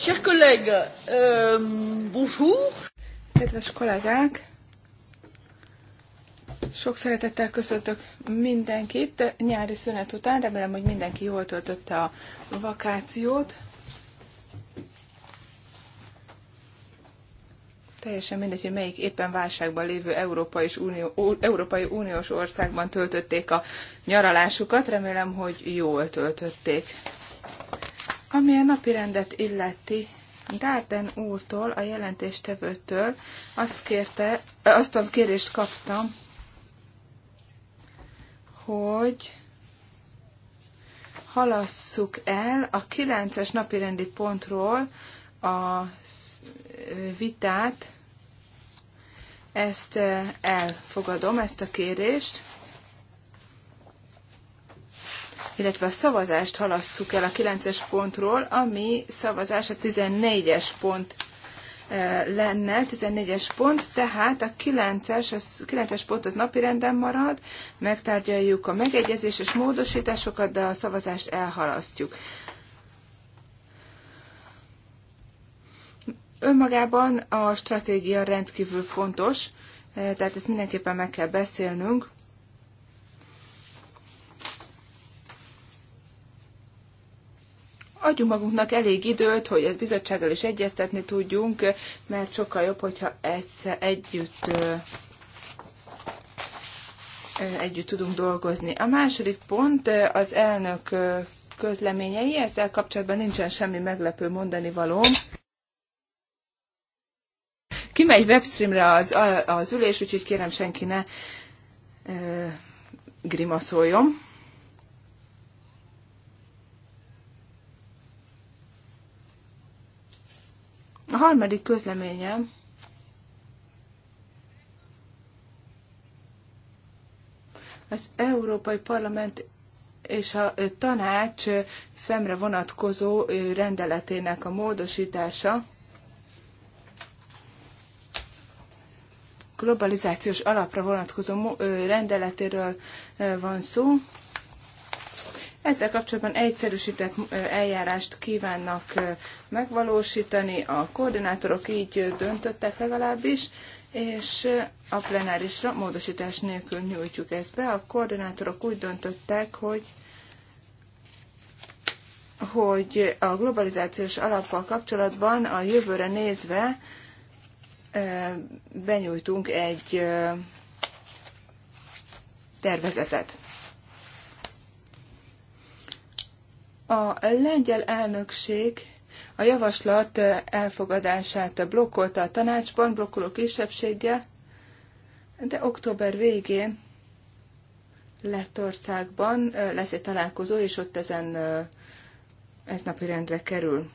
Chers collègues, euh, bonjour. Kedves kollégák, sok szeretettel köszöntök mindenkit nyári szünet után. Remélem, hogy mindenki jól töltötte a vakációt. Teljesen mindegy, hogy melyik éppen válságban lévő Európai, Unió, Európai Uniós országban töltötték a nyaralásukat. Remélem, hogy jól töltötték. Ami a napi rendet illeti, Dárden úrtól, a jelentéstevőtől azt kérte, azt a kérést kaptam, hogy halasszuk el a 9-es napirendi pontról a vitát, ezt elfogadom, ezt a kérést illetve a szavazást halasszuk el a 9-es pontról, ami szavazás a 14-es pont eh, lenne, 14-es pont, tehát a 9-es, a 9-es pont az napirenden marad, megtárgyaljuk a és módosításokat, de a szavazást elhalasztjuk. Önmagában a stratégia rendkívül fontos, eh, tehát ezt mindenképpen meg kell beszélnünk. adjunk magunknak elég időt, hogy a bizottsággal is egyeztetni tudjunk, mert sokkal jobb, hogyha egyszer, együtt együtt tudunk dolgozni. A második pont az elnök közleményei, ezzel kapcsolatban nincsen semmi meglepő mondani valóm. Kimegy webstreamre az, az ülés, úgyhogy kérem senki ne grimaszoljon. A harmadik közleményem az Európai Parlament és a tanács femre vonatkozó rendeletének a módosítása. globalizációs alapra vonatkozó rendeletéről van szó. Ezzel kapcsolatban egyszerűsített eljárást kívánnak megvalósítani, a koordinátorok így döntöttek legalábbis, és a plenárisra módosítás nélkül nyújtjuk ezt be. A koordinátorok úgy döntöttek, hogy hogy a globalizációs alappal kapcsolatban a jövőre nézve benyújtunk egy tervezetet. A lengyel elnökség a javaslat elfogadását blokkolta a tanácsban, blokkoló kisebbséggel, de október végén Lettországban lesz egy találkozó, és ott ezen ez napi rendre kerül.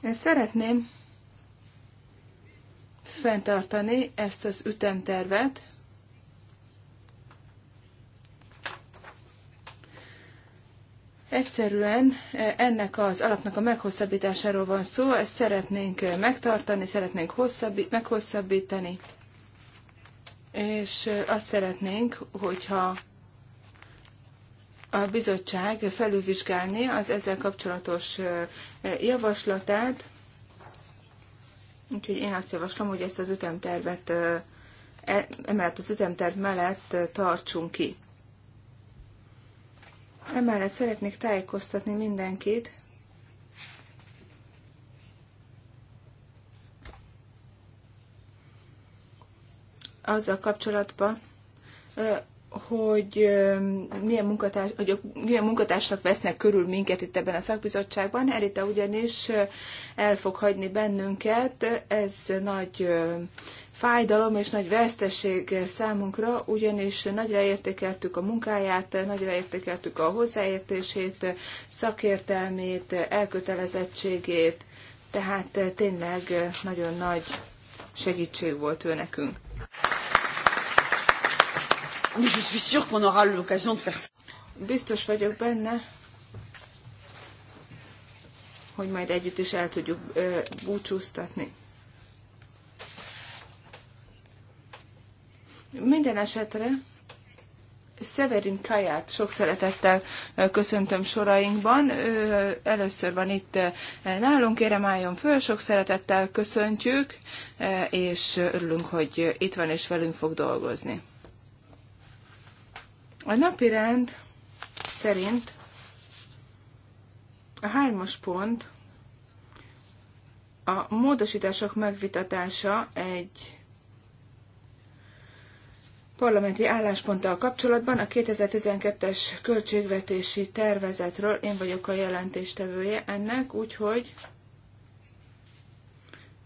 Én szeretném fenntartani ezt az ütemtervet, Egyszerűen e, ennek az alapnak a meghosszabbításáról van szó, ezt szeretnénk e, megtartani, szeretnénk meghosszabbítani, és e, azt szeretnénk, hogyha a bizottság felülvizsgálni az ezzel kapcsolatos javaslatát, úgyhogy én azt javaslom, hogy ezt az ütemtervet, emellett az ütemterv mellett tartsunk ki. Emellett szeretnék tájékoztatni mindenkit, azzal kapcsolatban, hogy milyen, munkatárs, hogy milyen munkatársak vesznek körül minket itt ebben a szakbizottságban. Erita ugyanis el fog hagyni bennünket, ez nagy fájdalom és nagy veszteség számunkra, ugyanis nagyra értékeltük a munkáját, nagyra értékeltük a hozzáértését, szakértelmét, elkötelezettségét, tehát tényleg nagyon nagy segítség volt ő nekünk. Biztos vagyok benne, hogy majd együtt is el tudjuk búcsúztatni. Minden esetre Severin Kaját sok szeretettel köszöntöm sorainkban. Ő először van itt nálunk, kérem álljon föl, sok szeretettel köszöntjük, és örülünk, hogy itt van és velünk fog dolgozni. A napirend szerint a hármas pont a módosítások megvitatása egy parlamenti állásponttal kapcsolatban a 2012-es költségvetési tervezetről én vagyok a jelentéstevője ennek, úgyhogy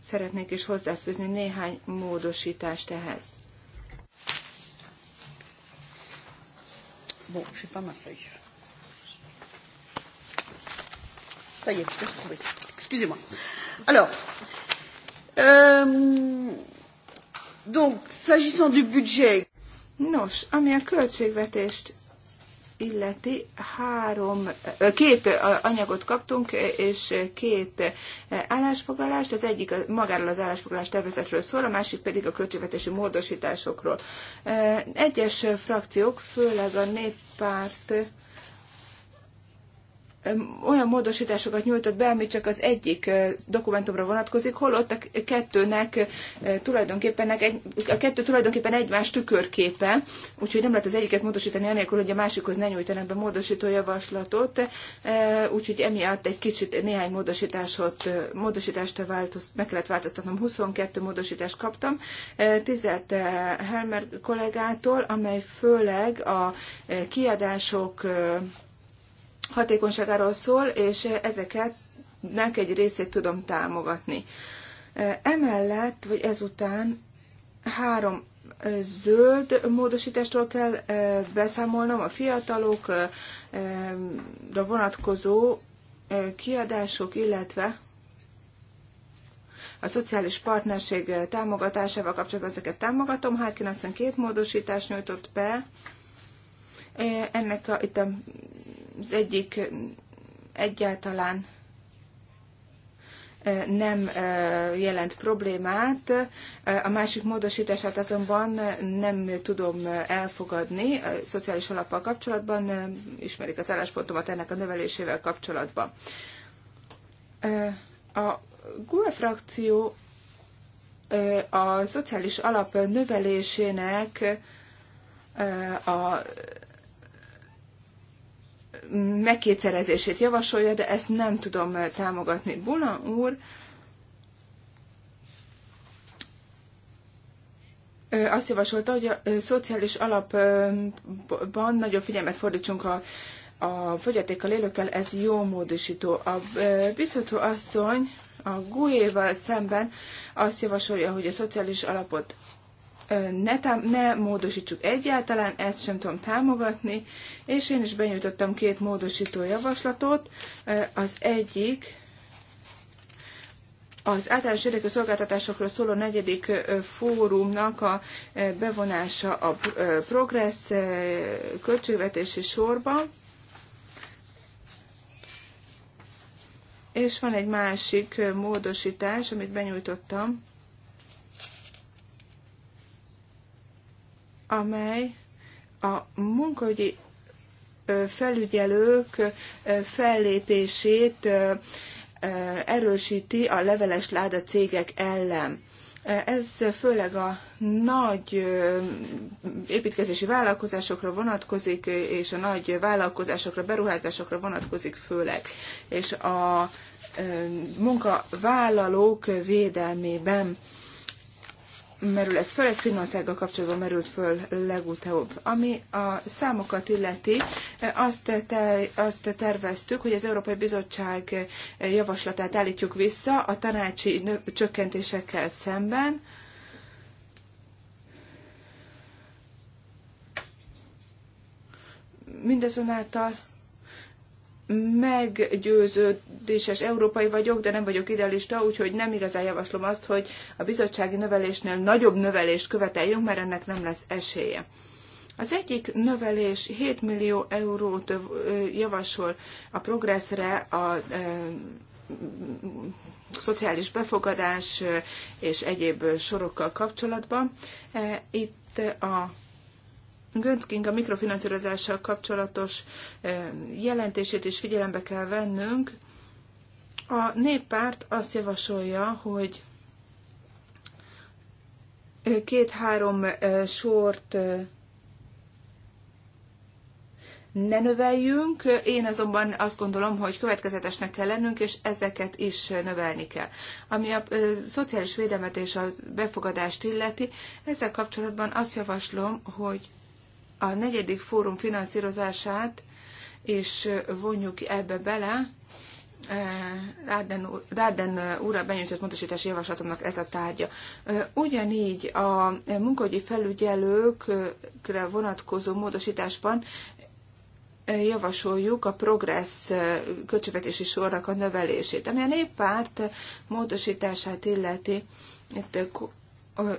szeretnék is hozzáfűzni néhány módosítást ehhez. Excusez-moi. Alors, euh, donc, s'agissant du budget. Nos, ami a költségvetést illeti, három, két anyagot kaptunk, és két állásfoglalást. Az egyik magáról az állásfoglalás tervezetről szól, a másik pedig a költségvetési módosításokról. Egyes frakciók, főleg a néppárt, olyan módosításokat nyújtott be, ami csak az egyik dokumentumra vonatkozik, holott a kettőnek tulajdonképpen, a kettő tulajdonképpen egymás tükörképe, úgyhogy nem lehet az egyiket módosítani anélkül, hogy a másikhoz ne nyújtanak be módosító javaslatot, úgyhogy emiatt egy kicsit néhány módosításot, módosítást változ, meg kellett változtatnom. 22 módosítást kaptam, 10 Helmer kollégától, amely főleg a kiadások hatékonyságáról szól, és ezeket nek egy részét tudom támogatni. Emellett, vagy ezután három zöld módosítástól kell beszámolnom a fiatalokra vonatkozó kiadások, illetve a szociális partnerség támogatásával kapcsolatban ezeket támogatom. Harkin aztán két módosítást nyújtott be. Ennek a, itt a az egyik egyáltalán nem jelent problémát, a másik módosítását azonban nem tudom elfogadni a szociális alappal kapcsolatban, ismerik az álláspontomat ennek a növelésével kapcsolatban. A GUE frakció a szociális alap növelésének a megkétszerezését javasolja, de ezt nem tudom eh, támogatni. Buna úr azt javasolta, hogy a szociális alapban nagyobb figyelmet fordítsunk a, a fogyatékkal élőkkel, ez jó módosító. A biztosító asszony a GUE-val szemben azt javasolja, hogy a szociális alapot ne, tám- ne módosítsuk egyáltalán, ezt sem tudom támogatni, és én is benyújtottam két módosító javaslatot. Az egyik az általános érdekű szolgáltatásokról szóló negyedik fórumnak a bevonása a progressz költségvetési sorba. És van egy másik módosítás, amit benyújtottam amely a munkaügyi felügyelők fellépését erősíti a leveles láda cégek ellen. Ez főleg a nagy építkezési vállalkozásokra vonatkozik, és a nagy vállalkozásokra, beruházásokra vonatkozik főleg, és a munkavállalók védelmében merül ez föl, ez Finnországgal kapcsolatban merült föl legutóbb. Ami a számokat illeti, azt, te, azt terveztük, hogy az Európai Bizottság javaslatát állítjuk vissza a tanácsi csökkentésekkel szemben. Mindazonáltal meggyőződéses európai vagyok, de nem vagyok idealista, úgyhogy nem igazán javaslom azt, hogy a bizottsági növelésnél nagyobb növelést követeljünk, mert ennek nem lesz esélye. Az egyik növelés 7 millió eurót javasol a progresszre a szociális befogadás és egyéb sorokkal kapcsolatban. E, itt a Gönczking a mikrofinanszírozással kapcsolatos eh, jelentését is figyelembe kell vennünk. A néppárt azt javasolja, hogy eh, két-három eh, sort ne növeljünk. Én azonban azt gondolom, hogy következetesnek kell lennünk, és ezeket is növelni kell. Ami a szociális védelmet és a befogadást illeti, ezzel kapcsolatban azt javaslom, hogy a negyedik fórum finanszírozását és vonjuk ebbe bele. E, Ráden, úr benyújtott módosítási javaslatomnak ez a tárgya. E, ugyanígy a munkahogyi felügyelőkre vonatkozó módosításban e, javasoljuk a progressz költségvetési sorrak a növelését, ami a néppárt módosítását illeti. Itt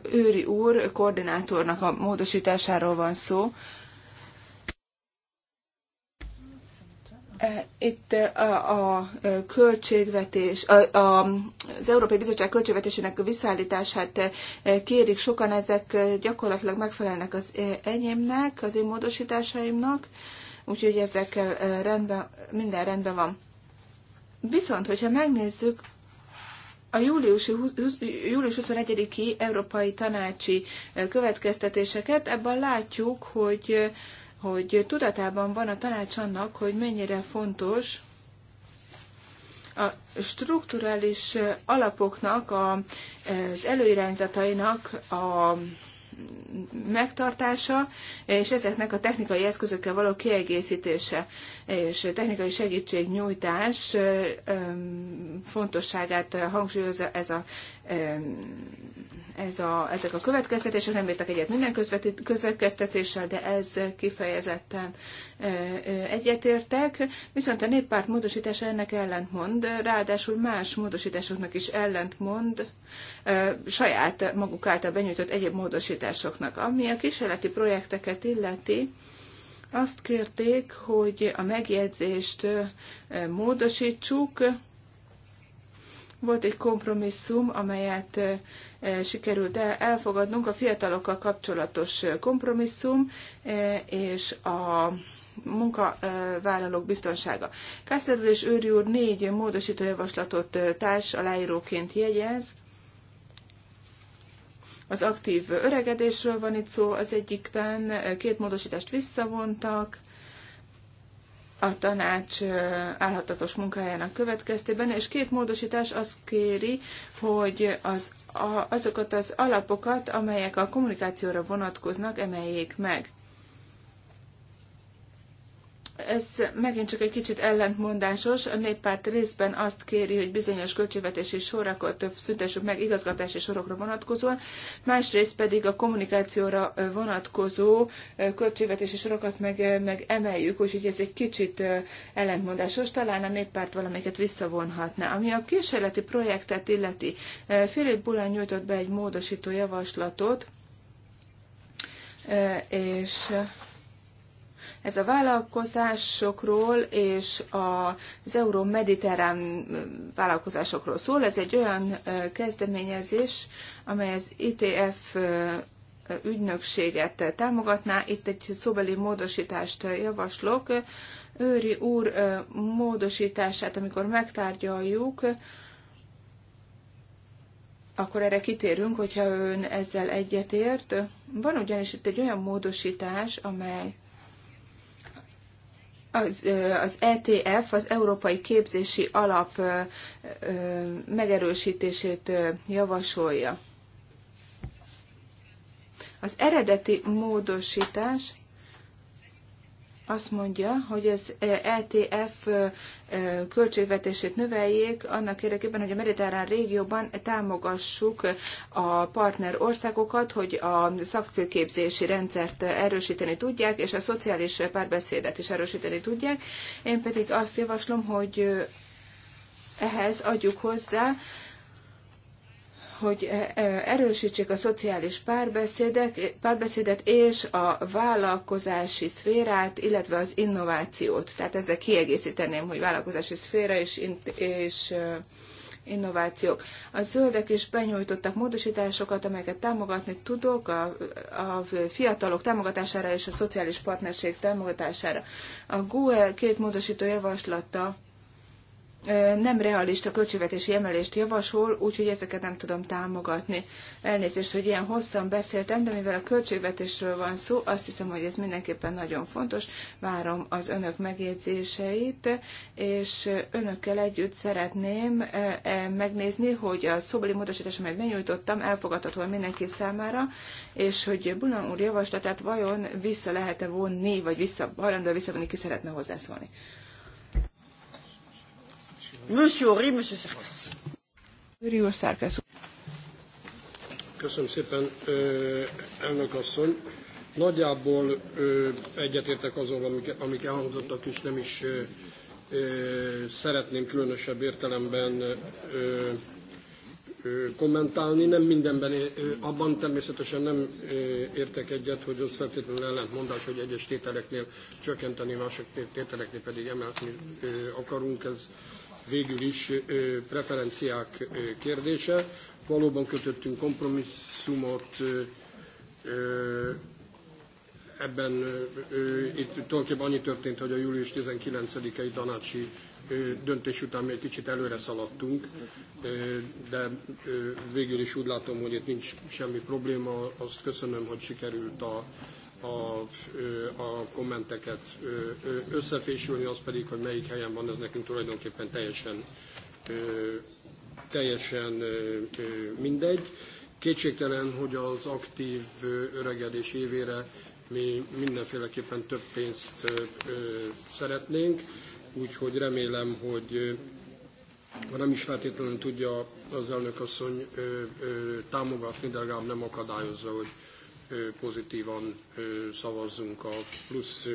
Őri úr koordinátornak a módosításáról van szó. E, itt e, a, a költségvetés, a, a, az Európai Bizottság költségvetésének visszaállítását e, kérik sokan, ezek gyakorlatilag megfelelnek az enyémnek, az én módosításaimnak, úgyhogy ezekkel rendben, minden rendben van. Viszont, hogyha megnézzük a júliusi, július 21-i Európai Tanácsi következtetéseket ebben látjuk, hogy, hogy tudatában van a tanács annak, hogy mennyire fontos a strukturális alapoknak, az előirányzatainak a megtartása, és ezeknek a technikai eszközökkel való kiegészítése és technikai segítségnyújtás fontosságát hangsúlyozza ez a ez a, ezek a következtetések, nem értek egyet minden közvetkeztetéssel, de ez kifejezetten egyetértek, viszont a néppárt módosítása ennek ellentmond, ráadásul más módosításoknak is ellentmond saját maguk által benyújtott egyéb módosításoknak. Ami a kísérleti projekteket illeti, azt kérték, hogy a megjegyzést módosítsuk, volt egy kompromisszum, amelyet sikerült elfogadnunk, a fiatalokkal kapcsolatos kompromisszum, és a munkavállalók biztonsága. Kászler úr és Őri úr négy módosító javaslatot társ aláíróként jegyez. Az aktív öregedésről van itt szó az egyikben, két módosítást visszavontak, a tanács állhatatos munkájának következtében, és két módosítás azt kéri, hogy az, a, azokat az alapokat, amelyek a kommunikációra vonatkoznak, emeljék meg. Ez megint csak egy kicsit ellentmondásos. A néppárt részben azt kéri, hogy bizonyos költségvetési sorakat szüntessük meg igazgatási sorokra vonatkozóan, másrészt pedig a kommunikációra vonatkozó költségvetési sorokat meg, meg emeljük, úgyhogy ez egy kicsit ellentmondásos. Talán a néppárt valamiket visszavonhatná. Ami a kísérleti projektet illeti, Filip Bulán nyújtott be egy módosító javaslatot, és ez a vállalkozásokról és az euró-mediterrán vállalkozásokról szól. Ez egy olyan kezdeményezés, amely az ITF ügynökséget támogatná. Itt egy szóbeli módosítást javaslok. Őri úr módosítását, amikor megtárgyaljuk, akkor erre kitérünk, hogyha ön ezzel egyetért. Van ugyanis itt egy olyan módosítás, amely az, az ETF, az Európai Képzési Alap megerősítését javasolja. Az eredeti módosítás azt mondja, hogy az ETF eh, e eh, eh, költségvetését növeljék annak érdekében, hogy a mediterrán régióban támogassuk a partner országokat, hogy a szakképzési rendszert erősíteni tudják, és a szociális párbeszédet is erősíteni tudják. Én pedig azt javaslom, hogy ehhez adjuk hozzá hogy e, e, erősítsék a szociális párbeszédek, párbeszédet és a vállalkozási szférát, illetve az innovációt. Tehát ezzel kiegészíteném, hogy vállalkozási szféra és, és e, innovációk. A zöldek is benyújtottak módosításokat, amelyeket támogatni tudok a, a fiatalok támogatására és a szociális partnerség támogatására. A GUE két módosító javaslata nem realista költségvetési emelést javasol, úgyhogy ezeket nem tudom támogatni. Elnézést, hogy ilyen hosszan beszéltem, de mivel a költségvetésről van szó, azt hiszem, hogy ez mindenképpen nagyon fontos. Várom az önök megjegyzéseit, és önökkel együtt szeretném e, megnézni, hogy a szobali módosítás, amelyet benyújtottam, elfogadható mindenki számára, és hogy Bunan úr javaslatát vajon vissza lehet-e vonni, vagy vissza, hajlandó visszavonni, ki szeretne hozzászólni. Monsieur Monsieur Köszönöm szépen, elnök asszony. Nagyjából egyetértek azon, amik, amik elhangzottak, és nem is szeretném különösebb értelemben kommentálni. Nem mindenben, abban természetesen nem értek egyet, hogy az feltétlenül ellentmondás, hogy egyes tételeknél csökkenteni, mások tételeknél pedig emelni akarunk. Ez végül is preferenciák kérdése. Valóban kötöttünk kompromisszumot, ebben itt tulajdonképpen annyi történt, hogy a július 19-i tanácsi döntés után mi egy kicsit előre szaladtunk, de végül is úgy látom, hogy itt nincs semmi probléma. Azt köszönöm, hogy sikerült a a, a kommenteket összefésülni, az pedig, hogy melyik helyen van, ez nekünk tulajdonképpen teljesen, teljesen mindegy. Kétségtelen, hogy az aktív öregedés évére mi mindenféleképpen több pénzt szeretnénk, úgyhogy remélem, hogy ha nem is feltétlenül tudja az elnök asszony támogatni, de legalább nem akadályozza, hogy pozitívan szavazzunk a plusz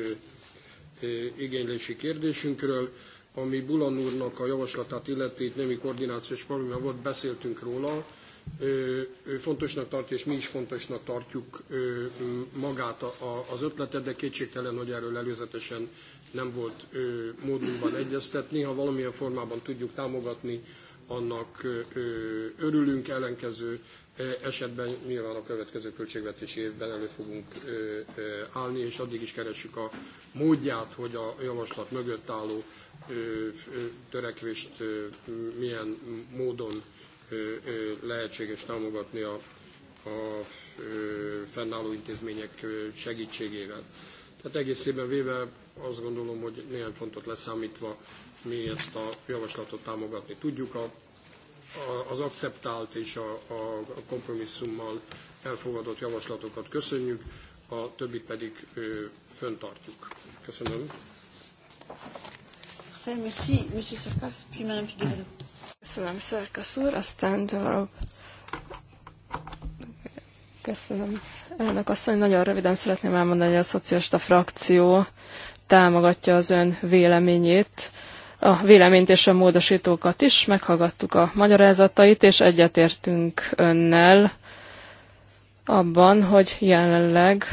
igénylési kérdésünkről. Ami Bulan úrnak a javaslatát illeti, itt némi koordinációs probléma volt, beszéltünk róla. Ő fontosnak tartja, és mi is fontosnak tartjuk magát az ötletet, de kétségtelen, hogy erről előzetesen nem volt módunkban egyeztetni. Ha valamilyen formában tudjuk támogatni, annak örülünk, ellenkező E, esetben nyilván a következő költségvetési évben elő fogunk e, e, állni, és addig is keressük a módját, hogy a javaslat mögött álló törekvést milyen módon lehetséges támogatni a, a fennálló intézmények segítségével. Tehát egészében véve azt gondolom, hogy néhány pontot leszámítva mi ezt a javaslatot támogatni tudjuk. A az akceptált és a, a kompromisszummal elfogadott javaslatokat köszönjük, a többit pedig föntartjuk. Köszönöm. Köszönöm, Szerkasz úr, aztán tovább. Köszönöm. Elnök asszony, nagyon röviden szeretném elmondani, hogy a szocialista frakció támogatja az ön véleményét a véleményt és a módosítókat is, meghallgattuk a magyarázatait, és egyetértünk önnel abban, hogy jelenleg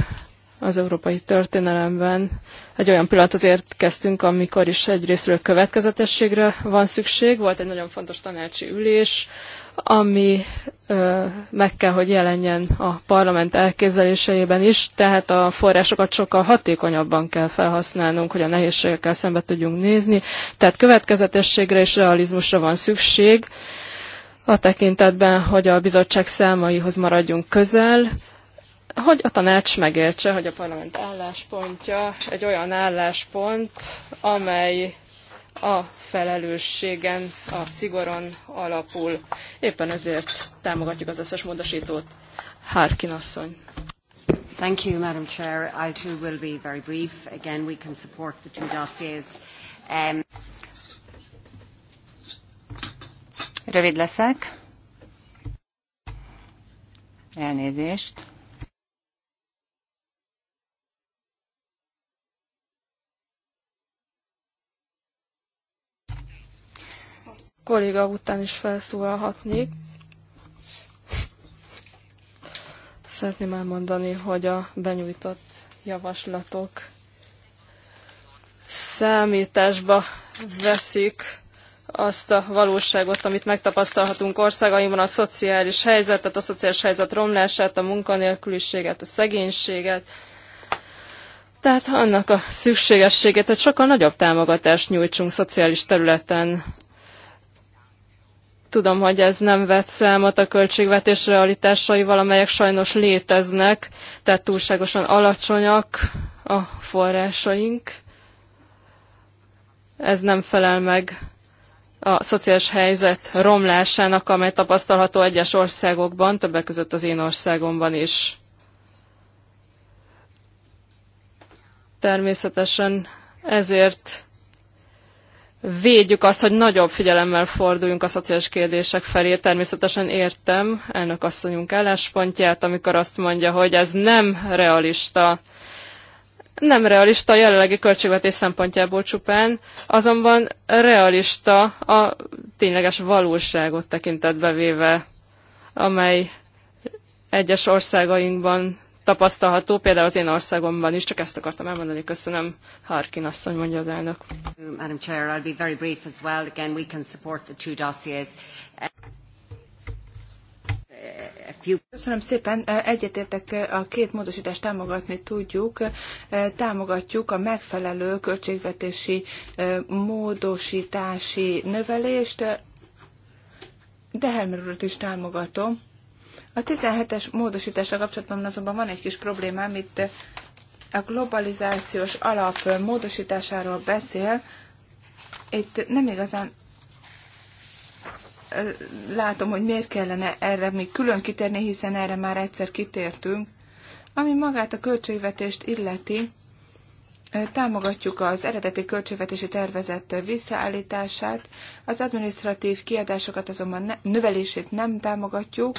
az európai történelemben egy olyan pillanathoz érkeztünk, amikor is egyrésztről következetességre van szükség. Volt egy nagyon fontos tanácsi ülés, ami ö, meg kell, hogy jelenjen a parlament elképzeléseiben is, tehát a forrásokat sokkal hatékonyabban kell felhasználnunk, hogy a nehézségekkel szembe tudjunk nézni. Tehát következetességre és realizmusra van szükség a tekintetben, hogy a bizottság számaihoz maradjunk közel, hogy a tanács megértse, hogy a parlament álláspontja egy olyan álláspont, amely a felelősségen, a szigoron alapul. Éppen ezért támogatjuk az összes módosítót. Harkin asszony. Thank you, Madam Chair. I too will be very brief. Again, we can support the two dossiers. Um... Rövid leszek. Elnézést. kolléga után is felszólalhatnék. Szeretném elmondani, hogy a benyújtott javaslatok számításba veszik azt a valóságot, amit megtapasztalhatunk országaimban, a szociális helyzetet, a szociális helyzet romlását, a munkanélküliséget, a szegénységet, tehát annak a szükségességét, hogy sokkal nagyobb támogatást nyújtsunk szociális területen Tudom, hogy ez nem vett számot a költségvetés realitásaival, amelyek sajnos léteznek, tehát túlságosan alacsonyak a forrásaink. Ez nem felel meg a szociális helyzet romlásának, amely tapasztalható egyes országokban, többek között az én országomban is. Természetesen ezért védjük azt, hogy nagyobb figyelemmel forduljunk a szociális kérdések felé. Természetesen értem elnök asszonyunk álláspontját, amikor azt mondja, hogy ez nem realista. Nem realista a jelenlegi költségvetés szempontjából csupán, azonban realista a tényleges valóságot tekintetbe véve, amely egyes országainkban tapasztalható, például az én országomban is, csak ezt akartam elmondani. Köszönöm, Harkin asszony, mondja az elnök. Madam Chair, I'll be very brief as well. Again, we can support the two dossiers. Köszönöm szépen, egyetértek a két módosítást támogatni tudjuk. Támogatjuk a megfelelő költségvetési módosítási növelést, de Helmer is támogatom a 17-es módosítással kapcsolatban azonban van egy kis problémám, itt a globalizációs alap módosításáról beszél. Itt nem igazán látom, hogy miért kellene erre még külön kitérni, hiszen erre már egyszer kitértünk. Ami magát a költségvetést illeti, támogatjuk az eredeti költségvetési tervezet visszaállítását, az administratív kiadásokat azonban ne, növelését nem támogatjuk,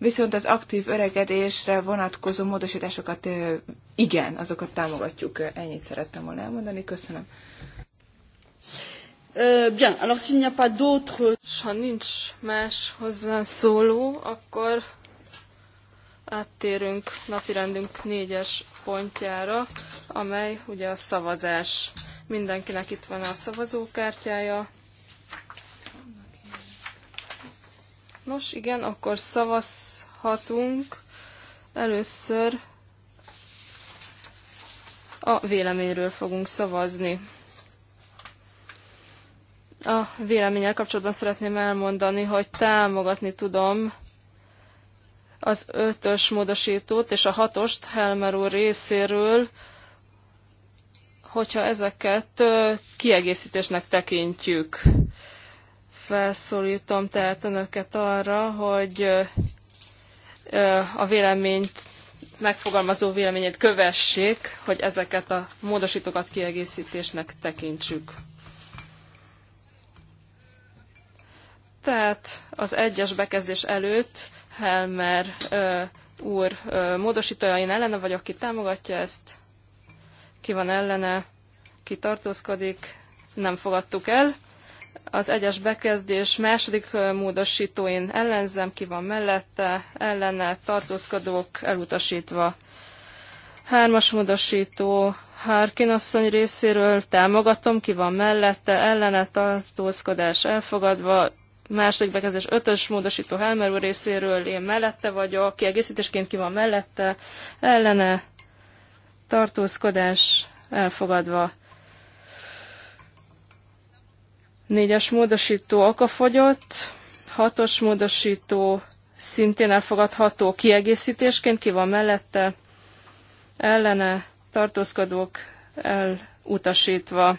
viszont az aktív öregedésre vonatkozó módosításokat igen, azokat támogatjuk. Ennyit szerettem volna elmondani. Köszönöm. Bien, alors s'il n'y a pas d'autres... Ha nincs más hozzászóló, akkor áttérünk napirendünk négyes pontjára, amely ugye a szavazás. Mindenkinek itt van a szavazókártyája. Nos, igen, akkor szavazhatunk először a véleményről fogunk szavazni. A véleménnyel kapcsolatban szeretném elmondani, hogy támogatni tudom az ötös módosítót és a hatost Helmer úr részéről, hogyha ezeket kiegészítésnek tekintjük. Felszólítom tehát önöket arra, hogy a véleményt, megfogalmazó véleményét kövessék, hogy ezeket a módosítókat kiegészítésnek tekintsük. Tehát az egyes bekezdés előtt Helmer ö, úr ö, módosítója, én ellene vagyok, ki támogatja ezt, ki van ellene, ki tartózkodik, nem fogadtuk el az egyes bekezdés második módosítóin ellenzem, ki van mellette, ellene tartózkodók elutasítva. Hármas módosító Harkin asszony részéről támogatom, ki van mellette, ellene tartózkodás elfogadva. Második bekezdés ötös módosító Helmer úr részéről én mellette vagyok, kiegészítésként ki van mellette, ellene tartózkodás elfogadva. Négyes módosító okafogyott, hatos módosító szintén elfogadható kiegészítésként, ki van mellette, ellene tartózkodók elutasítva.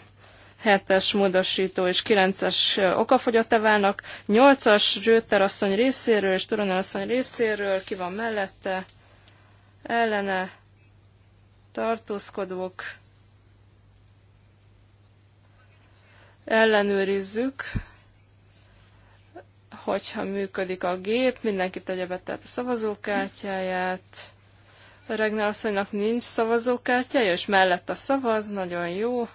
7-es módosító és 9-es okafogyata válnak, 8-as Rőter asszony részéről és Turonel asszony részéről, ki van mellette, ellene, tartózkodók, ellenőrizzük, hogyha működik a gép, mindenki tegye be tehát a szavazókártyáját. Regnál asszonynak nincs szavazókártyája, és mellett a szavaz, nagyon jó.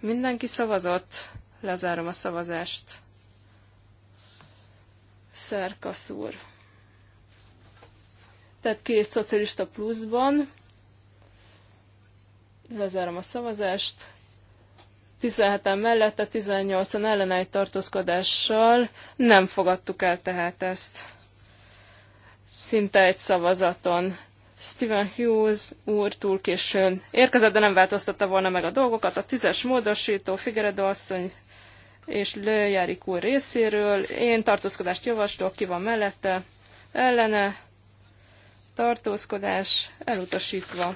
Mindenki szavazott, lezárom a szavazást. Szerkasz úr. Tehát két szocialista pluszban. Lezárom a szavazást. 17-en mellette, 18-an ellene egy tartózkodással nem fogadtuk el tehát ezt. Szinte egy szavazaton. Stephen Hughes úr túl későn érkezett, de nem változtatta volna meg a dolgokat. A tízes módosító Figueredo asszony és Lőjárik úr részéről. Én tartózkodást javaslok, ki van mellette, ellene, tartózkodás elutasítva.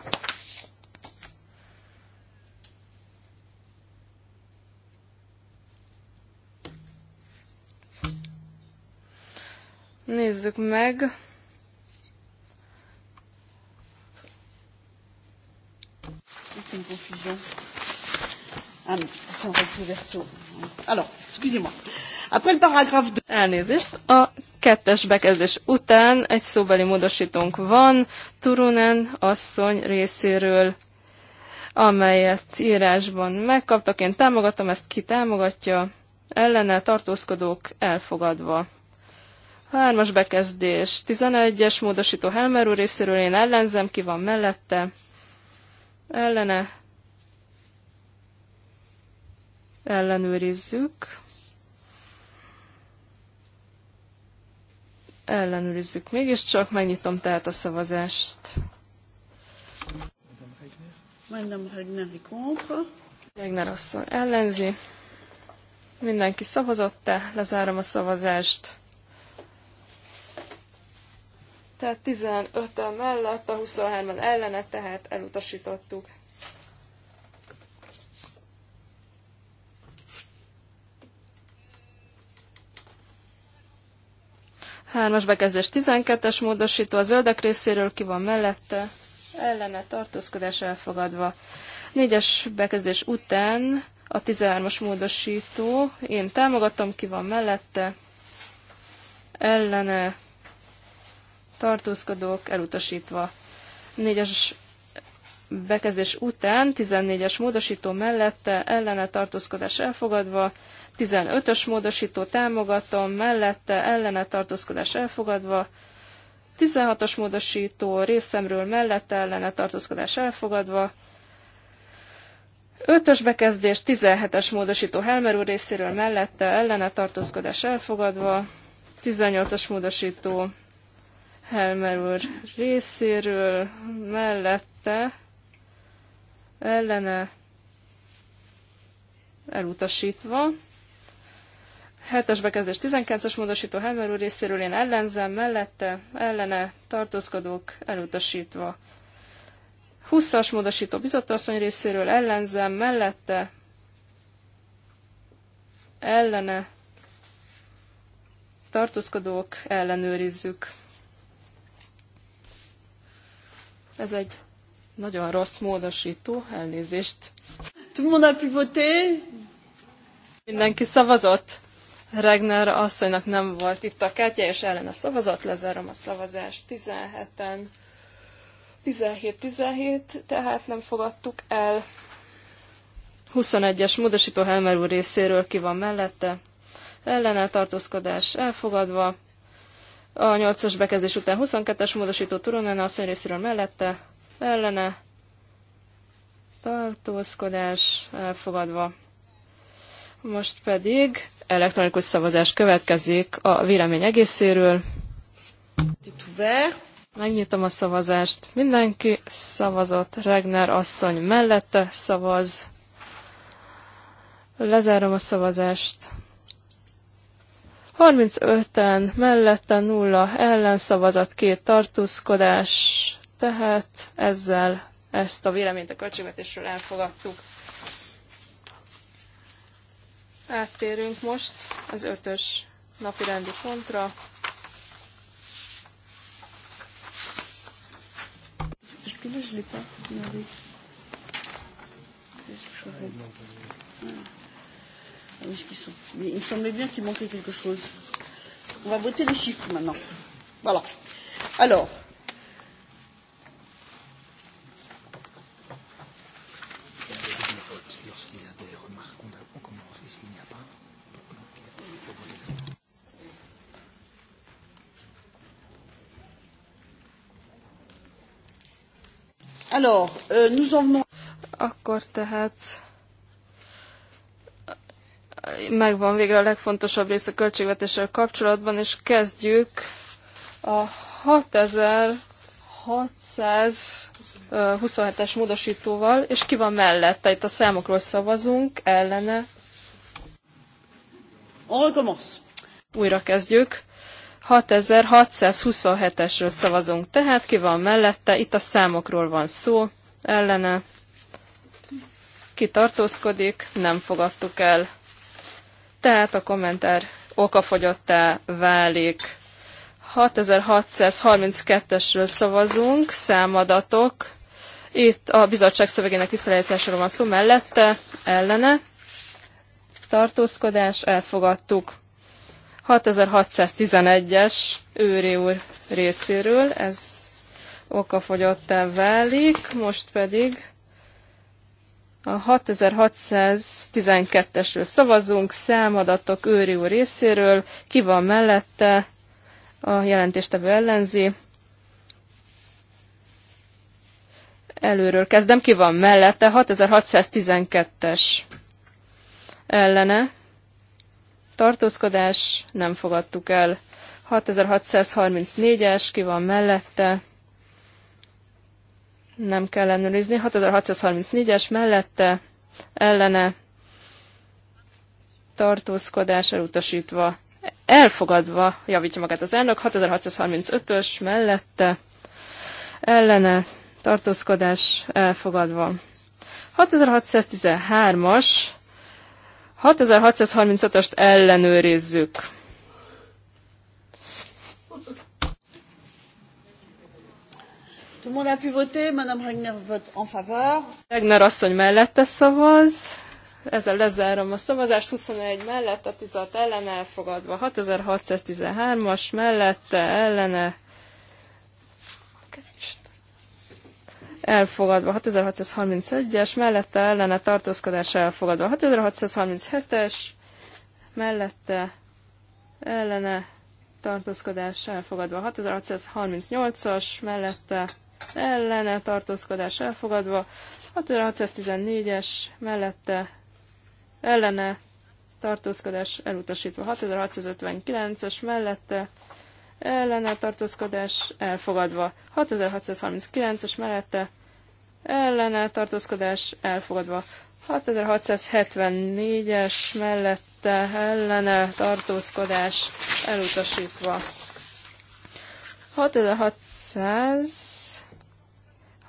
Nézzük meg. Ah, Elnézést, a kettes bekezdés után egy szóbeli módosítónk van Turunen asszony részéről, amelyet írásban megkaptak. Én támogatom, ezt ki támogatja, ellene tartózkodók elfogadva. Hármas bekezdés. 11-es módosító Helmer úr részéről én ellenzem, ki van mellette. Ellene. Ellenőrizzük. Ellenőrizzük mégiscsak, megnyitom tehát a szavazást. Madame Regner est Regner asszony ellenzi. Mindenki szavazott-e? Lezárom a szavazást. Tehát 15-en mellett, a 23-en ellene, tehát elutasítottuk. Hármas bekezdés 12-es módosító, a zöldek részéről ki van mellette, ellene tartózkodás elfogadva. Négyes bekezdés után a 13-as módosító, én támogatom, ki van mellette, ellene tartózkodók elutasítva. 4-es bekezdés után 14-es módosító mellette ellene tartózkodás elfogadva, 15-ös módosító támogatom mellette ellene tartózkodás elfogadva, 16-os módosító részemről mellette ellene tartózkodás elfogadva, 5-ös bekezdés 17-es módosító Helmer úr részéről mellette ellene tartózkodás elfogadva, 18-as módosító Helmer úr részéről, mellette, ellene, elutasítva. 7-es bekezdés 19-es módosító Helmer úr részéről én ellenzem, mellette, ellene, tartózkodók, elutasítva. 20-as módosító bizottasszony részéről ellenzem, mellette, ellene, tartózkodók, ellenőrizzük. Ez egy nagyon rossz módosító, elnézést. Tout pivoté. Mindenki szavazott? Regner asszonynak nem volt itt a kártya, és a szavazat lezárom a szavazást 17-en. 17-17, tehát nem fogadtuk el. 21-es módosító Helmer úr részéről ki van mellette. Ellene tartózkodás elfogadva. A 8-as bekezdés után 22-es módosító a asszony részéről mellette, ellene, tartózkodás elfogadva. Most pedig elektronikus szavazás következik a vélemény egészéről. Megnyitom a szavazást. Mindenki szavazott. Regner asszony mellette szavaz. Lezárom a szavazást. 35-en mellette nulla ellenszavazat, két tartózkodás, tehát ezzel ezt a véleményt a költségvetésről elfogadtuk. Áttérünk most az ötös napirendi pontra. est Où ah, est-ce qu'ils sont Mais il me semblait bien qu'il manquait quelque chose. On va voter les chiffres maintenant. Voilà. Alors. Alors, euh, nous en venons. Akkor tehát megvan végre a legfontosabb rész a költségvetéssel kapcsolatban, és kezdjük a 6627-es módosítóval, és ki van mellette? Itt a számokról szavazunk, ellene. Újra kezdjük. 6627-esről szavazunk, tehát ki van mellette? Itt a számokról van szó, ellene. Ki tartózkodik? Nem fogadtuk el tehát a kommentár okafogyottá válik. 6632-esről szavazunk, számadatok. Itt a bizottság szövegének visszaállításáról van szó, mellette, ellene. Tartózkodás, elfogadtuk. 6611-es őri úr részéről, ez okafogyottá válik, most pedig a 6612-esről szavazunk, számadatok őri úr részéről, ki van mellette, a jelentéstevő ellenzi. Előről kezdem, ki van mellette, 6612-es ellene. Tartózkodás, nem fogadtuk el. 6634-es, ki van mellette, nem kell ellenőrizni. 6634-es mellette ellene tartózkodás elutasítva, elfogadva, javítja magát az elnök, 6635-ös mellette ellene tartózkodás elfogadva. 6613-as, 6635-öst ellenőrizzük. Tout le monde a pu voter, Madame Regner vote en faveur. Regner asszony mellette szavaz. Ezzel lezárom a szavazást. 21 mellette, 16 ellene elfogadva. 6613-as mellette, ellene elfogadva 6631-es, mellette ellene tartózkodás elfogadva 6637-es, mellette ellene tartózkodás elfogadva 6638-as, mellette ellene tartózkodás elfogadva, 6614-es mellette ellene tartózkodás elutasítva, 6659-es mellette ellene tartózkodás elfogadva, 6639-es mellette ellene tartózkodás elfogadva, 6674-es mellette ellene tartózkodás elutasítva. 6600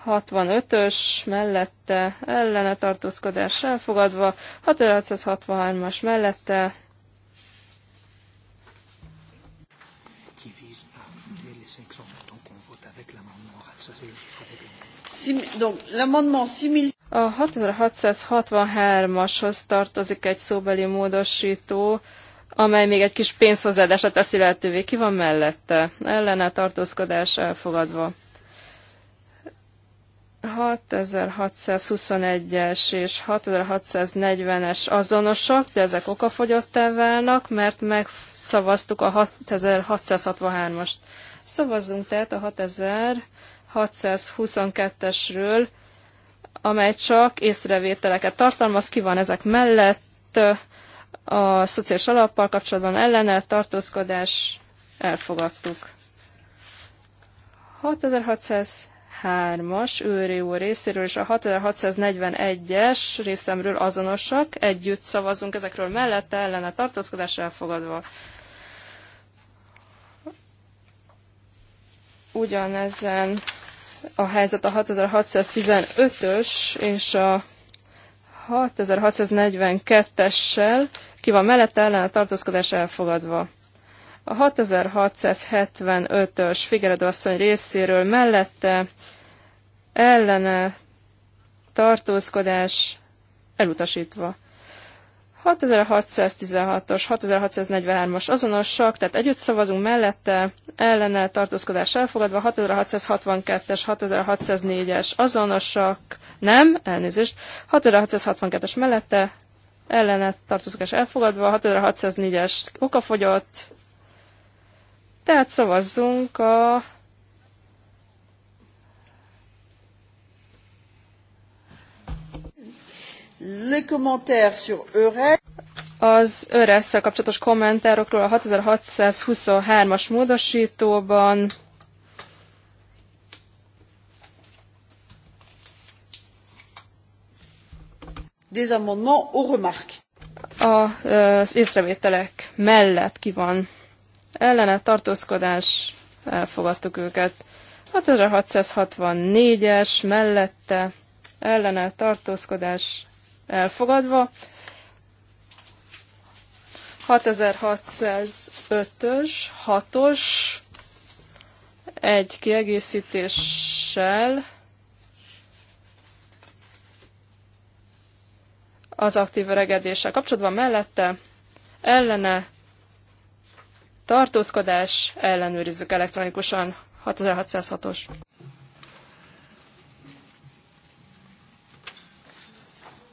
65-ös mellette ellene tartózkodás elfogadva, 6663-as mellette A 6663-ashoz tartozik egy szóbeli módosító, amely még egy kis pénzhozzáadásra teszi lehetővé. Ki van mellette? Ellene tartózkodás elfogadva. 6621-es és 6640-es azonosak, de ezek okafogyottá válnak, mert megszavaztuk a 6663-ast. Szavazzunk tehát a 6622-esről, amely csak észrevételeket tartalmaz, ki van ezek mellett, a szociális alappal kapcsolatban ellene tartózkodás elfogadtuk. 6600 3-as őri úr részéről és a 6641-es részemről azonosak. Együtt szavazunk ezekről mellette, ellene tartózkodás elfogadva. Ugyanezen a helyzet a 6615-ös és a 6642-essel, ki van mellette ellen a tartózkodás elfogadva. A 6675-ös Figyeredő asszony részéről mellette ellene tartózkodás elutasítva. 6616-os, 6643-as azonosak, tehát együtt szavazunk mellette, ellene tartózkodás elfogadva, 6662-es, 6604-es azonosak, nem, elnézést, 6662-es mellette, ellene tartózkodás elfogadva, 6604-es okafogyott, tehát szavazzunk a Le commentaire sur Eurel. Az öresz kapcsolatos kommentárokról a 6623-as módosítóban des amendements aux remarques. Az észrevételek mellett ki van ellene tartózkodás, elfogadtuk őket. 6664-es mellette ellene tartózkodás elfogadva. 6605-ös, 6-os, egy kiegészítéssel az aktív öregedéssel kapcsolatban mellette ellene tartózkodás, ellenőrizzük elektronikusan 6606-os.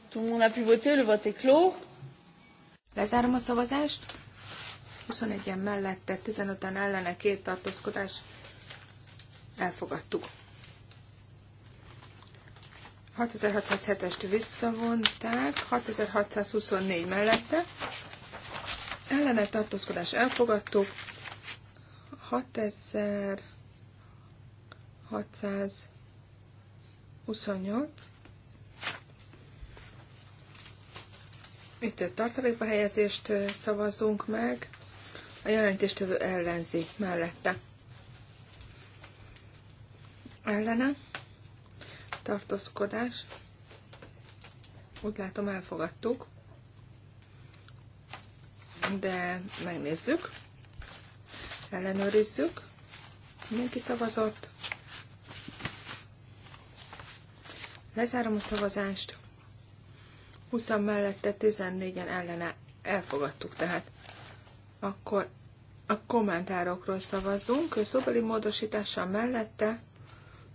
Tout le monde a pu voter, le vote est clos. Lezárom a szavazást. 21-en mellette, 15-en ellene, két tartózkodás. Elfogadtuk. 6607-est visszavonták, 6624 mellette, ellene tartózkodás elfogadtuk, 6628, itt tartalékba helyezést szavazunk meg, a jelentéstövő ellenzi mellette. Ellene, tartózkodás, úgy látom elfogadtuk de megnézzük, ellenőrizzük. Mindenki szavazott. Lezárom a szavazást. 20 mellette 14-en ellene elfogadtuk, tehát akkor a kommentárokról szavazzunk. Szóbeli módosítással mellette,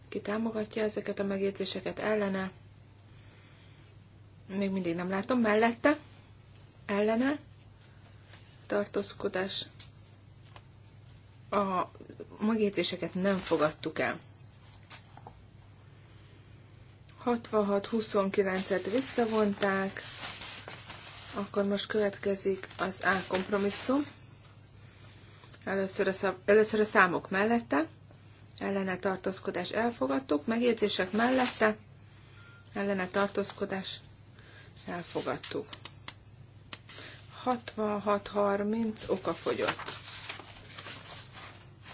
ki támogatja ezeket a megjegyzéseket ellene, még mindig nem látom, mellette, ellene, tartózkodás. A megjegyzéseket nem fogadtuk el. 66-29-et visszavonták, akkor most következik az A kompromisszum. Először a, szab, először a számok mellette, ellene tartózkodás elfogadtuk, megjegyzések mellette, ellene tartózkodás elfogadtuk. 66-30 okafogyott.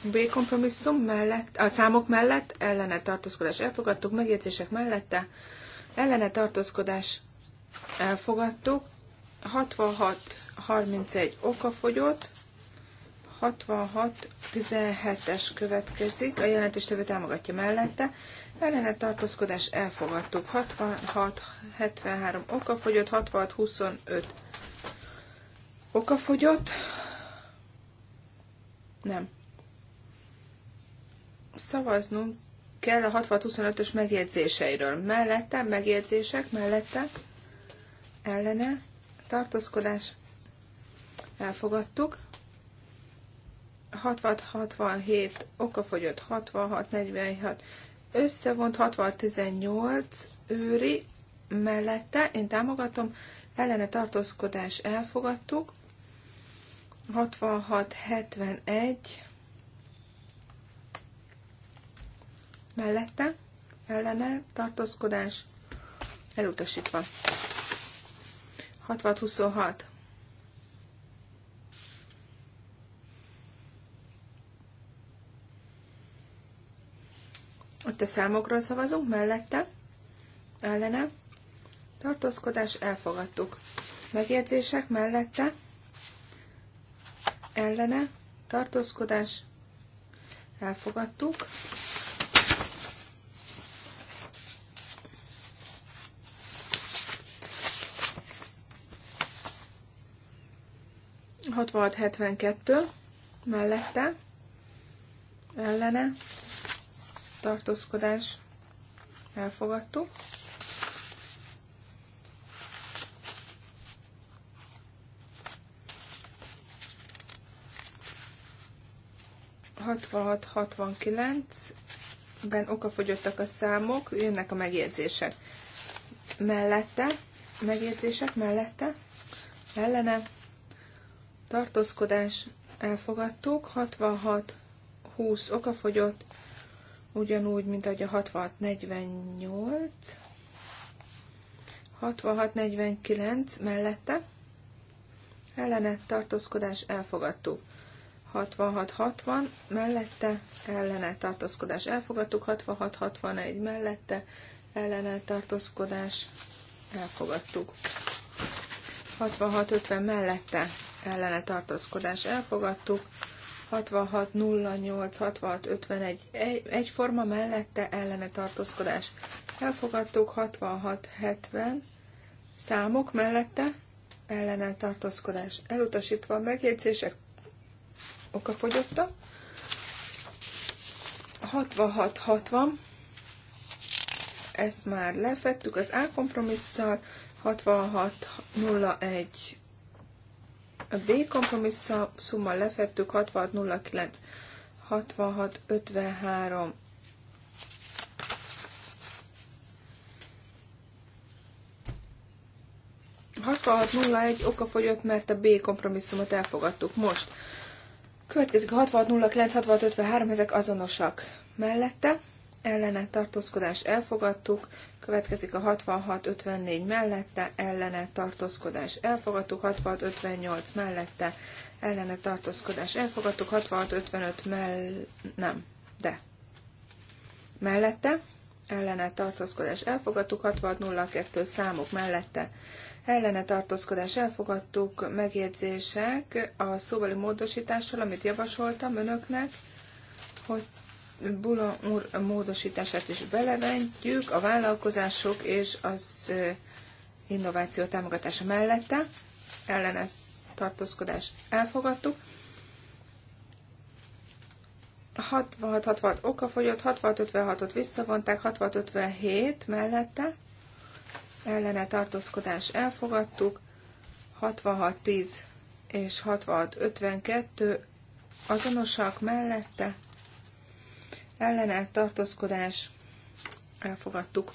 B kompromisszum mellett, a számok mellett ellene tartózkodás elfogadtuk, megjegyzések mellette ellene tartózkodás elfogadtuk, 66-31 okafogyott, 66-17-es következik, a jelentéstevő támogatja mellette, ellene tartózkodás elfogadtuk, 66-73 okafogyott, 66-25 okafogyott. Nem. Szavaznunk kell a 6625 ös megjegyzéseiről. Mellette, megjegyzések, mellette, ellene, tartózkodás, elfogadtuk. 6667 okafogyott 6646 összevont 6618 őri, mellette, én támogatom, ellene tartózkodás elfogadtuk, 66-71 mellette ellene tartózkodás elutasítva. 66-26 Ott a számokról szavazunk, mellette, ellene, tartózkodás, elfogadtuk. Megjegyzések mellette, ellene tartózkodás elfogadtuk. Hat volt 72 mellette ellene tartózkodás elfogadtuk. 66-69-ben okafogyottak a számok, jönnek a megjegyzések. Mellette, megjegyzések mellette, ellene, tartózkodás elfogadtuk, 66-20 okafogyott, ugyanúgy, mint ahogy a 66-48, 66-49 mellette, ellene tartózkodás elfogadtuk. 66-60 mellette ellene tartózkodás elfogadtuk, 66-61 mellette ellene tartózkodás elfogadtuk. 66-50 mellette ellene tartózkodás elfogadtuk, 66-08, 66-51 egyforma mellette ellene tartózkodás elfogadtuk, 66-70 számok mellette ellene tartózkodás elutasítva, a megjegyzések oka fogyotta. 66-60, ezt már lefettük az A kompromisszal, 66-01 a B kompromisszummal lefettük 66-09, 66-53, oka fogyott, mert a B kompromisszumot elfogadtuk. Most Következik a 6609, 6653, ezek azonosak. Mellette ellene tartózkodás elfogadtuk, következik a 6654 mellette ellene tartózkodás elfogadtuk, 6658 mellette ellene tartózkodás elfogadtuk, 6655 mell... nem, de mellette ellene tartózkodás elfogadtuk, 6602 számok mellette ellene tartózkodás elfogadtuk, megjegyzések a szóbeli módosítással, amit javasoltam önöknek, hogy Bula úr módosítását is beleventjük a vállalkozások és az innováció támogatása mellette, ellene tartózkodás elfogadtuk. 66-66 fogyott, 66-56-ot visszavonták, 66-57 mellette, ellene tartózkodás elfogadtuk, 66-10 és 66-52 azonosak mellette, ellene tartózkodás elfogadtuk.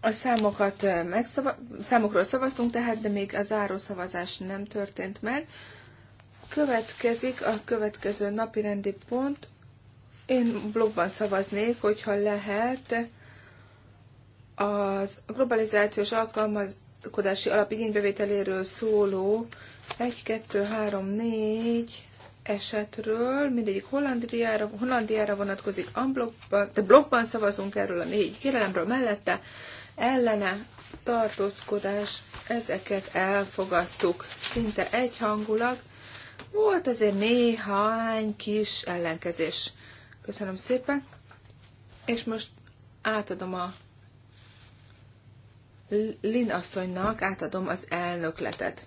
A számokat eh, megszava- számokról szavaztunk tehát, de még a záró szavazás nem történt meg. Következik a következő napi rendi pont, én blogban szavaznék, hogyha lehet az globalizációs alkalmazkodási alap igénybevételéről szóló 1, 2, 3, 4 esetről, mindegyik Hollandiára, Hollandiára vonatkozik, unblockban, de blogban szavazunk erről a négy kérelemről mellette, ellene tartózkodás, ezeket elfogadtuk szinte egyhangulag. Volt azért néhány kis ellenkezés. Köszönöm szépen. És most átadom a Lin asszonynak, átadom az elnökletet.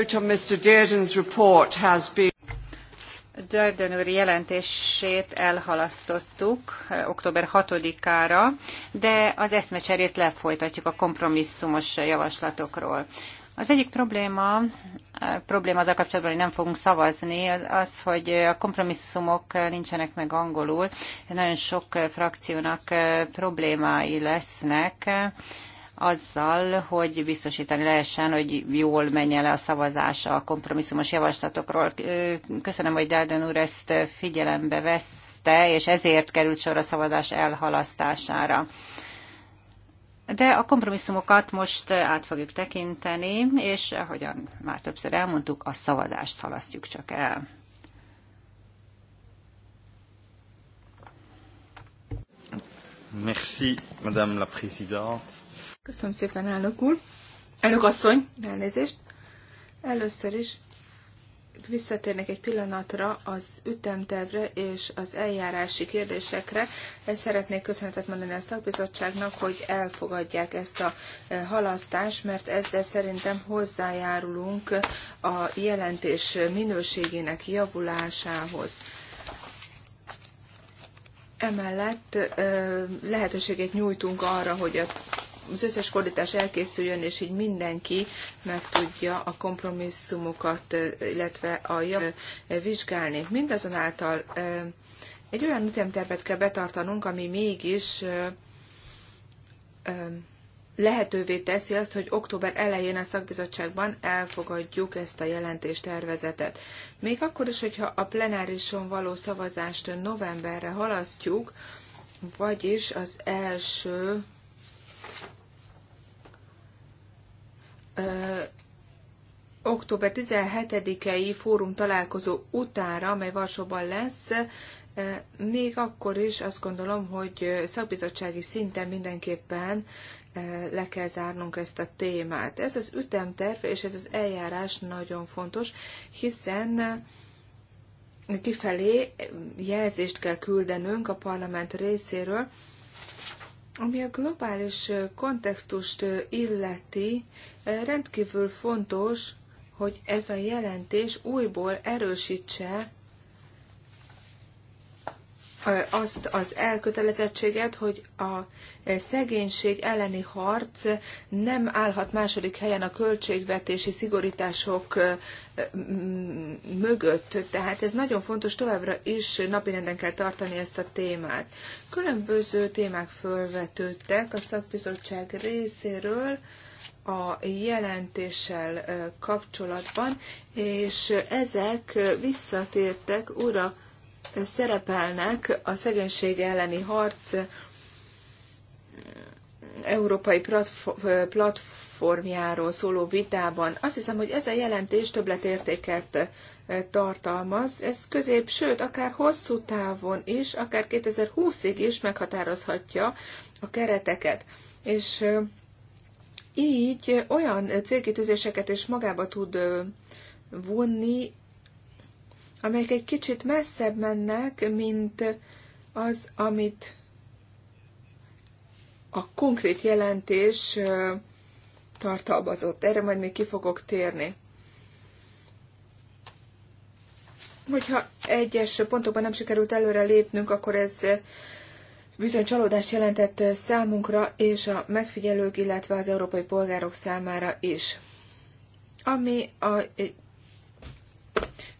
vote on Mr. Dearden's report has been Dördön úr jelentését elhalasztottuk eh, október 6-ára, de az eszmecserét lefolytatjuk a kompromisszumos javaslatokról. Az egyik probléma, eh, probléma az a kapcsolatban, hogy nem fogunk szavazni, az, az, hogy a kompromisszumok nincsenek meg angolul. Nagyon sok eh, frakciónak problémái lesznek azzal, hogy biztosítani lehessen, hogy jól menjen le a szavazás a kompromisszumos javaslatokról. Köszönöm, hogy Delden úr ezt figyelembe veszte, és ezért került sor a szavazás elhalasztására. De a kompromisszumokat most át fogjuk tekinteni, és ahogyan már többször elmondtuk, a szavazást halasztjuk csak el. Merci, Madame la Présidente. Köszönöm szépen, elnök úr. Elnök asszony, elnézést. Először is visszatérnek egy pillanatra az ütemtervre és az eljárási kérdésekre. Szeretnék köszönetet mondani a szakbizottságnak, hogy elfogadják ezt a e, halasztást, mert ezzel szerintem hozzájárulunk a jelentés minőségének javulásához. Emellett e, lehetőséget nyújtunk arra, hogy a az összes fordítás elkészüljön, és így mindenki meg tudja a kompromisszumokat, illetve a jav vizsgálni. Mindazonáltal egy olyan ütemtervet kell betartanunk, ami mégis lehetővé teszi azt, hogy október elején a szakbizottságban elfogadjuk ezt a jelentéstervezetet. Még akkor is, hogyha a plenárison való szavazást novemberre halasztjuk, vagyis az első október 17-i fórum találkozó utára, amely Varsóban lesz, még akkor is azt gondolom, hogy szakbizottsági szinten mindenképpen le kell zárnunk ezt a témát. Ez az ütemterv és ez az eljárás nagyon fontos, hiszen kifelé jelzést kell küldenünk a parlament részéről, ami a globális kontextust illeti, rendkívül fontos, hogy ez a jelentés újból erősítse azt az elkötelezettséget, hogy a szegénység elleni harc nem állhat második helyen a költségvetési szigorítások mögött. Tehát ez nagyon fontos, továbbra is napirenden kell tartani ezt a témát. Különböző témák fölvetődtek a szakbizottság részéről a jelentéssel kapcsolatban, és ezek visszatértek újra szerepelnek a szegénység elleni harc eh, európai eh, platformjáról szóló vitában. Azt hiszem, hogy ez a jelentés többletértéket eh, tartalmaz. Ez közép, sőt, akár hosszú távon is, akár 2020-ig is meghatározhatja a kereteket. És így olyan célkitűzéseket is magába tud vonni, amelyek egy kicsit messzebb mennek, mint az, amit a konkrét jelentés tartalmazott. Erre majd még ki fogok térni. Hogyha egyes pontokban nem sikerült előre lépnünk, akkor ez bizony csalódást jelentett számunkra és a megfigyelők, illetve az európai polgárok számára is. Ami a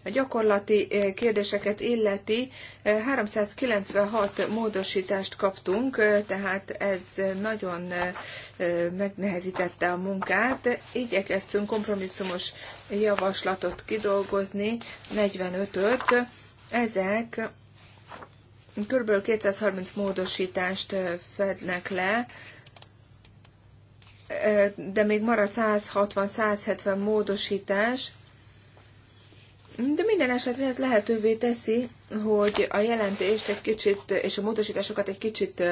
gyakorlati kérdéseket illeti, 396 módosítást kaptunk, tehát ez nagyon megnehezítette a munkát. Igyekeztünk kompromisszumos javaslatot kidolgozni, 45-öt. Ezek kb. 230 módosítást fednek le, de még marad 160-170 módosítás, de minden esetre ez lehetővé teszi, hogy a jelentést egy kicsit, és a módosításokat egy kicsit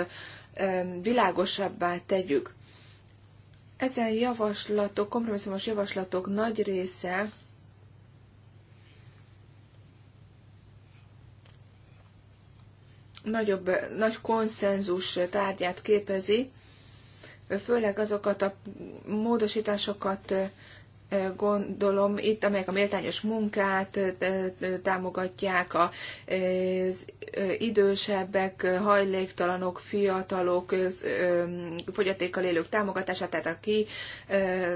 világosabbá tegyük. Ezen javaslatok, kompromisszumos javaslatok nagy része nagyobb, nagy konszenzus tárgyát képezi, főleg azokat a módosításokat, gondolom itt, amelyek a méltányos munkát támogatják, az idősebbek, hajléktalanok, fiatalok, fogyatékkal élők támogatását, tehát aki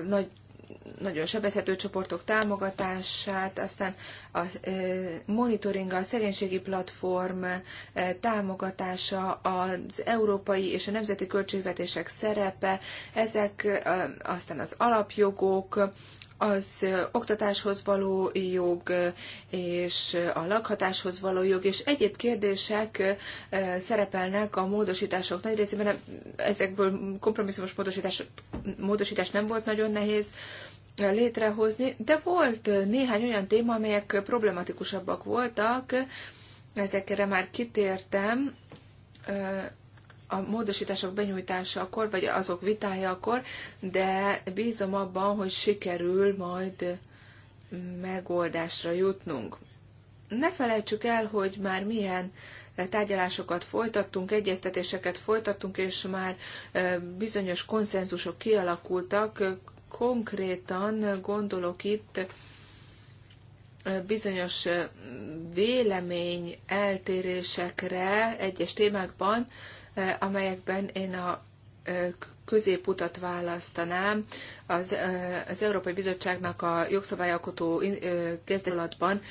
nagy nagyon sebezhető csoportok támogatását, aztán a monitoring, a szerénységi platform támogatása, az európai és a nemzeti költségvetések szerepe, ezek aztán az alapjogok, az oktatáshoz való jog és a lakhatáshoz való jog és egyéb kérdések szerepelnek a módosítások nagy részében. Ezekből kompromisszumos módosítás, módosítás nem volt nagyon nehéz létrehozni, de volt néhány olyan téma, amelyek problematikusabbak voltak, ezekre már kitértem, a módosítások benyújtásakor, vagy azok vitájakor, de bízom abban, hogy sikerül majd megoldásra jutnunk. Ne felejtsük el, hogy már milyen tárgyalásokat folytattunk, egyeztetéseket folytattunk, és már bizonyos konszenzusok kialakultak. Konkrétan gondolok itt bizonyos vélemény eltérésekre egyes témákban, Eh, amelyekben én a eh, középutat választanám az, eh, az Európai Bizottságnak a jogszabályalkotó kezdőlatban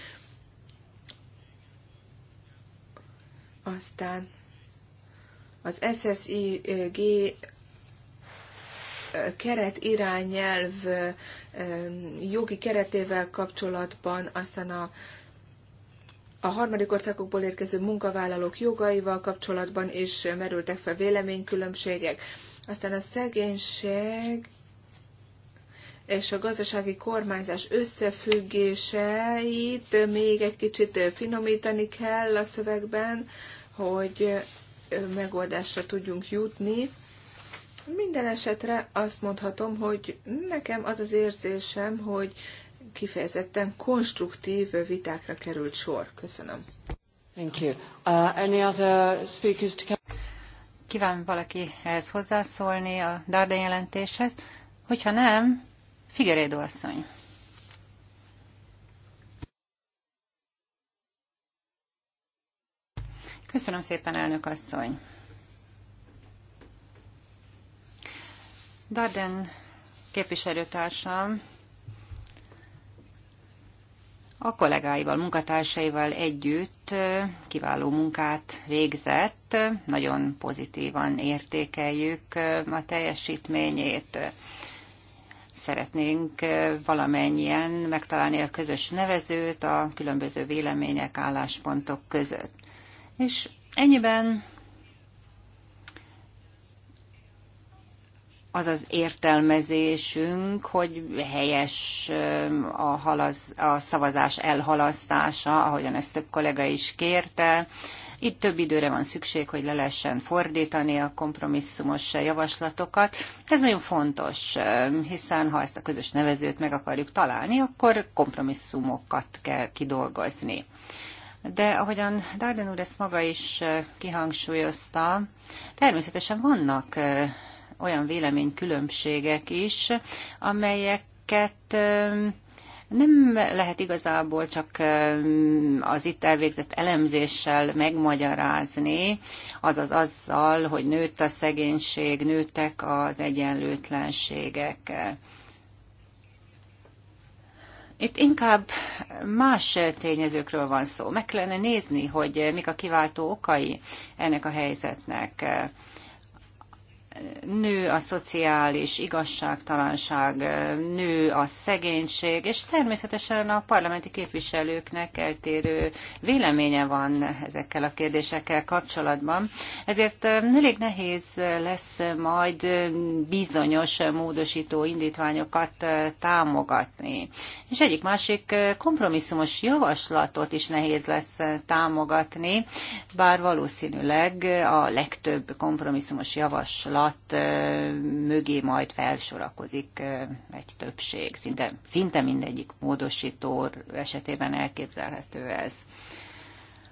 aztán az SSIG keret irányelv jogi keretével kapcsolatban, aztán a a harmadik országokból érkező munkavállalók jogaival kapcsolatban is merültek fel véleménykülönbségek. Aztán a szegénység és a gazdasági kormányzás összefüggéseit még egy kicsit finomítani kell a szövegben, hogy megoldásra tudjunk jutni. Minden esetre azt mondhatom, hogy nekem az az érzésem, hogy kifejezetten konstruktív vitákra került sor. Köszönöm. Thank you. Uh, any other speakers to come? Kíván valaki ehhez hozzászólni a Darden jelentéshez? Hogyha nem, Figyelédó asszony. Köszönöm szépen, elnök asszony. Darden képviselőtársam a kollégáival, munkatársaival együtt kiváló munkát végzett, nagyon pozitívan értékeljük a teljesítményét. Szeretnénk valamennyien megtalálni a közös nevezőt a különböző vélemények, álláspontok között. És ennyiben az az értelmezésünk, hogy helyes a, halaz, a szavazás elhalasztása, ahogyan ezt több kollega is kérte. Itt több időre van szükség, hogy le lehessen fordítani a kompromisszumos javaslatokat. Ez nagyon fontos, hiszen ha ezt a közös nevezőt meg akarjuk találni, akkor kompromisszumokat kell kidolgozni. De ahogyan Darden úr ezt maga is kihangsúlyozta, természetesen vannak olyan véleménykülönbségek is, amelyeket nem lehet igazából csak az itt elvégzett elemzéssel megmagyarázni, azaz azzal, hogy nőtt a szegénység, nőttek az egyenlőtlenségek. Itt inkább más tényezőkről van szó. Meg kellene nézni, hogy mik a kiváltó okai ennek a helyzetnek nő a szociális igazságtalanság, nő a szegénység, és természetesen a parlamenti képviselőknek eltérő véleménye van ezekkel a kérdésekkel kapcsolatban. Ezért um, elég nehéz lesz majd bizonyos módosító indítványokat uh, támogatni. És egyik másik uh, kompromisszumos javaslatot is nehéz lesz uh, támogatni, bár valószínűleg a legtöbb kompromisszumos javaslat alatt mögé majd felsorakozik egy többség. Szinte, szinte mindegyik módosító esetében elképzelhető ez.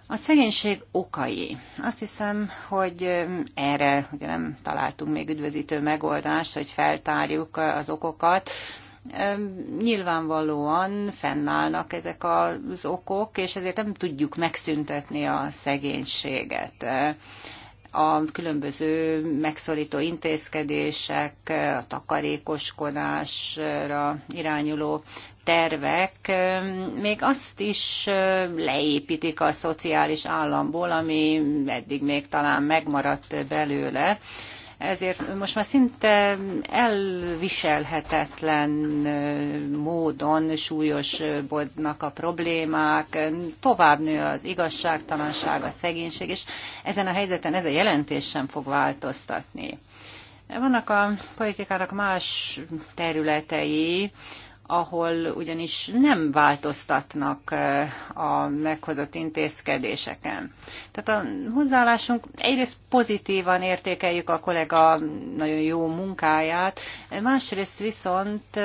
A szegénység okai. Azt hiszem, hogy erre ugye nem találtunk még üdvözítő megoldást, hogy feltárjuk az okokat. Nyilvánvalóan fennállnak ezek az okok, és ezért nem tudjuk megszüntetni a szegénységet a különböző megszorító intézkedések, a takarékoskodásra irányuló tervek még azt is leépítik a szociális államból, ami eddig még talán megmaradt belőle, ezért most már szinte elviselhetetlen módon súlyosbodnak a problémák, tovább nő az igazságtalanság, a szegénység, és ezen a helyzeten ez a jelentés sem fog változtatni. Vannak a politikának más területei, ahol ugyanis nem változtatnak a meghozott intézkedéseken. Tehát a hozzáállásunk egyrészt pozitívan értékeljük a kollega nagyon jó munkáját, másrészt viszont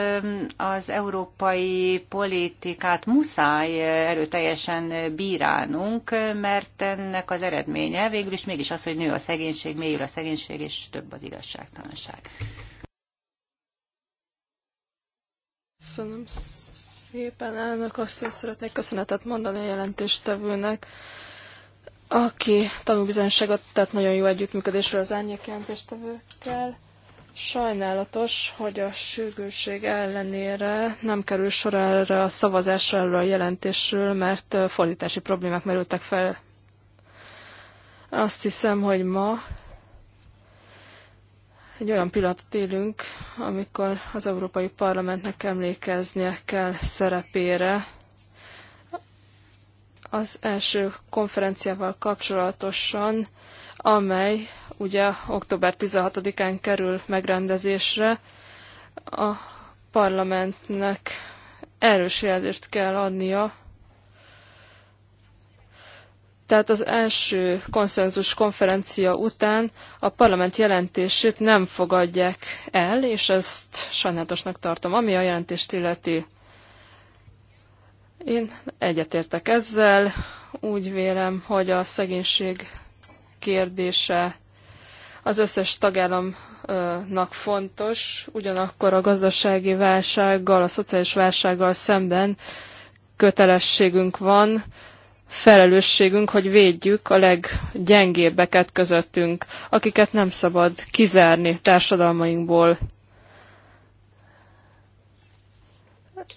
az európai politikát muszáj erőteljesen bírálnunk, mert ennek az eredménye végül is mégis az, hogy nő a szegénység, mélyül a szegénység és több az igazságtalanság. Köszönöm szépen, elnök asszony, szeretnék köszönetet mondani a jelentéstevőnek, aki tanúbizonyságot tett nagyon jó együttműködésről az árnyék jelentéstevőkkel. Sajnálatos, hogy a sürgőség ellenére nem kerül sor erre a szavazásra erről a jelentésről, mert fordítási problémák merültek fel. Azt hiszem, hogy ma egy olyan pillanatot élünk, amikor az Európai Parlamentnek emlékeznie kell szerepére. Az első konferenciával kapcsolatosan, amely ugye október 16-án kerül megrendezésre, a parlamentnek erős jelzést kell adnia tehát az első konszenzus konferencia után a parlament jelentését nem fogadják el, és ezt sajnálatosnak tartom, ami a jelentést illeti. Én egyetértek ezzel, úgy vélem, hogy a szegénység kérdése az összes tagállamnak fontos, ugyanakkor a gazdasági válsággal, a szociális válsággal szemben kötelességünk van, felelősségünk, hogy védjük a leggyengébbeket közöttünk, akiket nem szabad kizárni társadalmainkból.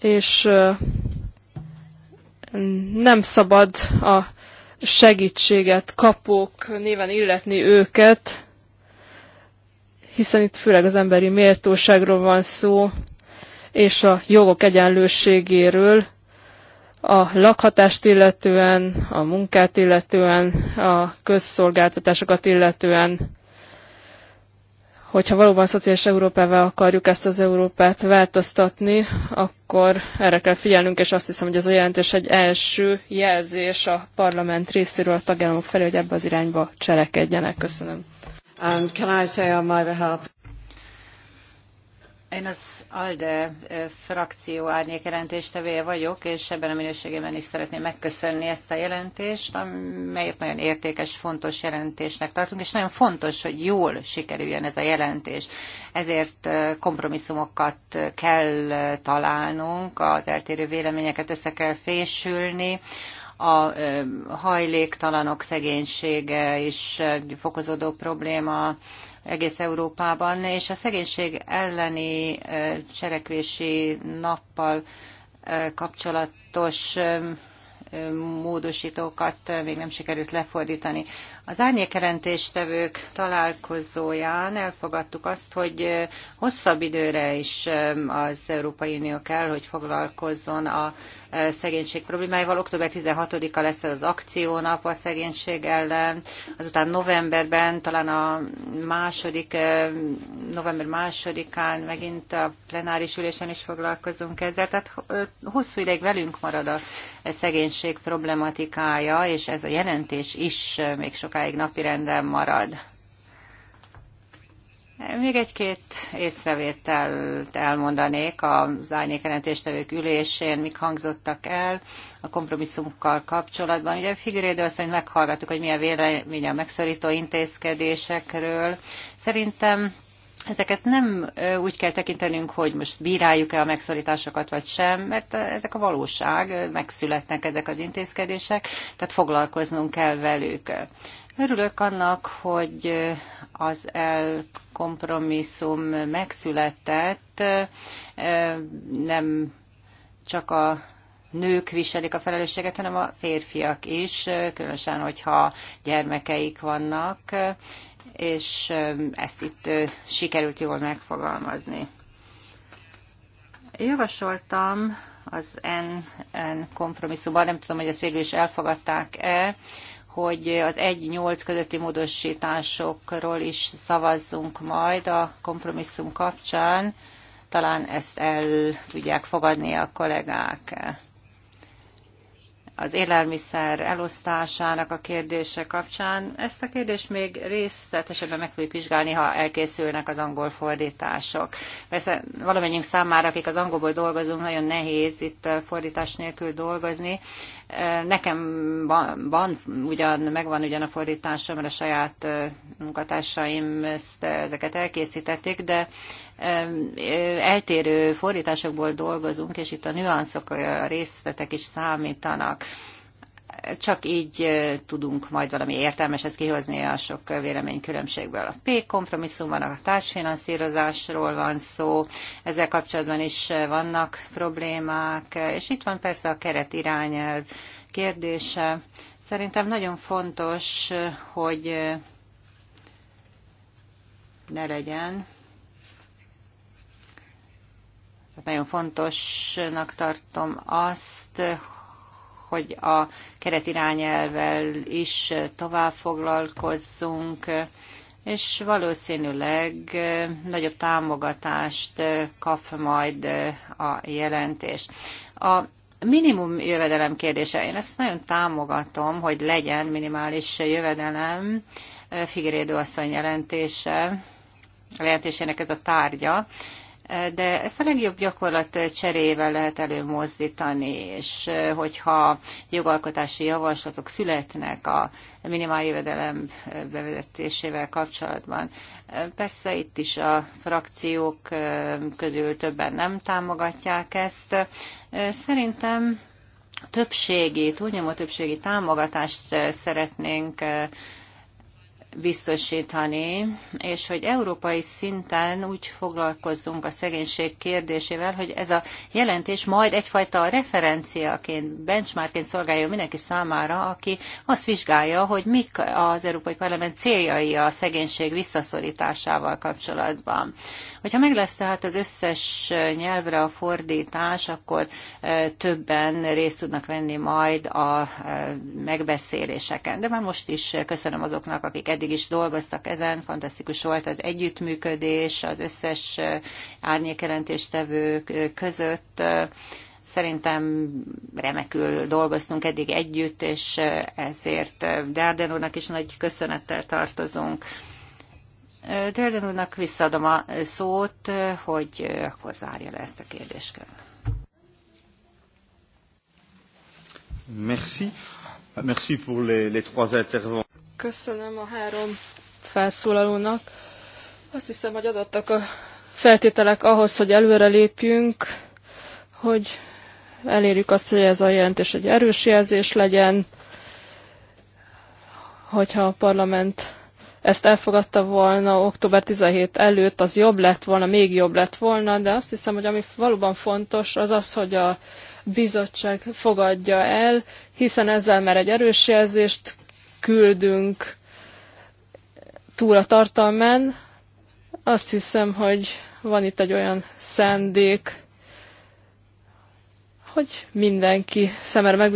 És nem szabad a segítséget kapók néven illetni őket, hiszen itt főleg az emberi méltóságról van szó, és a jogok egyenlőségéről, a lakhatást illetően, a munkát illetően, a közszolgáltatásokat illetően, hogyha valóban szociális Európával akarjuk ezt az Európát változtatni, akkor erre kell figyelnünk, és azt hiszem, hogy ez a jelentés egy első jelzés a parlament részéről a tagállamok felé, hogy ebbe az irányba cselekedjenek. Köszönöm. Um, can I say on my behalf? Én az ALDE frakció árnyék jelentéstevője vagyok, és ebben a minőségében is szeretném megköszönni ezt a jelentést, amelyet nagyon értékes, fontos jelentésnek tartunk, és nagyon fontos, hogy jól sikerüljön ez a jelentés. Ezért kompromisszumokat kell találnunk, az eltérő véleményeket össze kell fésülni, a hajléktalanok szegénysége is fokozódó probléma, egész Európában, és a szegénység elleni cselekvési nappal kapcsolatos módosítókat még nem sikerült lefordítani. Az árnyékerentéstevők találkozóján elfogadtuk azt, hogy hosszabb időre is az Európai Unió kell, hogy foglalkozzon a szegénység problémáival. Október 16-a lesz az akciónap a szegénység ellen, azután novemberben, talán a második, november másodikán megint a plenáris ülésen is foglalkozunk ezzel. Tehát hosszú ideig velünk marad a szegénység problematikája, és ez a jelentés is még sokáig sokáig napirenden marad. Még egy-két észrevételt elmondanék az árnyékelentéstevők ülésén, mik hangzottak el a kompromisszumokkal kapcsolatban. Ugye Figurédő azt, hogy meghallgattuk, hogy milyen vélemény a megszorító intézkedésekről. Szerintem ezeket nem úgy kell tekintenünk, hogy most bíráljuk-e a megszorításokat vagy sem, mert ezek a valóság, megszületnek ezek az intézkedések, tehát foglalkoznunk kell velük. Örülök annak, hogy az elkompromisszum megszületett, nem csak a nők viselik a felelősséget, hanem a férfiak is, különösen, hogyha gyermekeik vannak, és ezt itt sikerült jól megfogalmazni. Javasoltam az N, N kompromisszumban, nem tudom, hogy ezt végül is elfogadták-e, hogy az 1-8 közötti módosításokról is szavazzunk majd a kompromisszum kapcsán. Talán ezt el tudják fogadni a kollégák. Az élelmiszer elosztásának a kérdése kapcsán ezt a kérdést még részletesebben meg fogjuk vizsgálni, ha elkészülnek az angol fordítások. Persze valamennyiünk számára, akik az angolból dolgozunk, nagyon nehéz itt fordítás nélkül dolgozni, Nekem van, van ugyan, megvan ugyan a fordítása, mert a saját munkatársaim ezt, ezeket elkészítették, de eltérő fordításokból dolgozunk, és itt a nüanszok, a részletek is számítanak csak így tudunk majd valami értelmeset kihozni a sok véleménykülönbségből. A P van, a társfinanszírozásról van szó, ezzel kapcsolatban is vannak problémák, és itt van persze a irányelv kérdése. Szerintem nagyon fontos, hogy ne legyen tehát nagyon fontosnak tartom azt, hogy a keretirányelvel is tovább foglalkozzunk, és valószínűleg nagyobb támogatást kap majd a jelentés. A minimum jövedelem kérdése. Én ezt nagyon támogatom, hogy legyen minimális jövedelem. Figyérédő asszony jelentése, jelentésének ez a tárgya, de ezt a legjobb gyakorlat cserével lehet előmozdítani, és hogyha jogalkotási javaslatok születnek a minimál jövedelem bevezetésével kapcsolatban. Persze itt is a frakciók közül többen nem támogatják ezt. Szerintem többségi, túlnyomó többségi támogatást szeretnénk biztosítani, és hogy európai szinten úgy foglalkozzunk a szegénység kérdésével, hogy ez a jelentés majd egyfajta referenciaként, benchmarkként szolgálja mindenki számára, aki azt vizsgálja, hogy mik az Európai Parlament céljai a szegénység visszaszorításával kapcsolatban. Hogyha meg lesz tehát az összes nyelvre a fordítás, akkor e, többen részt tudnak venni majd a e, megbeszéléseken. De már most is köszönöm azoknak, akik eddig is dolgoztak ezen. Fantasztikus volt az együttműködés az összes e, árnyékjelentéstevő között szerintem remekül dolgoztunk eddig együtt, és ezért Dárden úrnak is nagy köszönettel tartozunk. Dörden úrnak visszaadom a szót, hogy akkor zárja le ezt a kérdéskört. Merci. Merci pour les, les trois interventions. Köszönöm a három felszólalónak. Azt hiszem, hogy adottak a feltételek ahhoz, hogy előre lépjünk, hogy elérjük azt, hogy ez a jelentés egy erős jelzés legyen, hogyha a parlament ezt elfogadta volna október 17 előtt, az jobb lett volna, még jobb lett volna, de azt hiszem, hogy ami valóban fontos, az az, hogy a bizottság fogadja el, hiszen ezzel már egy erős jelzést küldünk túl a tartalmán. Azt hiszem, hogy van itt egy olyan szándék, hogy mindenki szemre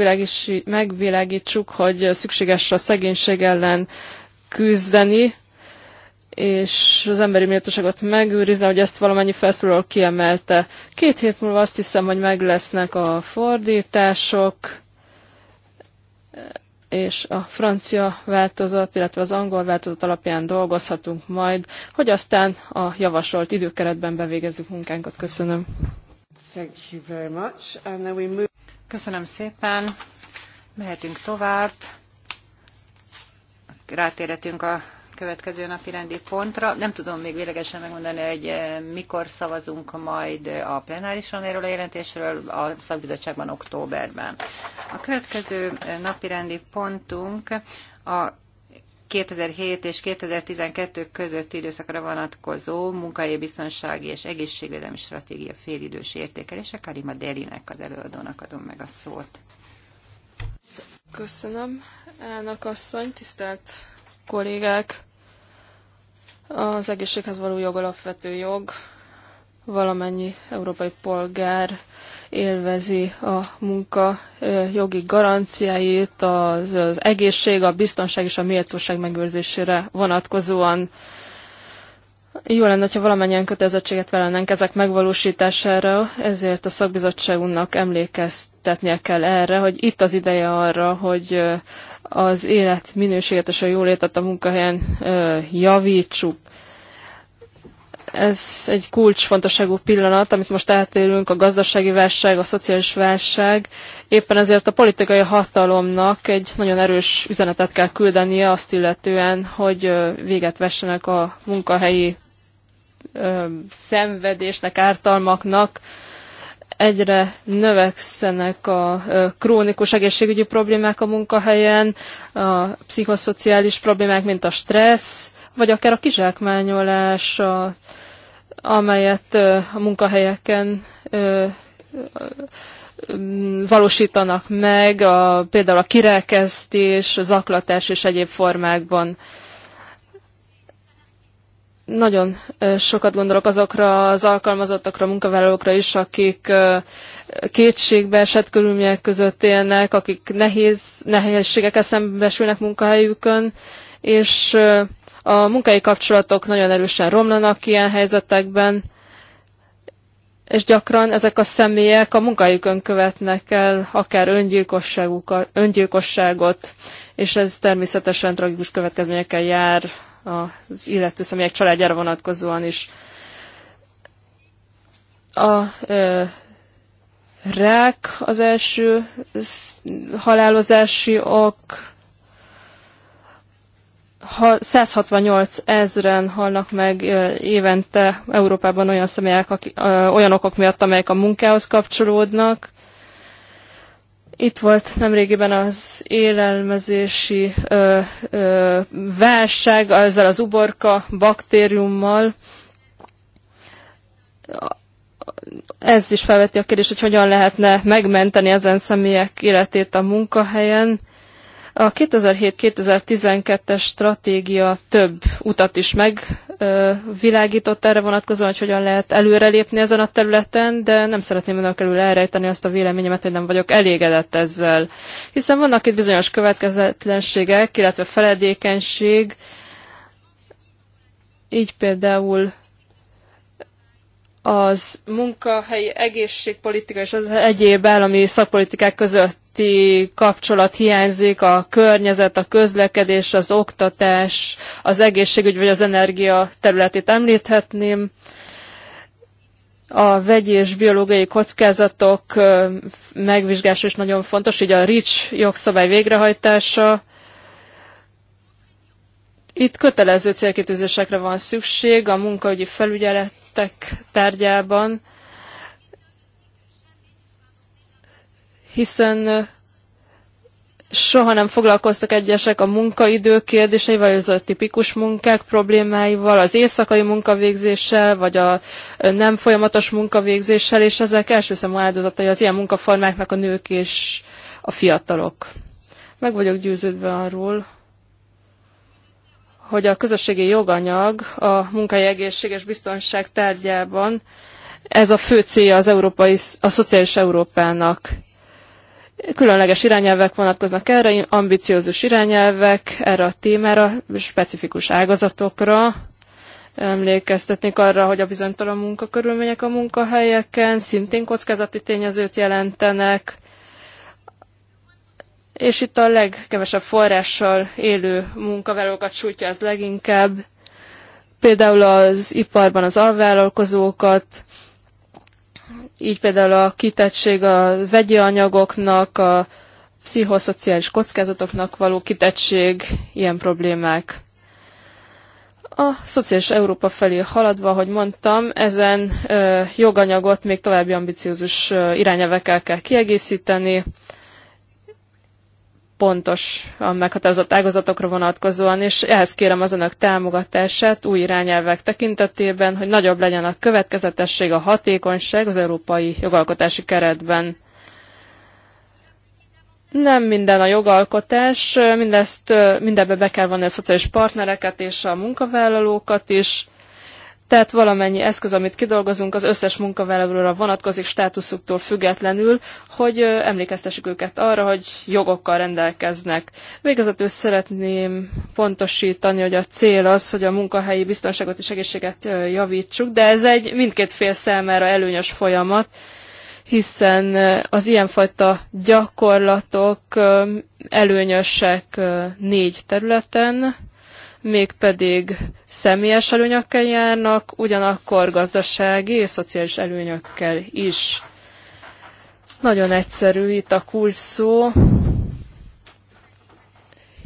megvilágítsuk, hogy szükséges a szegénység ellen küzdeni, és az emberi méltóságot megőrizni, hogy ezt valamennyi felszólal kiemelte. Két hét múlva azt hiszem, hogy meg lesznek a fordítások, és a francia változat, illetve az angol változat alapján dolgozhatunk majd, hogy aztán a javasolt időkeretben bevégezzük munkánkat. Köszönöm. Thank you very much. And then we move... Köszönöm szépen. Mehetünk tovább rátérhetünk a következő napi rendi pontra. Nem tudom még véglegesen megmondani, hogy eh, mikor szavazunk majd a plenárison erről a jelentésről, a szakbizottságban októberben. A következő eh, napi rendi pontunk a 2007 és 2012 közötti időszakra vonatkozó munkai biztonsági és egészségvédelmi stratégia félidős értékelése. Karima Derinek az előadónak adom meg a szót. Köszönöm, Elnök asszony, tisztelt kollégák! Az egészséghez való jog alapvető jog, valamennyi európai polgár élvezi a munka jogi garanciáit, az, az egészség, a biztonság és a méltóság megőrzésére vonatkozóan. Jó lenne, ha valamennyien kötelezettséget vállalnánk ezek megvalósítására, ezért a szakbizottságunknak emlékeztetnie kell erre, hogy itt az ideje arra, hogy az élet minőséget és a jólétet a munkahelyen javítsuk. Ez egy kulcsfontosságú pillanat, amit most átélünk, a gazdasági válság, a szociális válság. Éppen ezért a politikai hatalomnak egy nagyon erős üzenetet kell küldenie azt illetően, hogy véget vessenek a munkahelyi szenvedésnek, ártalmaknak, egyre növekszenek a krónikus egészségügyi problémák a munkahelyen, a pszichoszociális problémák, mint a stressz, vagy akár a kizsákmányolás, a, amelyet a munkahelyeken valósítanak meg, a, például a kirekesztés, zaklatás és egyéb formákban nagyon sokat gondolok azokra az alkalmazottakra, munkavállalókra is, akik kétségbe esett körülmények között élnek, akik nehéz, nehézségekkel szembesülnek munkahelyükön, és a munkai kapcsolatok nagyon erősen romlanak ilyen helyzetekben, és gyakran ezek a személyek a munkájukon követnek el akár öngyilkosságot, és ez természetesen tragikus következményekkel jár az illető személyek családjára vonatkozóan is. A ö, rák az első halálozási ok. 168 ezeren halnak meg évente Európában olyan személyek, olyan okok miatt, amelyek a munkához kapcsolódnak itt volt nemrégiben az élelmezési ö, ö, válság ezzel az uborka baktériummal. Ez is felveti a kérdést, hogy hogyan lehetne megmenteni ezen személyek életét a munkahelyen. A 2007-2012-es stratégia több utat is meg világított erre vonatkozóan, hogy hogyan lehet előrelépni ezen a területen, de nem szeretném önök elől elrejteni azt a véleményemet, hogy nem vagyok elégedett ezzel. Hiszen vannak itt bizonyos következetlenségek, illetve feledékenység, így például az munkahelyi egészségpolitika és az egyéb állami szakpolitikák közötti kapcsolat hiányzik, a környezet, a közlekedés, az oktatás, az egészségügy vagy az energia területét említhetném. A vegyi és biológiai kockázatok megvizsgálása is nagyon fontos, így a RICS jogszabály végrehajtása, itt kötelező célkitűzésekre van szükség a munkaügyi felügyelet tettek tárgyában, hiszen soha nem foglalkoztak egyesek a munkaidő kérdéseivel, az a tipikus munkák problémáival, az éjszakai munkavégzéssel, vagy a nem folyamatos munkavégzéssel, és ezek számú áldozatai az ilyen munkaformáknak a nők és a fiatalok. Meg vagyok győződve arról, hogy a közösségi joganyag a munkai egészség és biztonság tárgyában ez a fő célja az európai, a szociális Európának. Különleges irányelvek vonatkoznak erre, ambiciózus irányelvek erre a témára, specifikus ágazatokra. Emlékeztetnék arra, hogy a bizonytalan munkakörülmények a munkahelyeken szintén kockázati tényezőt jelentenek, és itt a legkevesebb forrással élő munkavállalókat sújtja ez leginkább, például az iparban az alvállalkozókat, így például a kitettség a vegyi anyagoknak, a pszichoszociális kockázatoknak való kitettség, ilyen problémák. A szociális Európa felé haladva, hogy mondtam, ezen joganyagot még további ambiciózus irányelvekkel kell kiegészíteni, pontosan meghatározott ágazatokra vonatkozóan, és ehhez kérem az önök támogatását új irányelvek tekintetében, hogy nagyobb legyen a következetesség, a hatékonyság az európai jogalkotási keretben. Nem minden a jogalkotás, mindezt, mindebbe be kell vonni a szociális partnereket és a munkavállalókat is. Tehát valamennyi eszköz, amit kidolgozunk, az összes munkavállalóra vonatkozik státuszuktól függetlenül, hogy emlékeztessük őket arra, hogy jogokkal rendelkeznek. Végezetül szeretném pontosítani, hogy a cél az, hogy a munkahelyi biztonságot és egészséget javítsuk, de ez egy mindkét fél számára előnyös folyamat hiszen az ilyenfajta gyakorlatok előnyösek négy területen, mégpedig személyes előnyökkel járnak, ugyanakkor gazdasági és szociális előnyökkel is. Nagyon egyszerű itt a kulcs szó,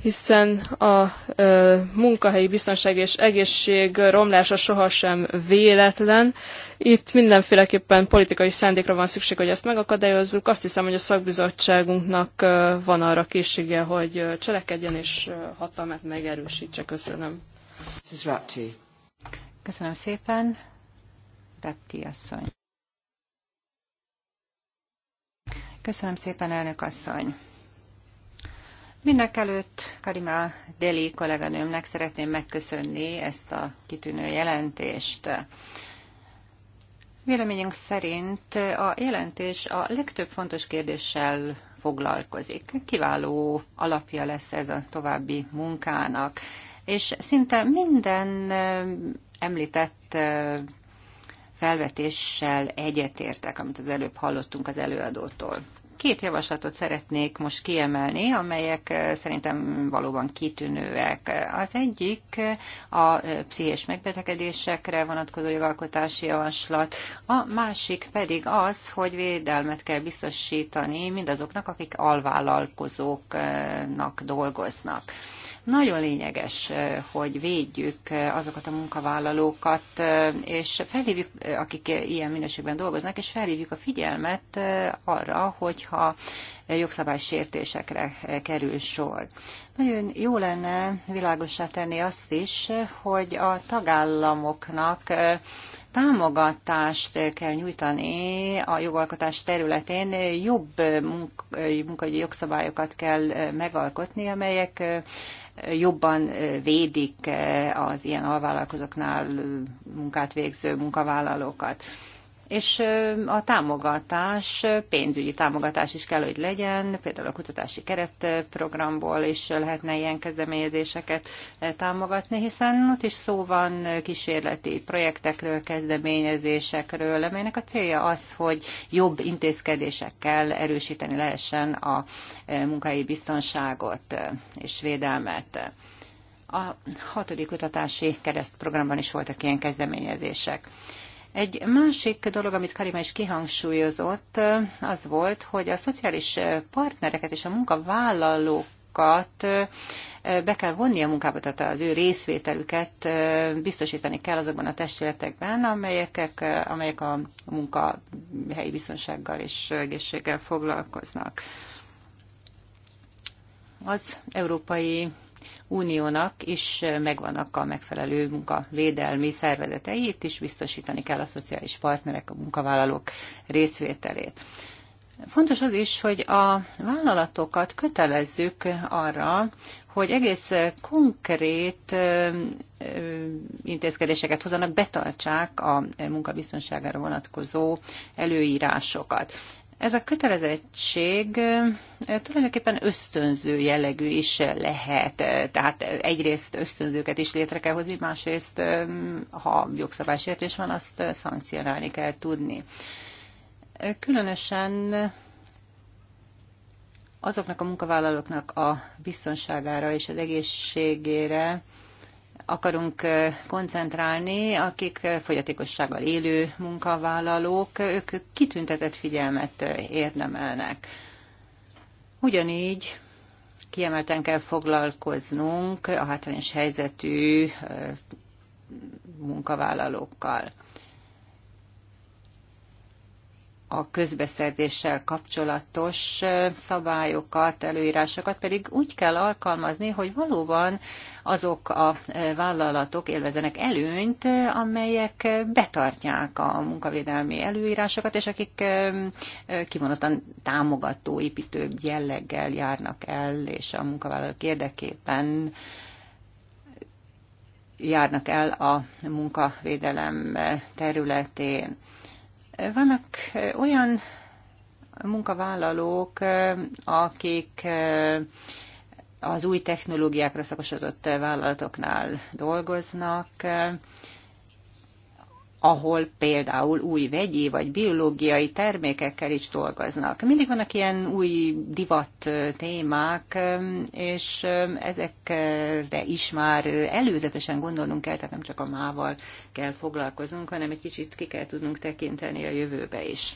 hiszen a ö, munkahelyi biztonság és egészség romlása sohasem véletlen. Itt mindenféleképpen politikai szándékra van szükség, hogy ezt megakadályozzuk. Azt hiszem, hogy a szakbizottságunknak ö, van arra készsége, hogy cselekedjen és ö, hatalmát megerősítse. Köszönöm. Köszönöm szépen. Repti asszony. Köszönöm szépen, elnök asszony. Mindenek Karima Karimá Deli kolléganőmnek szeretném megköszönni ezt a kitűnő jelentést. Véleményünk szerint a jelentés a legtöbb fontos kérdéssel foglalkozik. Kiváló alapja lesz ez a további munkának, és szinte minden említett felvetéssel egyetértek, amit az előbb hallottunk az előadótól. Két javaslatot szeretnék most kiemelni, amelyek eh, szerintem valóban kitűnőek. Az egyik a eh, pszichés megbetegedésekre vonatkozó jogalkotási javaslat, a másik pedig az, hogy védelmet kell biztosítani mindazoknak, akik alvállalkozóknak dolgoznak. Nagyon lényeges, hogy védjük azokat a munkavállalókat, és felhívjuk, akik ilyen minőségben dolgoznak, és felhívjuk a figyelmet arra, hogyha jogszabálysértésekre kerül sor. Nagyon jó lenne világosá tenni azt is, hogy a tagállamoknak támogatást kell nyújtani a jogalkotás területén, jobb munkai jogszabályokat kell megalkotni, amelyek jobban védik az ilyen alvállalkozóknál munkát végző munkavállalókat és a támogatás, pénzügyi támogatás is kell, hogy legyen, például a kutatási keretprogramból is lehetne ilyen kezdeményezéseket támogatni, hiszen ott is szó van kísérleti projektekről, kezdeményezésekről, amelynek a célja az, hogy jobb intézkedésekkel erősíteni lehessen a munkai biztonságot és védelmet. A hatodik kutatási keretprogramban is voltak ilyen kezdeményezések. Egy másik dolog, amit Karima is kihangsúlyozott, az volt, hogy a szociális partnereket és a munkavállalókat be kell vonni a munkába, tehát az ő részvételüket biztosítani kell azokban a testületekben, amelyek, amelyek a munkahelyi biztonsággal és egészséggel foglalkoznak. Az európai Uniónak is megvannak a megfelelő munkavédelmi szervezetei, itt is biztosítani kell a szociális partnerek, a munkavállalók részvételét. Fontos az is, hogy a vállalatokat kötelezzük arra, hogy egész konkrét intézkedéseket hozzanak, betartsák a munkabiztonságára vonatkozó előírásokat. Ez a kötelezettség tulajdonképpen ösztönző jellegű is lehet. Tehát egyrészt ösztönzőket is létre kell hozni, másrészt, ha jogszabálysértés van, azt szankcionálni kell tudni. Különösen azoknak a munkavállalóknak a biztonságára és az egészségére, akarunk koncentrálni, akik fogyatékossággal élő munkavállalók, ők kitüntetett figyelmet érdemelnek. Ugyanígy kiemelten kell foglalkoznunk a hátrányos helyzetű munkavállalókkal. a közbeszerzéssel kapcsolatos szabályokat, előírásokat pedig úgy kell alkalmazni, hogy valóban azok a vállalatok élvezenek előnyt, amelyek betartják a munkavédelmi előírásokat, és akik kivonottan támogató, építő jelleggel járnak el, és a munkavállalók érdekében járnak el a munkavédelem területén. Vannak olyan munkavállalók, akik az új technológiákra szakosodott vállalatoknál dolgoznak, ahol például új vegyi vagy biológiai termékekkel is dolgoznak. Mindig vannak ilyen új divat témák, és ezekre is már előzetesen gondolnunk kell, tehát nem csak a mával kell foglalkoznunk, hanem egy kicsit ki kell tudnunk tekinteni a jövőbe is.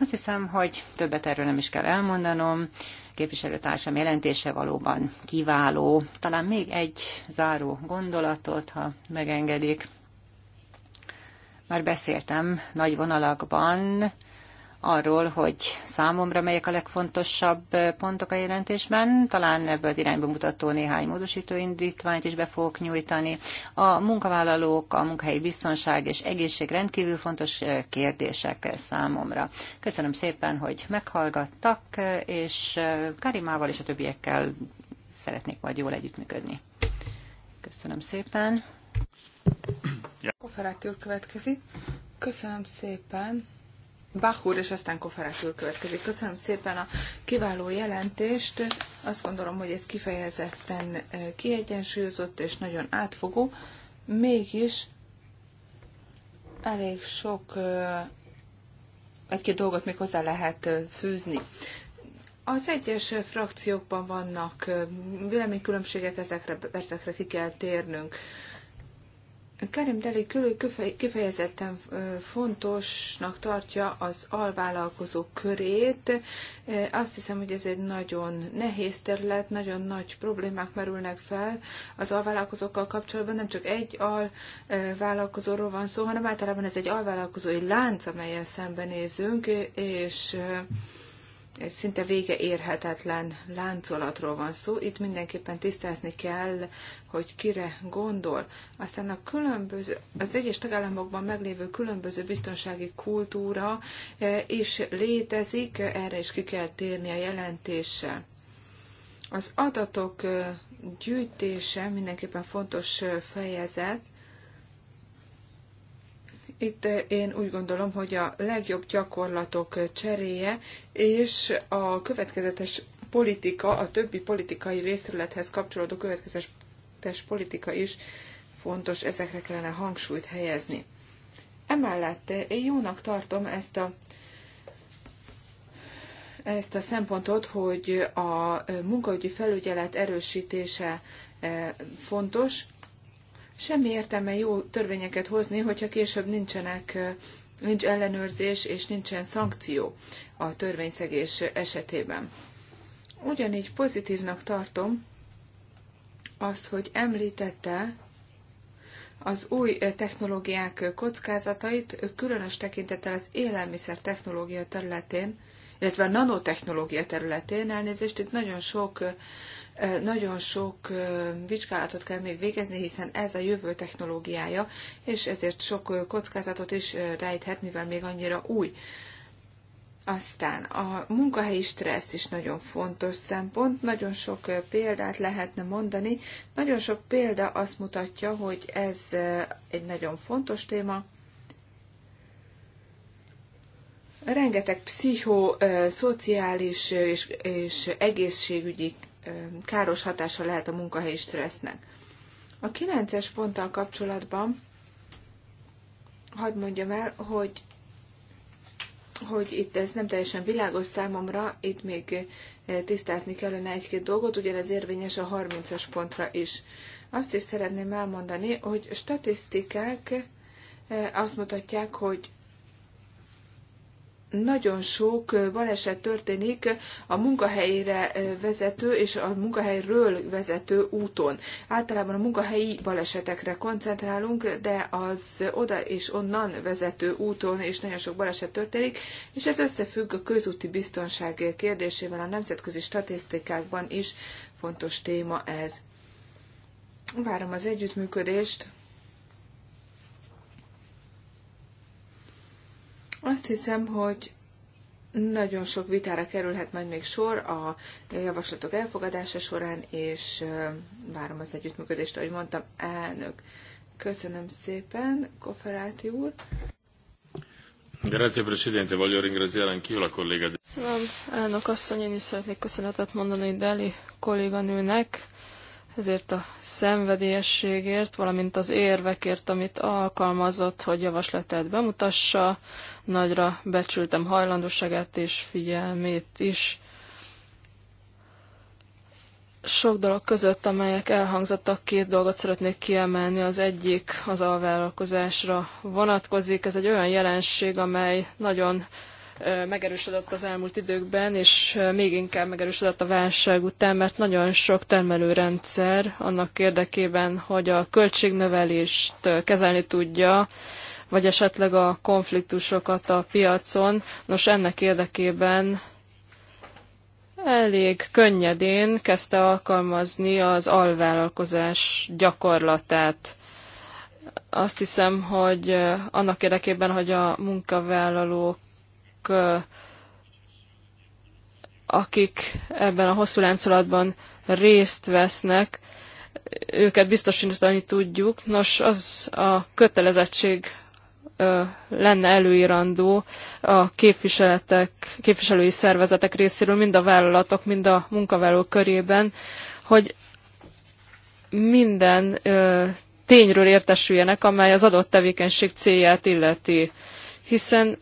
Azt hiszem, hogy többet erről nem is kell elmondanom. Képviselőtársam jelentése valóban kiváló. Talán még egy záró gondolatot, ha megengedik. Már beszéltem nagy vonalakban arról, hogy számomra melyek a legfontosabb pontok a jelentésben. Talán ebből az irányba mutató néhány módosító indítványt is be fogok nyújtani. A munkavállalók, a munkahelyi biztonság és egészség rendkívül fontos kérdések számomra. Köszönöm szépen, hogy meghallgattak, és Karimával és a többiekkel szeretnék majd jól együttműködni. Köszönöm szépen. Koferáti úr következik. Köszönöm szépen. Bach úr, és aztán Koferáti úr következik. Köszönöm szépen a kiváló jelentést. Azt gondolom, hogy ez kifejezetten eh, kiegyensúlyozott és nagyon átfogó. Mégis elég sok eh, egy-két dolgot még hozzá lehet eh, fűzni. Az egyes frakciókban vannak véleménykülönbségek, ezekre, ezekre ki kell térnünk. Kerem, Deli külül kifejezetten fontosnak tartja az alvállalkozók körét. Azt hiszem, hogy ez egy nagyon nehéz terület, nagyon nagy problémák merülnek fel az alvállalkozókkal kapcsolatban. Nem csak egy alvállalkozóról van szó, hanem általában ez egy alvállalkozói lánc, amelyel szembenézünk, és egy szinte vége érhetetlen láncolatról van szó. Itt mindenképpen tisztázni kell, hogy kire gondol. Aztán a különböző, az egyes tagállamokban meglévő különböző biztonsági kultúra e, is létezik, erre is ki kell térni a jelentéssel. Az adatok e, gyűjtése mindenképpen fontos e, fejezet, itt eh, én úgy gondolom, hogy a legjobb gyakorlatok eh, cseréje és a következetes politika, a többi politikai részterülethez kapcsolódó következetes politika is fontos, ezekre kellene hangsúlyt helyezni. Emellett eh, én jónak tartom ezt a ezt a szempontot, hogy a munkaügyi felügyelet erősítése fontos, Semmi értelme jó törvényeket hozni, hogyha később nincsenek, nincs ellenőrzés és nincsen szankció a törvényszegés esetében. Ugyanígy pozitívnak tartom azt, hogy említette az új technológiák kockázatait, különös tekintettel az élelmiszer technológia területén, illetve a nanotechnológia területén, elnézést, itt nagyon sok nagyon sok vizsgálatot kell még végezni, hiszen ez a jövő technológiája, és ezért sok kockázatot is rejthet, mivel még annyira új. Aztán a munkahelyi stressz is nagyon fontos szempont, nagyon sok példát lehetne mondani. Nagyon sok példa azt mutatja, hogy ez egy nagyon fontos téma, rengeteg pszichoszociális és, és egészségügyi káros hatása lehet a munkahelyi stressznek. A kilences ponttal kapcsolatban hadd mondjam el, hogy hogy itt ez nem teljesen világos számomra, itt még tisztázni kellene egy-két dolgot, ugyanez érvényes a 30-as pontra is. Azt is szeretném elmondani, hogy statisztikák azt mutatják, hogy nagyon sok baleset történik a munkahelyre vezető és a munkahelyről vezető úton. Általában a munkahelyi balesetekre koncentrálunk, de az oda és onnan vezető úton is nagyon sok baleset történik, és ez összefügg a közúti biztonság kérdésével, a nemzetközi statisztikákban is fontos téma ez. Várom az együttműködést Azt hiszem, hogy nagyon sok vitára kerülhet majd még sor a javaslatok elfogadása során, és várom az együttműködést, ahogy mondtam, elnök. Köszönöm szépen, Koferáti úr. Grazie Presidente, voglio ringraziare anch'io la collega. Köszönöm, elnök asszony, én is szeretnék köszönetet mondani Deli kolléganőnek ezért a szenvedélyességért, valamint az érvekért, amit alkalmazott, hogy javaslatát bemutassa. Nagyra becsültem hajlandóságát és figyelmét is. Sok dolog között, amelyek elhangzottak, két dolgot szeretnék kiemelni. Az egyik az alvállalkozásra vonatkozik. Ez egy olyan jelenség, amely nagyon megerősödött az elmúlt időkben, és még inkább megerősödött a válság után, mert nagyon sok termelőrendszer annak érdekében, hogy a költségnövelést kezelni tudja, vagy esetleg a konfliktusokat a piacon. Nos, ennek érdekében elég könnyedén kezdte alkalmazni az alvállalkozás gyakorlatát. Azt hiszem, hogy annak érdekében, hogy a munkavállalók akik ebben a hosszú láncolatban részt vesznek, őket biztosítani tudjuk. Nos, az a kötelezettség lenne előírandó a képviseletek, képviselői szervezetek részéről, mind a vállalatok, mind a munkavállalók körében, hogy minden ö, tényről értesüljenek, amely az adott tevékenység célját illeti. Hiszen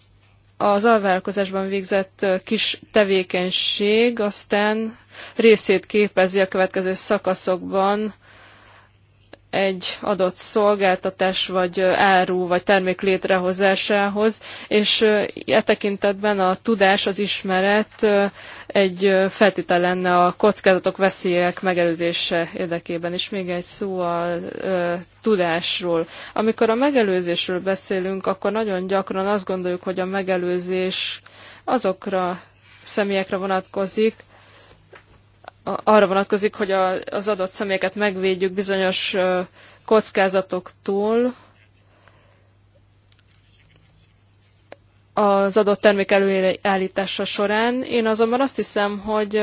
az alvállalkozásban végzett kis tevékenység aztán részét képezi a következő szakaszokban egy adott szolgáltatás vagy áru vagy termék létrehozásához, és e tekintetben a tudás, az ismeret egy feltétel lenne a kockázatok, veszélyek megelőzése érdekében. És még egy szó a e, tudásról. Amikor a megelőzésről beszélünk, akkor nagyon gyakran azt gondoljuk, hogy a megelőzés azokra személyekre vonatkozik, arra vonatkozik, hogy a, az adott személyeket megvédjük bizonyos kockázatoktól, az adott termék előállítása során. Én azonban azt hiszem, hogy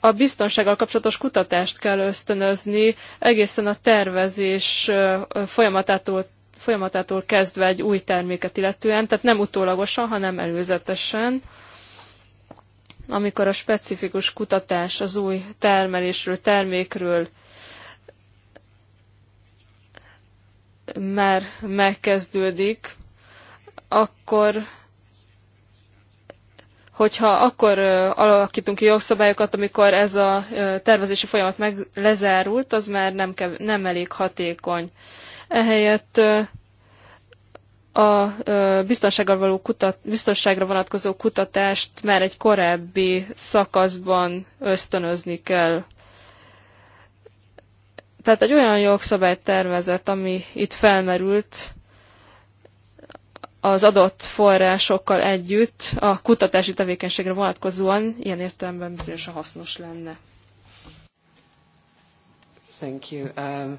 a biztonsággal kapcsolatos kutatást kell ösztönözni egészen a tervezés folyamatától, folyamatától kezdve egy új terméket illetően, tehát nem utólagosan, hanem előzetesen amikor a specifikus kutatás az új termelésről, termékről már megkezdődik, akkor hogyha akkor alakítunk ki jogszabályokat, amikor ez a tervezési folyamat meg lezárult, az már nem, kev- nem elég hatékony. Ehelyett a biztonságra, való kutat, biztonságra vonatkozó kutatást már egy korábbi szakaszban ösztönözni kell. Tehát egy olyan jogszabálytervezet, ami itt felmerült, az adott forrásokkal együtt a kutatási tevékenységre vonatkozóan ilyen értelemben bizonyosan hasznos lenne. Thank you. Um...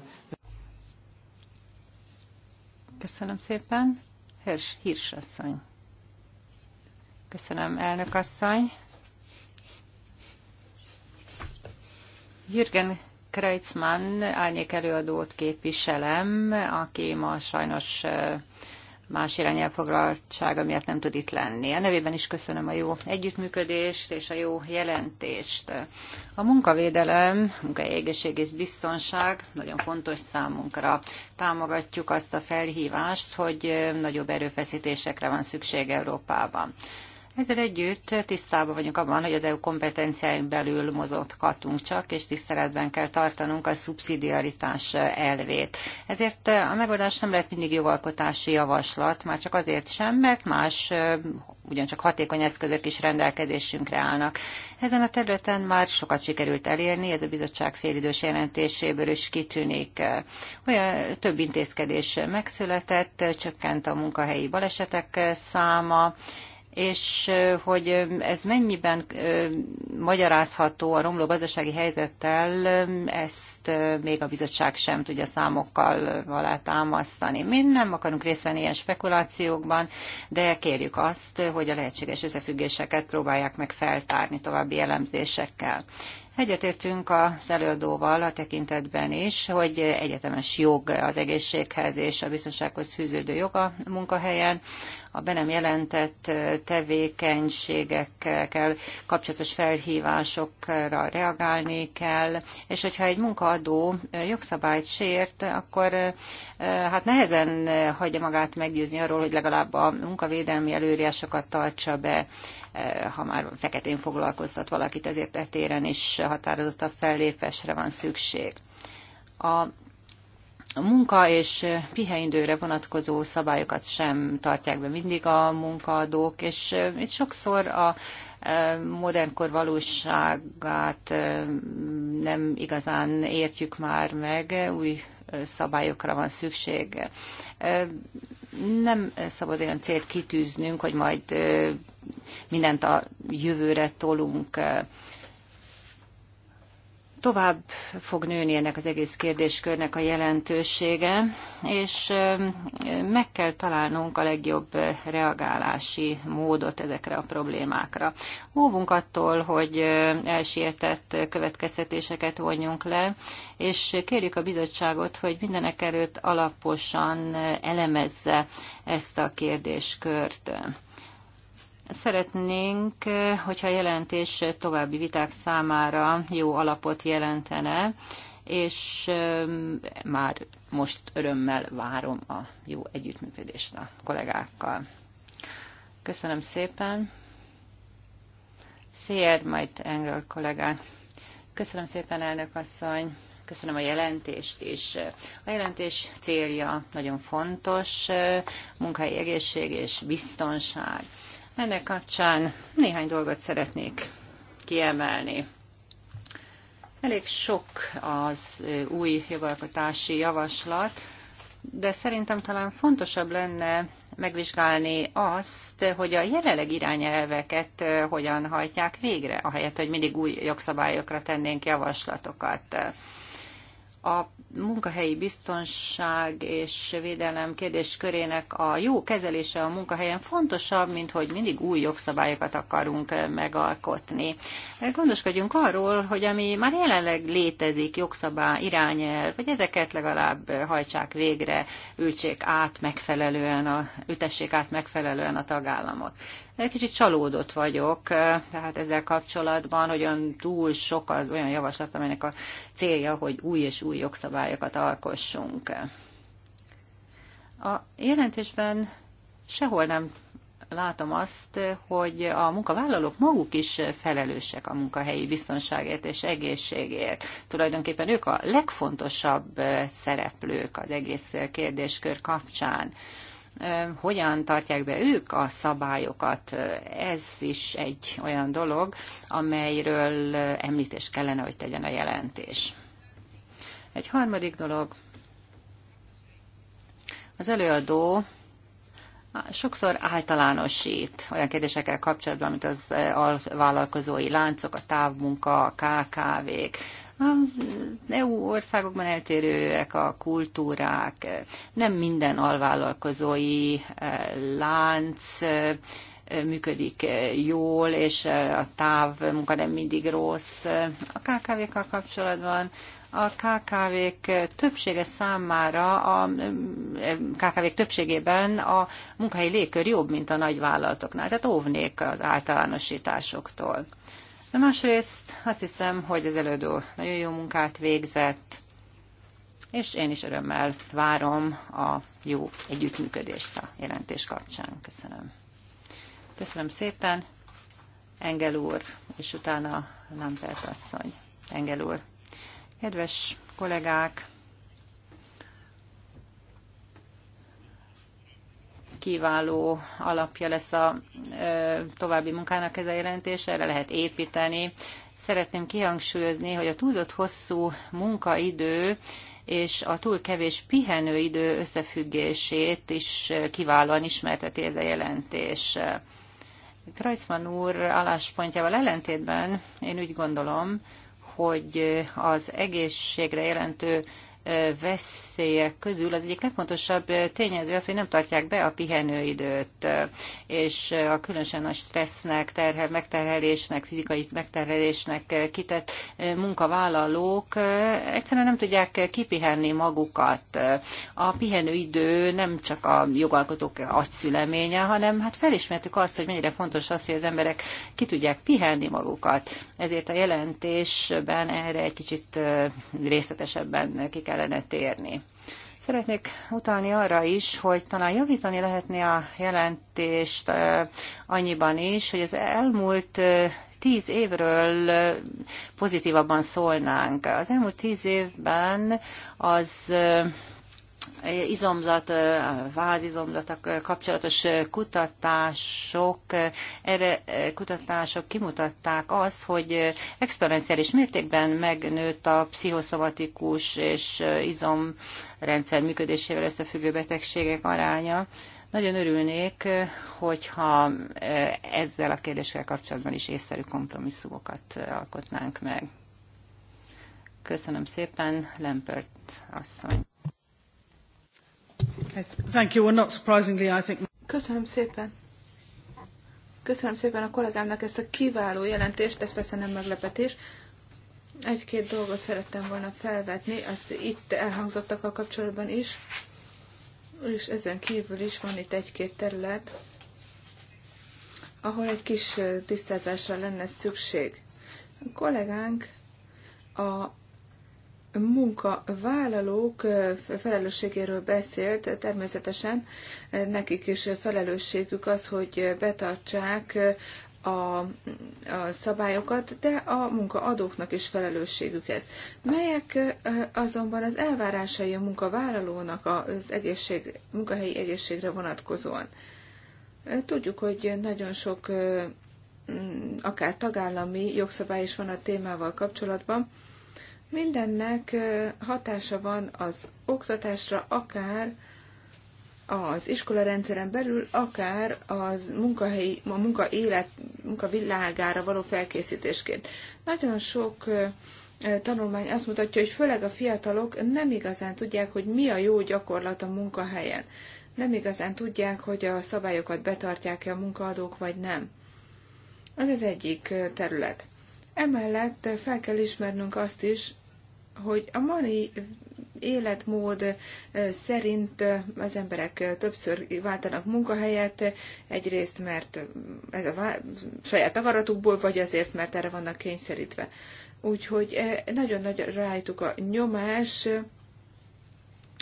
Köszönöm szépen. Hirs, Hirsasszony. Köszönöm, elnök asszony. Jürgen Kreitzmann árnyék előadót képviselem, aki ma sajnos más elfoglaltsága miatt nem tud itt lenni. A nevében is köszönöm a jó együttműködést és a jó jelentést. A munkavédelem, munkahelyi egészség és biztonság nagyon fontos számunkra. Támogatjuk azt a felhívást, hogy nagyobb erőfeszítésekre van szükség Európában. Ezzel együtt tisztában vagyunk abban, hogy az EU kompetenciáin belül mozoghatunk csak, és tiszteletben kell tartanunk a szubszidiaritás elvét. Ezért a megoldás nem lehet mindig jogalkotási javaslat, már csak azért sem, mert más ugyancsak hatékony eszközök is rendelkezésünkre állnak. Ezen a területen már sokat sikerült elérni, ez a bizottság félidős jelentéséből is kitűnik. Olyan több intézkedés megszületett, csökkent a munkahelyi balesetek száma, és hogy ez mennyiben magyarázható a romló gazdasági helyzettel, ezt még a bizottság sem tudja számokkal alátámasztani. Mi nem akarunk részt venni ilyen spekulációkban, de kérjük azt, hogy a lehetséges összefüggéseket próbálják meg feltárni további elemzésekkel. Egyetértünk az előadóval a tekintetben is, hogy egyetemes jog az egészséghez és a biztonsághoz fűződő joga munkahelyen a be nem jelentett tevékenységekkel kapcsolatos felhívásokra reagálni kell, és hogyha egy munkaadó jogszabályt sért, akkor hát nehezen hagyja magát meggyőzni arról, hogy legalább a munkavédelmi előírásokat tartsa be, ha már feketén foglalkoztat valakit, ezért etéren is határozottabb fellépésre van szükség. A a munka és pihenőidőre vonatkozó szabályokat sem tartják be mindig a munkaadók, és itt sokszor a modernkor valóságát nem igazán értjük már meg, új szabályokra van szükség. Nem szabad olyan célt kitűznünk, hogy majd mindent a jövőre tolunk tovább fog nőni ennek az egész kérdéskörnek a jelentősége, és meg kell találnunk a legjobb reagálási módot ezekre a problémákra. Óvunk attól, hogy elsietett következtetéseket vonjunk le, és kérjük a bizottságot, hogy mindenek előtt alaposan elemezze ezt a kérdéskört Szeretnénk, hogyha a jelentés további viták számára jó alapot jelentene, és már most örömmel várom a jó együttműködést a kollégákkal. Köszönöm szépen. Szér, majd Engel kollégák. Köszönöm szépen, elnök asszony. Köszönöm a jelentést is. A jelentés célja nagyon fontos, munkai egészség és biztonság. Ennek kapcsán néhány dolgot szeretnék kiemelni. Elég sok az új jogalkotási javaslat, de szerintem talán fontosabb lenne megvizsgálni azt, hogy a jelenleg irányelveket hogyan hajtják végre, ahelyett, hogy mindig új jogszabályokra tennénk javaslatokat a munkahelyi biztonság és védelem kérdéskörének a jó kezelése a munkahelyen fontosabb, mint hogy mindig új jogszabályokat akarunk megalkotni. Gondoskodjunk arról, hogy ami már jelenleg létezik, jogszabály, irányel, vagy ezeket legalább hajtsák végre, ültsék át megfelelően, a, ütessék át megfelelően a tagállamot. Egy Kicsit csalódott vagyok, tehát ezzel kapcsolatban, hogy olyan túl sok az olyan javaslat, amelynek a célja, hogy új és új jogszabályokat alkossunk. A jelentésben sehol nem látom azt, hogy a munkavállalók maguk is felelősek a munkahelyi biztonságért és egészségért. Tulajdonképpen ők a legfontosabb szereplők az egész kérdéskör kapcsán hogyan tartják be ők a szabályokat. Ez is egy olyan dolog, amelyről említést kellene, hogy tegyen a jelentés. Egy harmadik dolog. Az előadó sokszor általánosít olyan kérdésekkel kapcsolatban, mint az alvállalkozói láncok, a távmunka, a KKV-k. A EU országokban eltérőek a kultúrák, nem minden alvállalkozói eh, lánc eh, működik eh, jól, és a táv munka nem mindig rossz. A KKV-kkal kapcsolatban a KKV-k többsége számára, a kkv többségében a munkahelyi légkör jobb, mint a nagyvállalatoknál, tehát óvnék az általánosításoktól. De másrészt azt hiszem, hogy az elődő nagyon jó munkát végzett, és én is örömmel várom a jó együttműködést a jelentés kapcsán. Köszönöm. Köszönöm szépen, Engel úr, és utána Lampert asszony. Engel úr. Kedves kollégák, kiváló alapja lesz a további munkának ez a jelentés, erre lehet építeni. Szeretném kihangsúlyozni, hogy a túlzott hosszú munkaidő és a túl kevés pihenőidő összefüggését is kiválóan ismerteti ez a jelentés. Kreutzmann úr álláspontjával ellentétben én úgy gondolom, hogy az egészségre jelentő veszélyek közül az egyik legfontosabb tényező az, hogy nem tartják be a pihenőidőt, és a különösen nagy stressznek, terhel, megterhelésnek, fizikai megterhelésnek kitett munkavállalók egyszerűen nem tudják kipihenni magukat. A pihenőidő nem csak a jogalkotók agyszüleménye, hanem hát felismertük azt, hogy mennyire fontos az, hogy az emberek ki tudják pihenni magukat. Ezért a jelentésben erre egy kicsit részletesebben ki kell kellene térni. Szeretnék utalni arra is, hogy talán javítani lehetné a jelentést annyiban is, hogy az elmúlt tíz évről pozitívabban szólnánk. Az elmúlt tíz évben az izomzat, vázizomzat kapcsolatos kutatások, erre kutatások kimutatták azt, hogy exponenciális mértékben megnőtt a pszichoszomatikus és izomrendszer működésével összefüggő betegségek aránya. Nagyon örülnék, hogyha ezzel a kérdéssel kapcsolatban is észszerű kompromisszumokat alkotnánk meg. Köszönöm szépen, Lempert asszony. Thank you. Well, not surprisingly, I think... Köszönöm szépen. Köszönöm szépen a kollégámnak ezt a kiváló jelentést, ez persze nem meglepetés. Egy-két dolgot szerettem volna felvetni, az itt elhangzottakkal kapcsolatban is, és ezen kívül is van itt egy-két terület, ahol egy kis tisztázásra lenne szükség. A kollégánk a munkavállalók felelősségéről beszélt, természetesen nekik is felelősségük az, hogy betartsák a, a szabályokat, de a munkaadóknak is felelősségük ez. Melyek azonban az elvárásai a munkavállalónak az egészség, munkahelyi egészségre vonatkozóan? Tudjuk, hogy nagyon sok akár tagállami jogszabály is van a témával kapcsolatban, Mindennek hatása van az oktatásra, akár az iskola rendszeren belül, akár az munkahelyi, a munka élet, munka világára való felkészítésként. Nagyon sok tanulmány azt mutatja, hogy főleg a fiatalok nem igazán tudják, hogy mi a jó gyakorlat a munkahelyen. Nem igazán tudják, hogy a szabályokat betartják-e a munkaadók, vagy nem. Ez az egyik terület. Emellett fel kell ismernünk azt is, hogy a mai életmód eh, szerint eh, az emberek eh, többször váltanak munkahelyet, egyrészt mert ez a saját akaratukból, vagy azért, mert erre vannak kényszerítve. Úgyhogy nagyon nagy rájtuk a nyomás,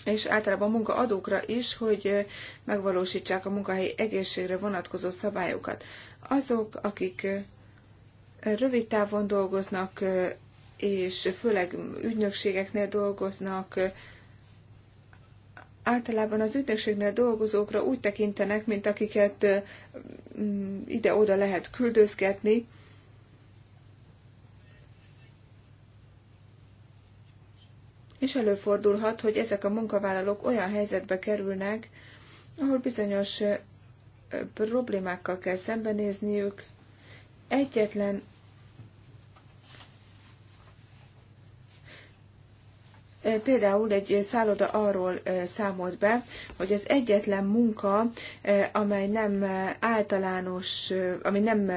és általában munkaadókra is, hogy megvalósítsák a munkahelyi egészségre vonatkozó szabályokat. Azok, akik rövid távon dolgoznak, és főleg ügynökségeknél dolgoznak, általában az ügynökségnél dolgozókra úgy tekintenek, mint akiket mm, ide-oda lehet küldözgetni, és előfordulhat, hogy ezek a munkavállalók olyan helyzetbe kerülnek, ahol bizonyos problémákkal kell szembenézniük. Egyetlen Például egy szálloda arról számolt be, hogy az egyetlen munka, amely nem általános, ami nem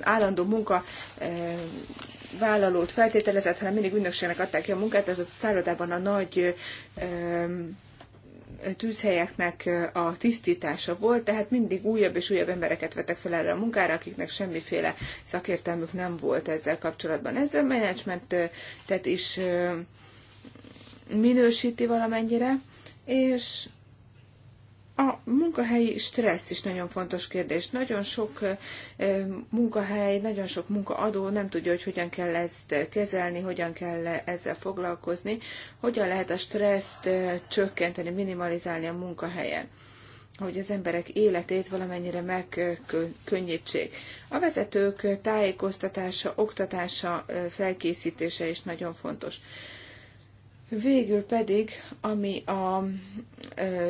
állandó munka vállalót feltételezett, hanem mindig ügynökségnek adták ki a munkát, ez a szállodában a nagy tűzhelyeknek a tisztítása volt, tehát mindig újabb és újabb embereket vettek fel erre a munkára, akiknek semmiféle szakértelmük nem volt ezzel kapcsolatban. Ez a menedzsmentet is minősíti valamennyire, és a munkahelyi stressz is nagyon fontos kérdés. Nagyon sok munkahely, nagyon sok munkaadó nem tudja, hogy hogyan kell ezt kezelni, hogyan kell ezzel foglalkozni, hogyan lehet a stresszt csökkenteni, minimalizálni a munkahelyen hogy az emberek életét valamennyire megkönnyítsék. A vezetők tájékoztatása, oktatása, felkészítése is nagyon fontos. Végül pedig, ami a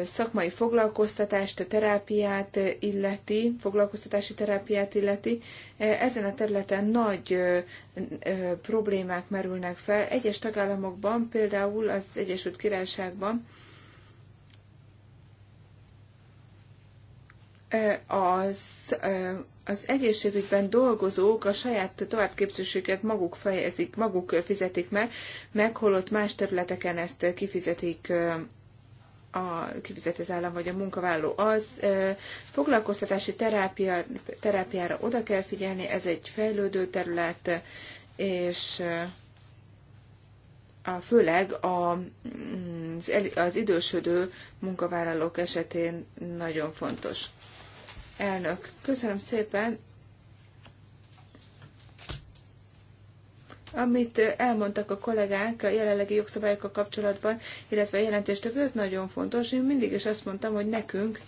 szakmai foglalkoztatást, a terápiát illeti, foglalkoztatási terápiát illeti, ezen a területen nagy problémák merülnek fel. Egyes tagállamokban, például az Egyesült Királyságban az, az egészségügyben dolgozók a saját továbbképzésüket maguk fejezik, maguk fizetik meg, megholott más területeken ezt kifizetik a kifizet az állam vagy a munkavállaló, az foglalkoztatási terápia, terápiára oda kell figyelni, ez egy fejlődő terület, és a, főleg a, mm, az, az idősödő munkavállalók esetén nagyon fontos. Elnök, köszönöm szépen. Amit elmondtak a kollégák a jelenlegi jogszabályokkal kapcsolatban, illetve a jelentéstevő, az nagyon fontos. Én mindig is azt mondtam, hogy nekünk,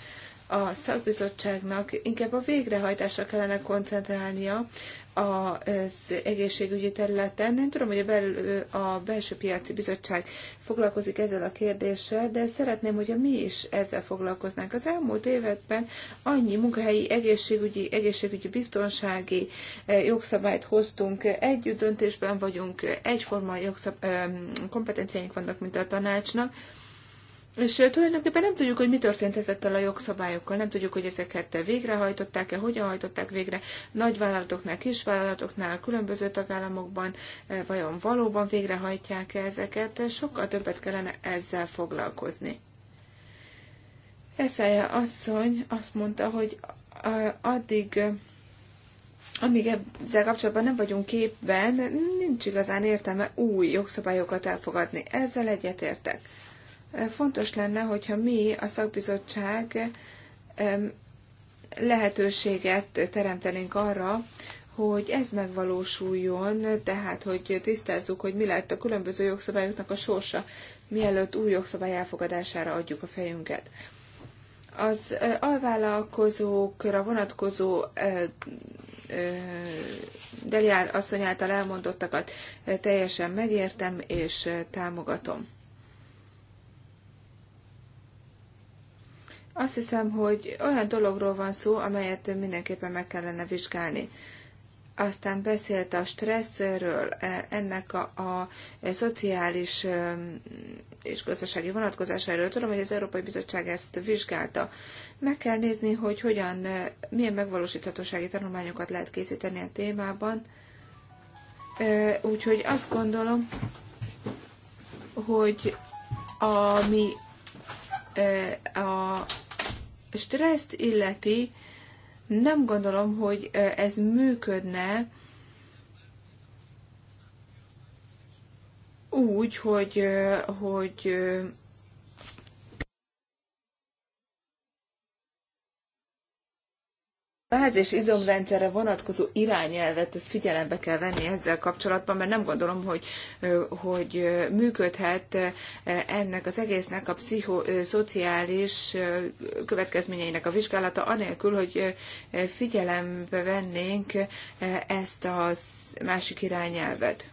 a szakbizottságnak inkább a végrehajtásra kellene koncentrálnia az egészségügyi területen. Nem tudom, hogy a, bel, a Belső Piaci Bizottság foglalkozik ezzel a kérdéssel, de szeretném, hogyha mi is ezzel foglalkoznánk. Az elmúlt években annyi munkahelyi egészségügyi, egészségügyi biztonsági eh, jogszabályt hoztunk, együtt döntésben vagyunk, egyforma jogszab, eh, kompetenciáink vannak, mint a tanácsnak, és tulajdonképpen nem tudjuk, hogy mi történt ezekkel a jogszabályokkal, nem tudjuk, hogy ezeket végrehajtották-e, hogyan hajtották végre nagyvállalatoknál, kisvállalatoknál, különböző tagállamokban, vajon valóban végrehajtják-e ezeket, sokkal többet kellene ezzel foglalkozni. Eszelje asszony azt mondta, hogy addig, amíg ezzel kapcsolatban nem vagyunk képben, nincs igazán értelme új jogszabályokat elfogadni. Ezzel egyetértek Fontos lenne, hogyha mi, a szakbizottság lehetőséget teremtenénk arra, hogy ez megvalósuljon, tehát hogy tisztázzuk, hogy mi lett a különböző jogszabályoknak a sorsa, mielőtt új jogszabály elfogadására adjuk a fejünket. Az alvállalkozókra vonatkozó Deliár asszony által elmondottakat teljesen megértem és támogatom. Azt hiszem, hogy olyan dologról van szó, amelyet mindenképpen meg kellene vizsgálni. Aztán beszélt a stresszről, e, ennek a, a szociális és gazdasági vonatkozásáról. Tudom, hogy az Európai Bizottság ezt vizsgálta. Meg kell nézni, hogy hogyan, e, milyen megvalósíthatósági tanulmányokat lehet készíteni a témában. E, úgyhogy azt gondolom, hogy ami a stresszt illeti, nem gondolom, hogy ez működne úgy, hogy, hogy ház és izomrendszerre vonatkozó irányelvet, ezt figyelembe kell venni ezzel kapcsolatban, mert nem gondolom, hogy, hogy működhet ennek az egésznek a pszichoszociális következményeinek a vizsgálata, anélkül, hogy figyelembe vennénk ezt a másik irányelvet.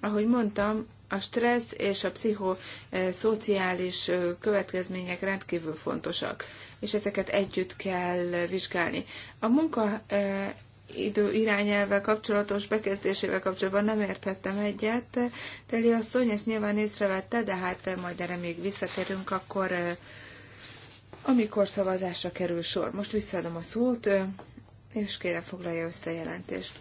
Ahogy mondtam, a stressz és a pszichoszociális következmények rendkívül fontosak és ezeket együtt kell vizsgálni. A munka e, idő irányelvvel kapcsolatos bekezdésével kapcsolatban nem értettem egyet. Teli szony ezt nyilván észrevette, de hát majd erre még visszakerünk, akkor e, amikor szavazásra kerül sor. Most visszaadom a szót, e, és kérem foglalja össze jelentést.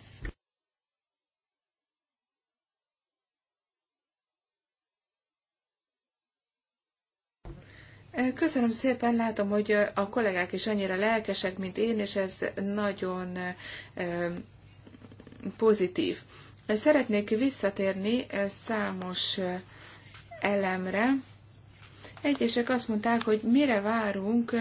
Köszönöm szépen, látom, hogy a kollégák is annyira lelkesek, mint én, és ez nagyon pozitív. Szeretnék visszatérni számos elemre. Egyesek azt mondták, hogy mire várunk,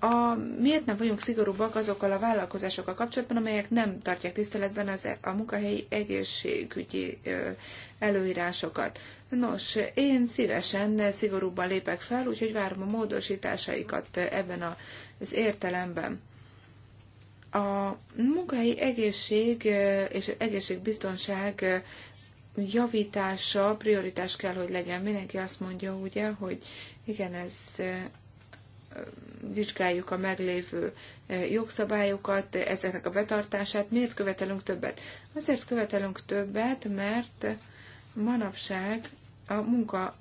a, miért nem vagyunk szigorúbbak azokkal a vállalkozásokkal kapcsolatban, amelyek nem tartják tiszteletben az, e- a munkahelyi egészségügyi előírásokat? Nos, én szívesen szigorúbban lépek fel, úgyhogy várom a módosításaikat ebben az értelemben. A munkahelyi egészség és egészségbiztonság javítása prioritás kell, hogy legyen. Mindenki azt mondja, ugye, hogy igen, ez vizsgáljuk a meglévő e, jogszabályokat, ezeknek a betartását. Miért követelünk többet? Azért követelünk többet, mert manapság a munka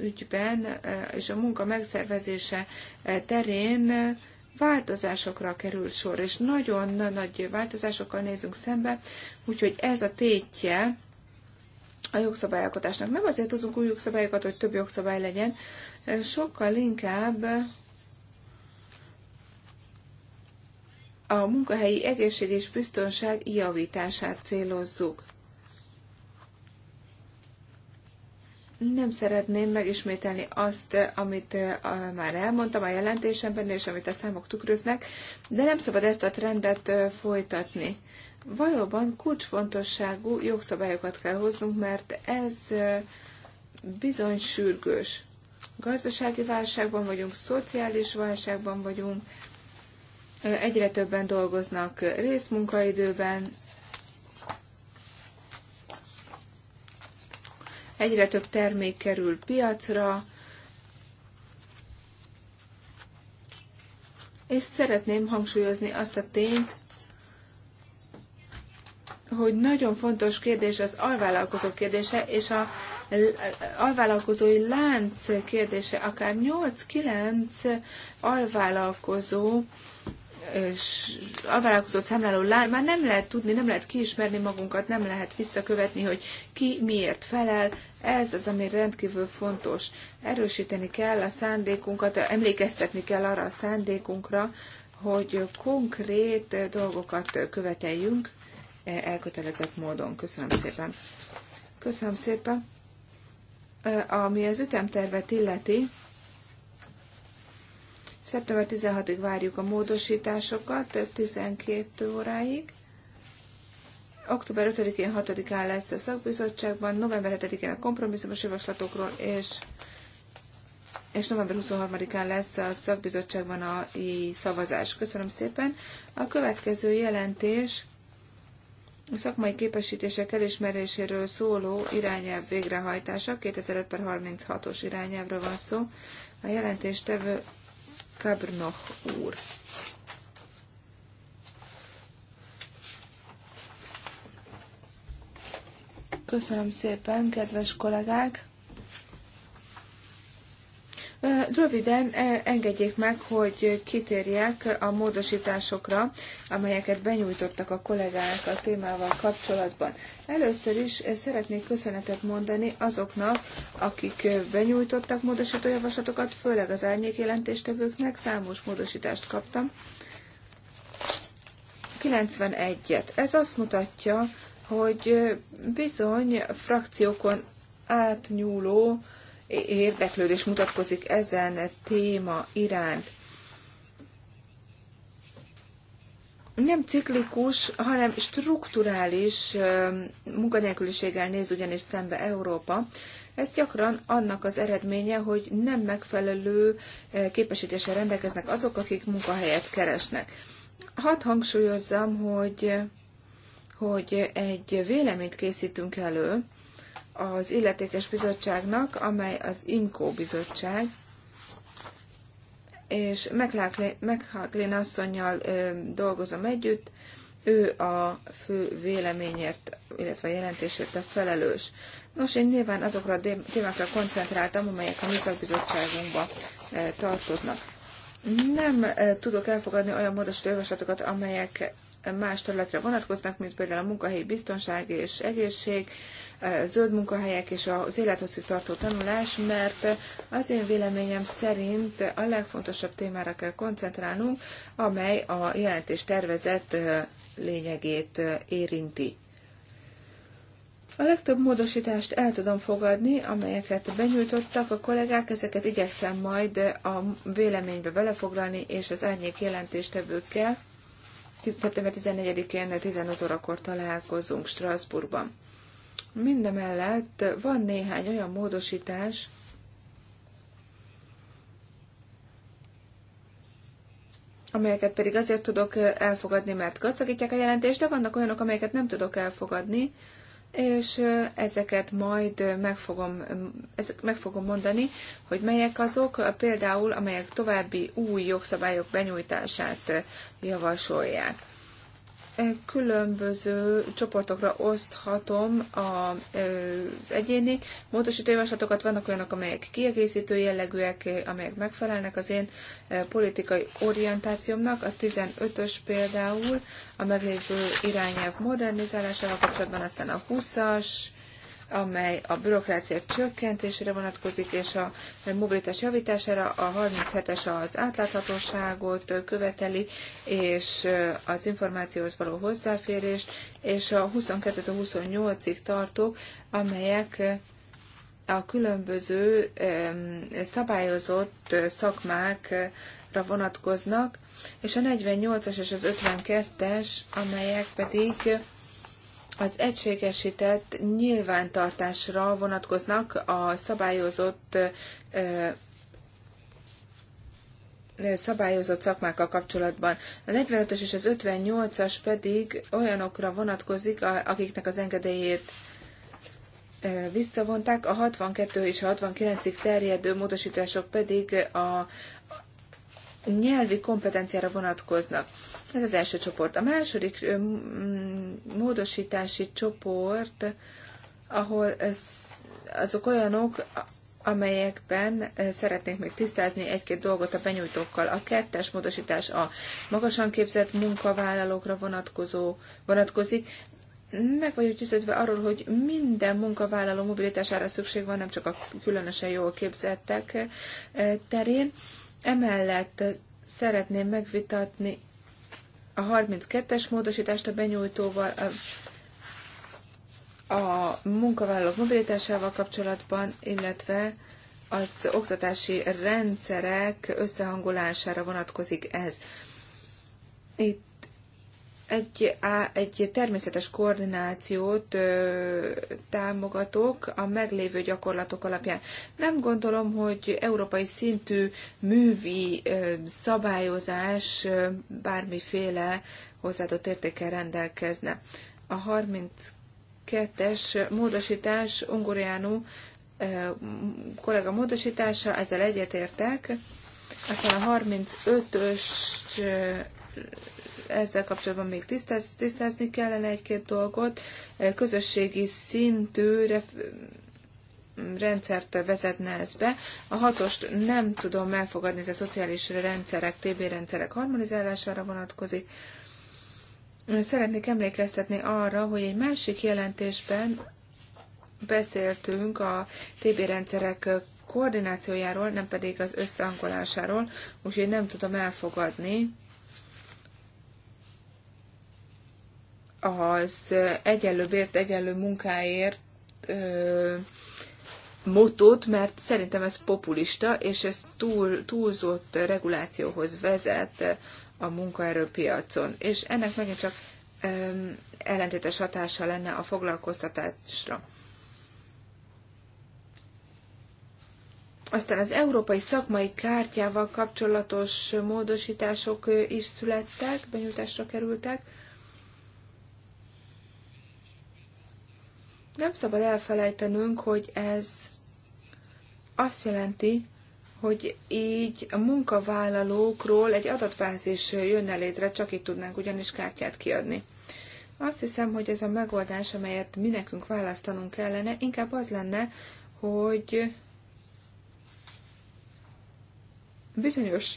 ügyben e, és a munka megszervezése e, terén változásokra kerül sor, és nagyon nagy változásokkal nézünk szembe, úgyhogy ez a tétje a jogszabályalkotásnak. Nem azért hozunk új jogszabályokat, hogy több jogszabály legyen, sokkal inkább a munkahelyi egészség és biztonság javítását célozzuk. Nem szeretném megismételni azt, amit már elmondtam a jelentésemben, és amit a számok tükröznek, de nem szabad ezt a trendet folytatni. Valóban kulcsfontosságú jogszabályokat kell hoznunk, mert ez bizony sürgős. Gazdasági válságban vagyunk, szociális válságban vagyunk, Egyre többen dolgoznak részmunkaidőben, egyre több termék kerül piacra, és szeretném hangsúlyozni azt a tényt, hogy nagyon fontos kérdés az alvállalkozó kérdése, és a alvállalkozói lánc kérdése, akár 8-9 alvállalkozó alvállalkozott számláló lány, már nem lehet tudni, nem lehet kiismerni magunkat, nem lehet visszakövetni, hogy ki miért felel. Ez az, ami rendkívül fontos. Erősíteni kell a szándékunkat, emlékeztetni kell arra a szándékunkra, hogy konkrét dolgokat követeljünk e elkötelezett módon. Köszönöm szépen. Köszönöm szépen. Ami az ütemtervet illeti, Szeptember 16-ig várjuk a módosításokat, 12 óráig. Október 5-én, 6-án lesz a szakbizottságban, november 7-én a kompromisszumos javaslatokról, és, és november 23-án lesz a szakbizottságban a szavazás. Köszönöm szépen. A következő jelentés a szakmai képesítések elismeréséről szóló irányelv végrehajtása, 2005 36-os irányelvről van szó. A jelentéstevő Kabrnoch úr. Köszönöm szépen, kedves kollégák! Röviden engedjék meg, hogy kitérjek a módosításokra, amelyeket benyújtottak a kollégák a témával kapcsolatban. Először is szeretnék köszönetet mondani azoknak, akik benyújtottak módosítójavaslatokat, főleg az árnyék jelentéstevőknek, számos módosítást kaptam. 91-et. Ez azt mutatja, hogy bizony frakciókon átnyúló érdeklődés mutatkozik ezen téma iránt. nem ciklikus, hanem strukturális munkanélküliséggel néz ugyanis szembe Európa. Ez gyakran annak az eredménye, hogy nem megfelelő képesítéssel rendelkeznek azok, akik munkahelyet keresnek. Hadd hangsúlyozzam, hogy, hogy egy véleményt készítünk elő, az illetékes bizottságnak, amely az IMCO bizottság, és McLaughlin asszonynal dolgozom együtt, ő a fő véleményért, illetve a jelentésért a felelős. Nos, én nyilván azokra a témákra koncentráltam, amelyek a műszakbizottságunkba tartoznak. Nem tudok elfogadni olyan módosító javaslatokat, amelyek más területre vonatkoznak, mint például a munkahelyi biztonság és egészség, zöld munkahelyek és az élethosszig tartó tanulás, mert az én véleményem szerint a legfontosabb témára kell koncentrálnunk, amely a jelentés tervezett lényegét érinti. A legtöbb módosítást el tudom fogadni, amelyeket benyújtottak a kollégák, ezeket igyekszem majd a véleménybe belefoglalni, és az árnyék jelentéstevőkkel szeptember 14-én 15 órakor találkozunk Strasbourgban. Mindemellett van néhány olyan módosítás, amelyeket pedig azért tudok elfogadni, mert gazdagítják a jelentést, de vannak olyanok, amelyeket nem tudok elfogadni, és ezeket majd meg fogom, ezek meg fogom mondani, hogy melyek azok, például amelyek további új jogszabályok benyújtását javasolják különböző csoportokra oszthatom az egyéni módosítójavaslatokat. Vannak olyanok, amelyek kiegészítő jellegűek, amelyek megfelelnek az én eh, politikai orientációmnak. A 15-ös például a meglévő irányelv modernizálásával kapcsolatban, aztán a 20-as, amely a bürokrácia csökkentésére vonatkozik, és a mobilitás javítására. A 37-es az átláthatóságot követeli, és az információhoz való hozzáférést, és a 22-28-ig tartók, amelyek a különböző szabályozott szakmákra vonatkoznak, és a 48-as és az 52-es, amelyek pedig az egységesített nyilvántartásra vonatkoznak a szabályozott szabályozott szakmákkal kapcsolatban. A 45-ös és az 58-as pedig olyanokra vonatkozik, akiknek az engedélyét visszavonták, a 62 és a 69-ig terjedő módosítások pedig a nyelvi kompetenciára vonatkoznak. Ez az első csoport. A második módosítási csoport, ahol azok olyanok, amelyekben szeretnék még tisztázni egy-két dolgot a benyújtókkal. A kettes módosítás a magasan képzett munkavállalókra vonatkozó, vonatkozik. Meg vagyok győződve arról, hogy minden munkavállaló mobilitására szükség van, nem csak a különösen jól képzettek terén. Emellett szeretném megvitatni a 32-es módosítást a benyújtóval a, a munkavállalók mobilitásával kapcsolatban, illetve az oktatási rendszerek összehangolására vonatkozik ez. Itt egy, á, egy természetes koordinációt ö, támogatok a meglévő gyakorlatok alapján. Nem gondolom, hogy európai szintű művi ö, szabályozás ö, bármiféle hozzáadott értékkel rendelkezne. A 32-es módosítás Ungoriánú ö, kollega módosítása, ezzel egyetértek. Aztán a 35-ös ezzel kapcsolatban még tisztáz, tisztázni kellene egy-két dolgot. Közösségi szintű ref, rendszert vezetne ez be. A hatost nem tudom elfogadni, ez a szociális rendszerek, TB rendszerek harmonizálására vonatkozik. Szeretnék emlékeztetni arra, hogy egy másik jelentésben beszéltünk a TB rendszerek koordinációjáról, nem pedig az összehangolásáról, úgyhogy nem tudom elfogadni az egyenlő bért, egyenlő munkáért motót, mert szerintem ez populista, és ez túl, túlzott regulációhoz vezet a munkaerőpiacon. És ennek megint csak ellentétes hatása lenne a foglalkoztatásra. Aztán az európai szakmai kártyával kapcsolatos módosítások is születtek, benyújtásra kerültek. Nem szabad elfelejtenünk, hogy ez azt jelenti, hogy így a munkavállalókról egy adatbázis jönne létre, csak így tudnánk ugyanis kártyát kiadni. Azt hiszem, hogy ez a megoldás, amelyet mi nekünk választanunk kellene, inkább az lenne, hogy bizonyos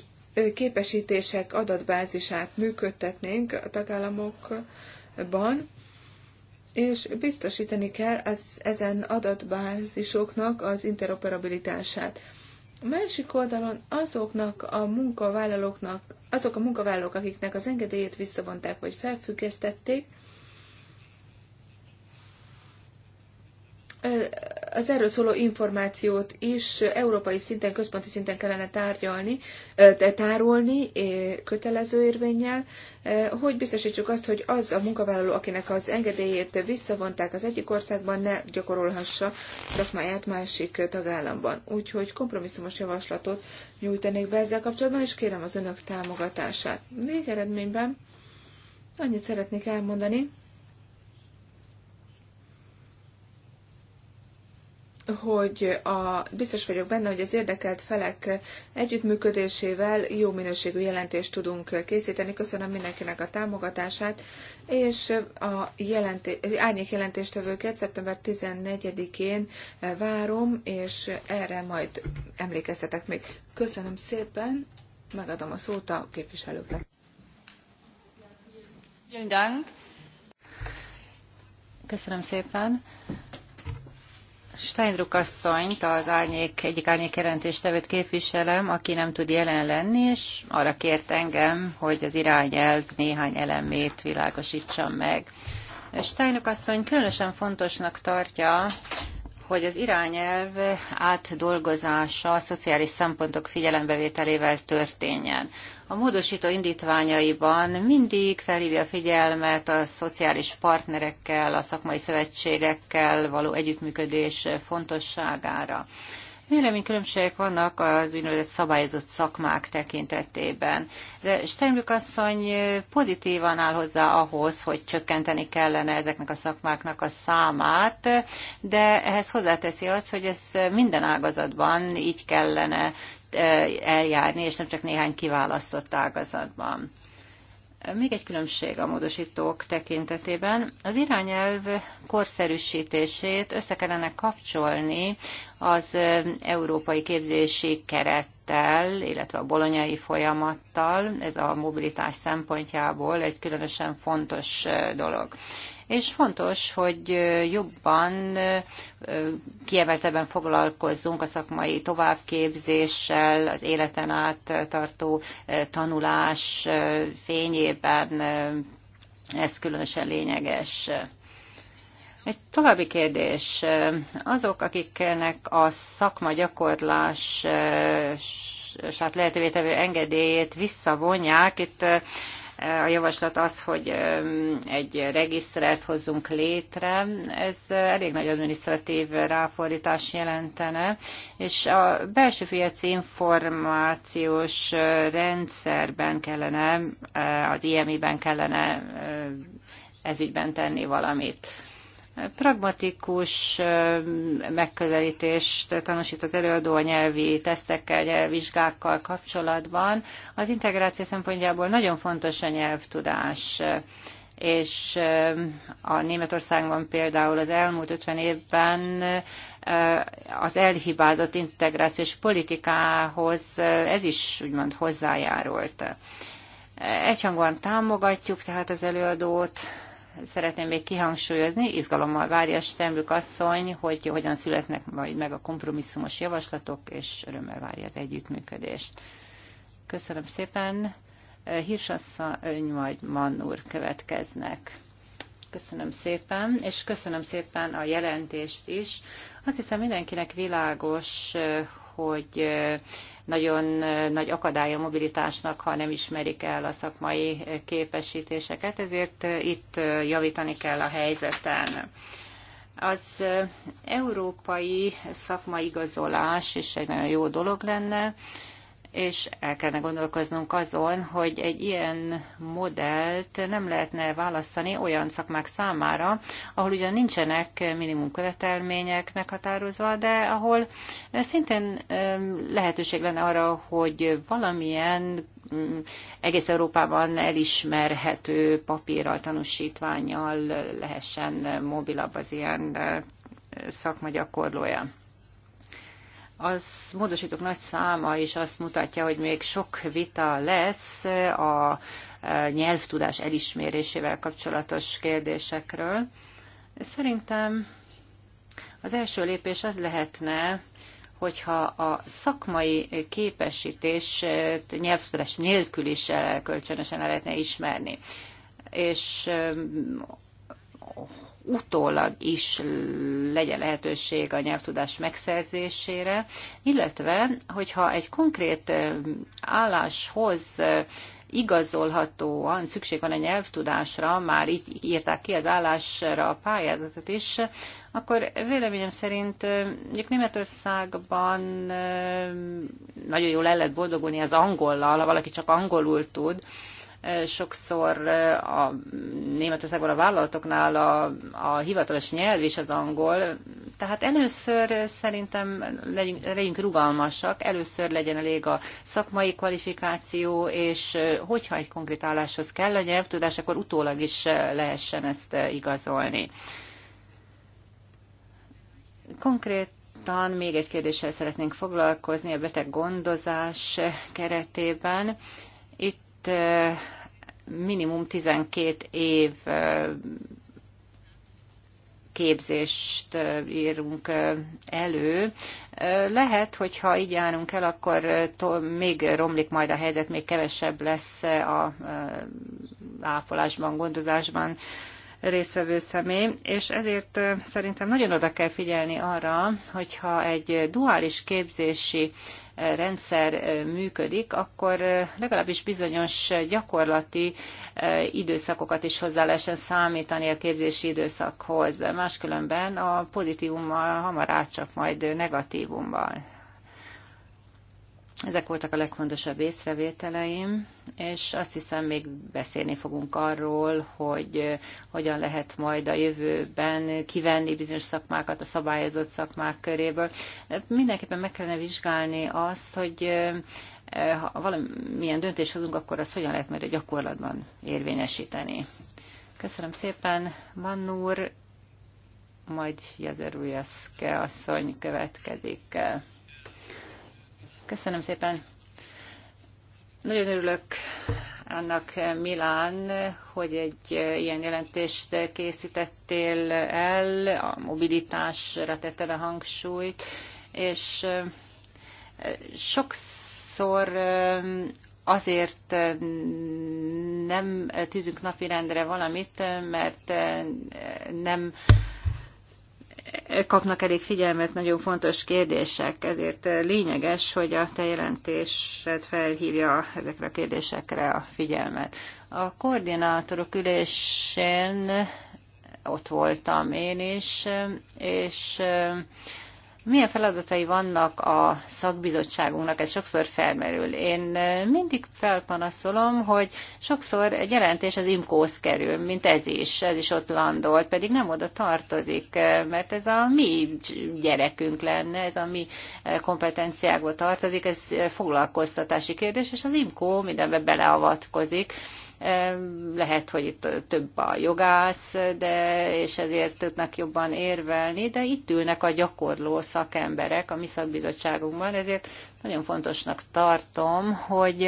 képesítések adatbázisát működtetnénk a tagállamokban, és biztosítani kell az, ezen adatbázisoknak az interoperabilitását. A másik oldalon azoknak a munkavállalóknak, azok a munkavállalók, akiknek az engedélyét visszavonták vagy felfüggesztették, az erről szóló információt is európai szinten, központi szinten kellene tárgyalni, tárolni kötelező érvényel, hogy biztosítsuk azt, hogy az a munkavállaló, akinek az engedélyét visszavonták az egyik országban, ne gyakorolhassa szakmáját másik tagállamban. Úgyhogy kompromisszumos javaslatot nyújtanék be ezzel kapcsolatban, és kérem az önök támogatását. Végeredményben annyit szeretnék elmondani, hogy a, biztos vagyok benne, hogy az érdekelt felek együttműködésével jó minőségű jelentést tudunk készíteni. Köszönöm mindenkinek a támogatását, és a jelenté, árnyék jelentéstevőket szeptember 14-én várom, és erre majd emlékeztetek még. Köszönöm szépen, megadom a szót a képviselőknek. Köszönöm szépen. Steinruck asszonyt, az árnyék, egyik árnyék jelentéstevőt képviselem, aki nem tud jelen lenni, és arra kért engem, hogy az irányelv néhány elemét világosítsam meg. Steinruck asszony különösen fontosnak tartja, hogy az irányelv átdolgozása a szociális szempontok figyelembevételével történjen. A módosító indítványaiban mindig felhívja a figyelmet a szociális partnerekkel, a szakmai szövetségekkel való együttműködés fontosságára. Véleménykülönbségek vannak az úgynevezett szabályozott szakmák tekintetében. De Steinbrück asszony pozitívan áll hozzá ahhoz, hogy csökkenteni kellene ezeknek a szakmáknak a számát, de ehhez hozzáteszi azt, hogy ez minden ágazatban így kellene eh, eljárni, és nem csak néhány kiválasztott ágazatban. Még egy különbség a módosítók tekintetében. Az irányelv korszerűsítését össze kellene kapcsolni az európai képzési kerettel, illetve a bolonyai folyamattal. Ez a mobilitás szempontjából egy különösen fontos dolog és fontos, hogy jobban kiemeltebben foglalkozzunk a szakmai továbbképzéssel, az életen át tartó tanulás fényében. Ez különösen lényeges. Egy további kérdés. Azok, akiknek a szakma gyakorlás hát lehetővé tevő engedélyét visszavonják, itt a javaslat az, hogy egy regisztrert hozzunk létre, ez elég nagy adminisztratív ráfordítás jelentene, és a belső piaci információs rendszerben kellene, az IMI-ben kellene ezügyben tenni valamit pragmatikus megközelítést tanúsít az előadó a nyelvi tesztekkel, nyelvvizsgákkal kapcsolatban. Az integráció szempontjából nagyon fontos a nyelvtudás és a Németországban például az elmúlt 50 évben az elhibázott integrációs politikához ez is úgymond hozzájárult. Egyhangúan támogatjuk tehát az előadót, szeretném még kihangsúlyozni, izgalommal várja Stemrük asszony, hogy hogyan születnek majd meg a kompromisszumos javaslatok, és örömmel várja az együttműködést. Köszönöm szépen. Hírsasszony majd Mannur következnek. Köszönöm szépen, és köszönöm szépen a jelentést is. Azt hiszem mindenkinek világos, hogy nagyon eh, nagy akadály a mobilitásnak, ha nem ismerik el a szakmai eh, képesítéseket, ezért eh, itt javítani kell a helyzeten. Az európai szakmaigazolás is egy nagyon jó dolog lenne, és el kellene gondolkoznunk azon, hogy egy ilyen modellt nem lehetne választani olyan szakmák számára, ahol ugyan nincsenek minimum követelmények meghatározva, de ahol eh, szintén eh, lehetőség lenne arra, hogy valamilyen mm, egész Európában elismerhető papírral, tanúsítványjal lehessen mobilabb az ilyen eh, szakma gyakorlója az módosítók nagy száma is azt mutatja, hogy még sok vita lesz a nyelvtudás elismerésével kapcsolatos kérdésekről. Szerintem az első lépés az lehetne, hogyha a szakmai képesítést nyelvtudás nélkül is eh, kölcsönösen lehetne ismerni. És utólag is legyen lehetőség a nyelvtudás megszerzésére, illetve hogyha egy konkrét álláshoz igazolhatóan szükség van a nyelvtudásra, már így írták ki az állásra a pályázatot is, akkor véleményem szerint mondjuk Németországban nagyon jól el lehet boldogulni az angollal, ha valaki csak angolul tud, sokszor a Németországban a vállalatoknál a, a hivatalos nyelv is az angol, tehát először szerintem legyünk, legyünk rugalmasak, először legyen elég a szakmai kvalifikáció, és hogyha egy konkrét álláshoz kell a nyelvtudás, akkor utólag is lehessen ezt igazolni. Konkrét Konkrétan még egy kérdéssel szeretnénk foglalkozni a beteg gondozás keretében. Itt minimum 12 év képzést írunk elő. Lehet, hogyha így járunk el, akkor még romlik majd a helyzet, még kevesebb lesz a ápolásban, gondozásban résztvevő személy, és ezért szerintem nagyon oda kell figyelni arra, hogyha egy duális képzési rendszer működik, akkor legalábbis bizonyos gyakorlati időszakokat is hozzá lehessen számítani a képzési időszakhoz. Máskülönben a pozitívummal hamar átcsap majd negatívummal ezek voltak a legfontosabb észrevételeim, és azt hiszem még beszélni fogunk arról, hogy eh, hogyan lehet majd a jövőben kivenni bizonyos szakmákat a szabályozott szakmák köréből. Mindenképpen meg kellene vizsgálni azt, hogy eh, eh, ha valamilyen döntést hozunk, akkor azt hogyan lehet majd a gyakorlatban érvényesíteni. Köszönöm szépen, Mannur, majd Jezer asszony következik. Köszönöm szépen. Nagyon örülök annak Milán, hogy egy eh, ilyen jelentést készítettél el, a mobilitásra tetted a hangsúlyt, és eh, sokszor eh, azért nem tűzünk napirendre valamit, mert nem kapnak elég figyelmet nagyon fontos kérdések, ezért lényeges, hogy a te jelentésed felhívja ezekre a kérdésekre a figyelmet. A koordinátorok ülésén ott voltam én is, és milyen feladatai vannak a szakbizottságunknak? Ez sokszor felmerül. Én mindig felpanaszolom, hogy sokszor egy jelentés az imkóz kerül, mint ez is. Ez is ott landolt, pedig nem oda tartozik, mert ez a mi gyerekünk lenne, ez a mi kompetenciákba tartozik, ez foglalkoztatási kérdés, és az imkó mindenbe beleavatkozik lehet, hogy itt több a jogász, de, és ezért tudnak jobban érvelni, de itt ülnek a gyakorló szakemberek a mi szakbizottságunkban, ezért nagyon fontosnak tartom, hogy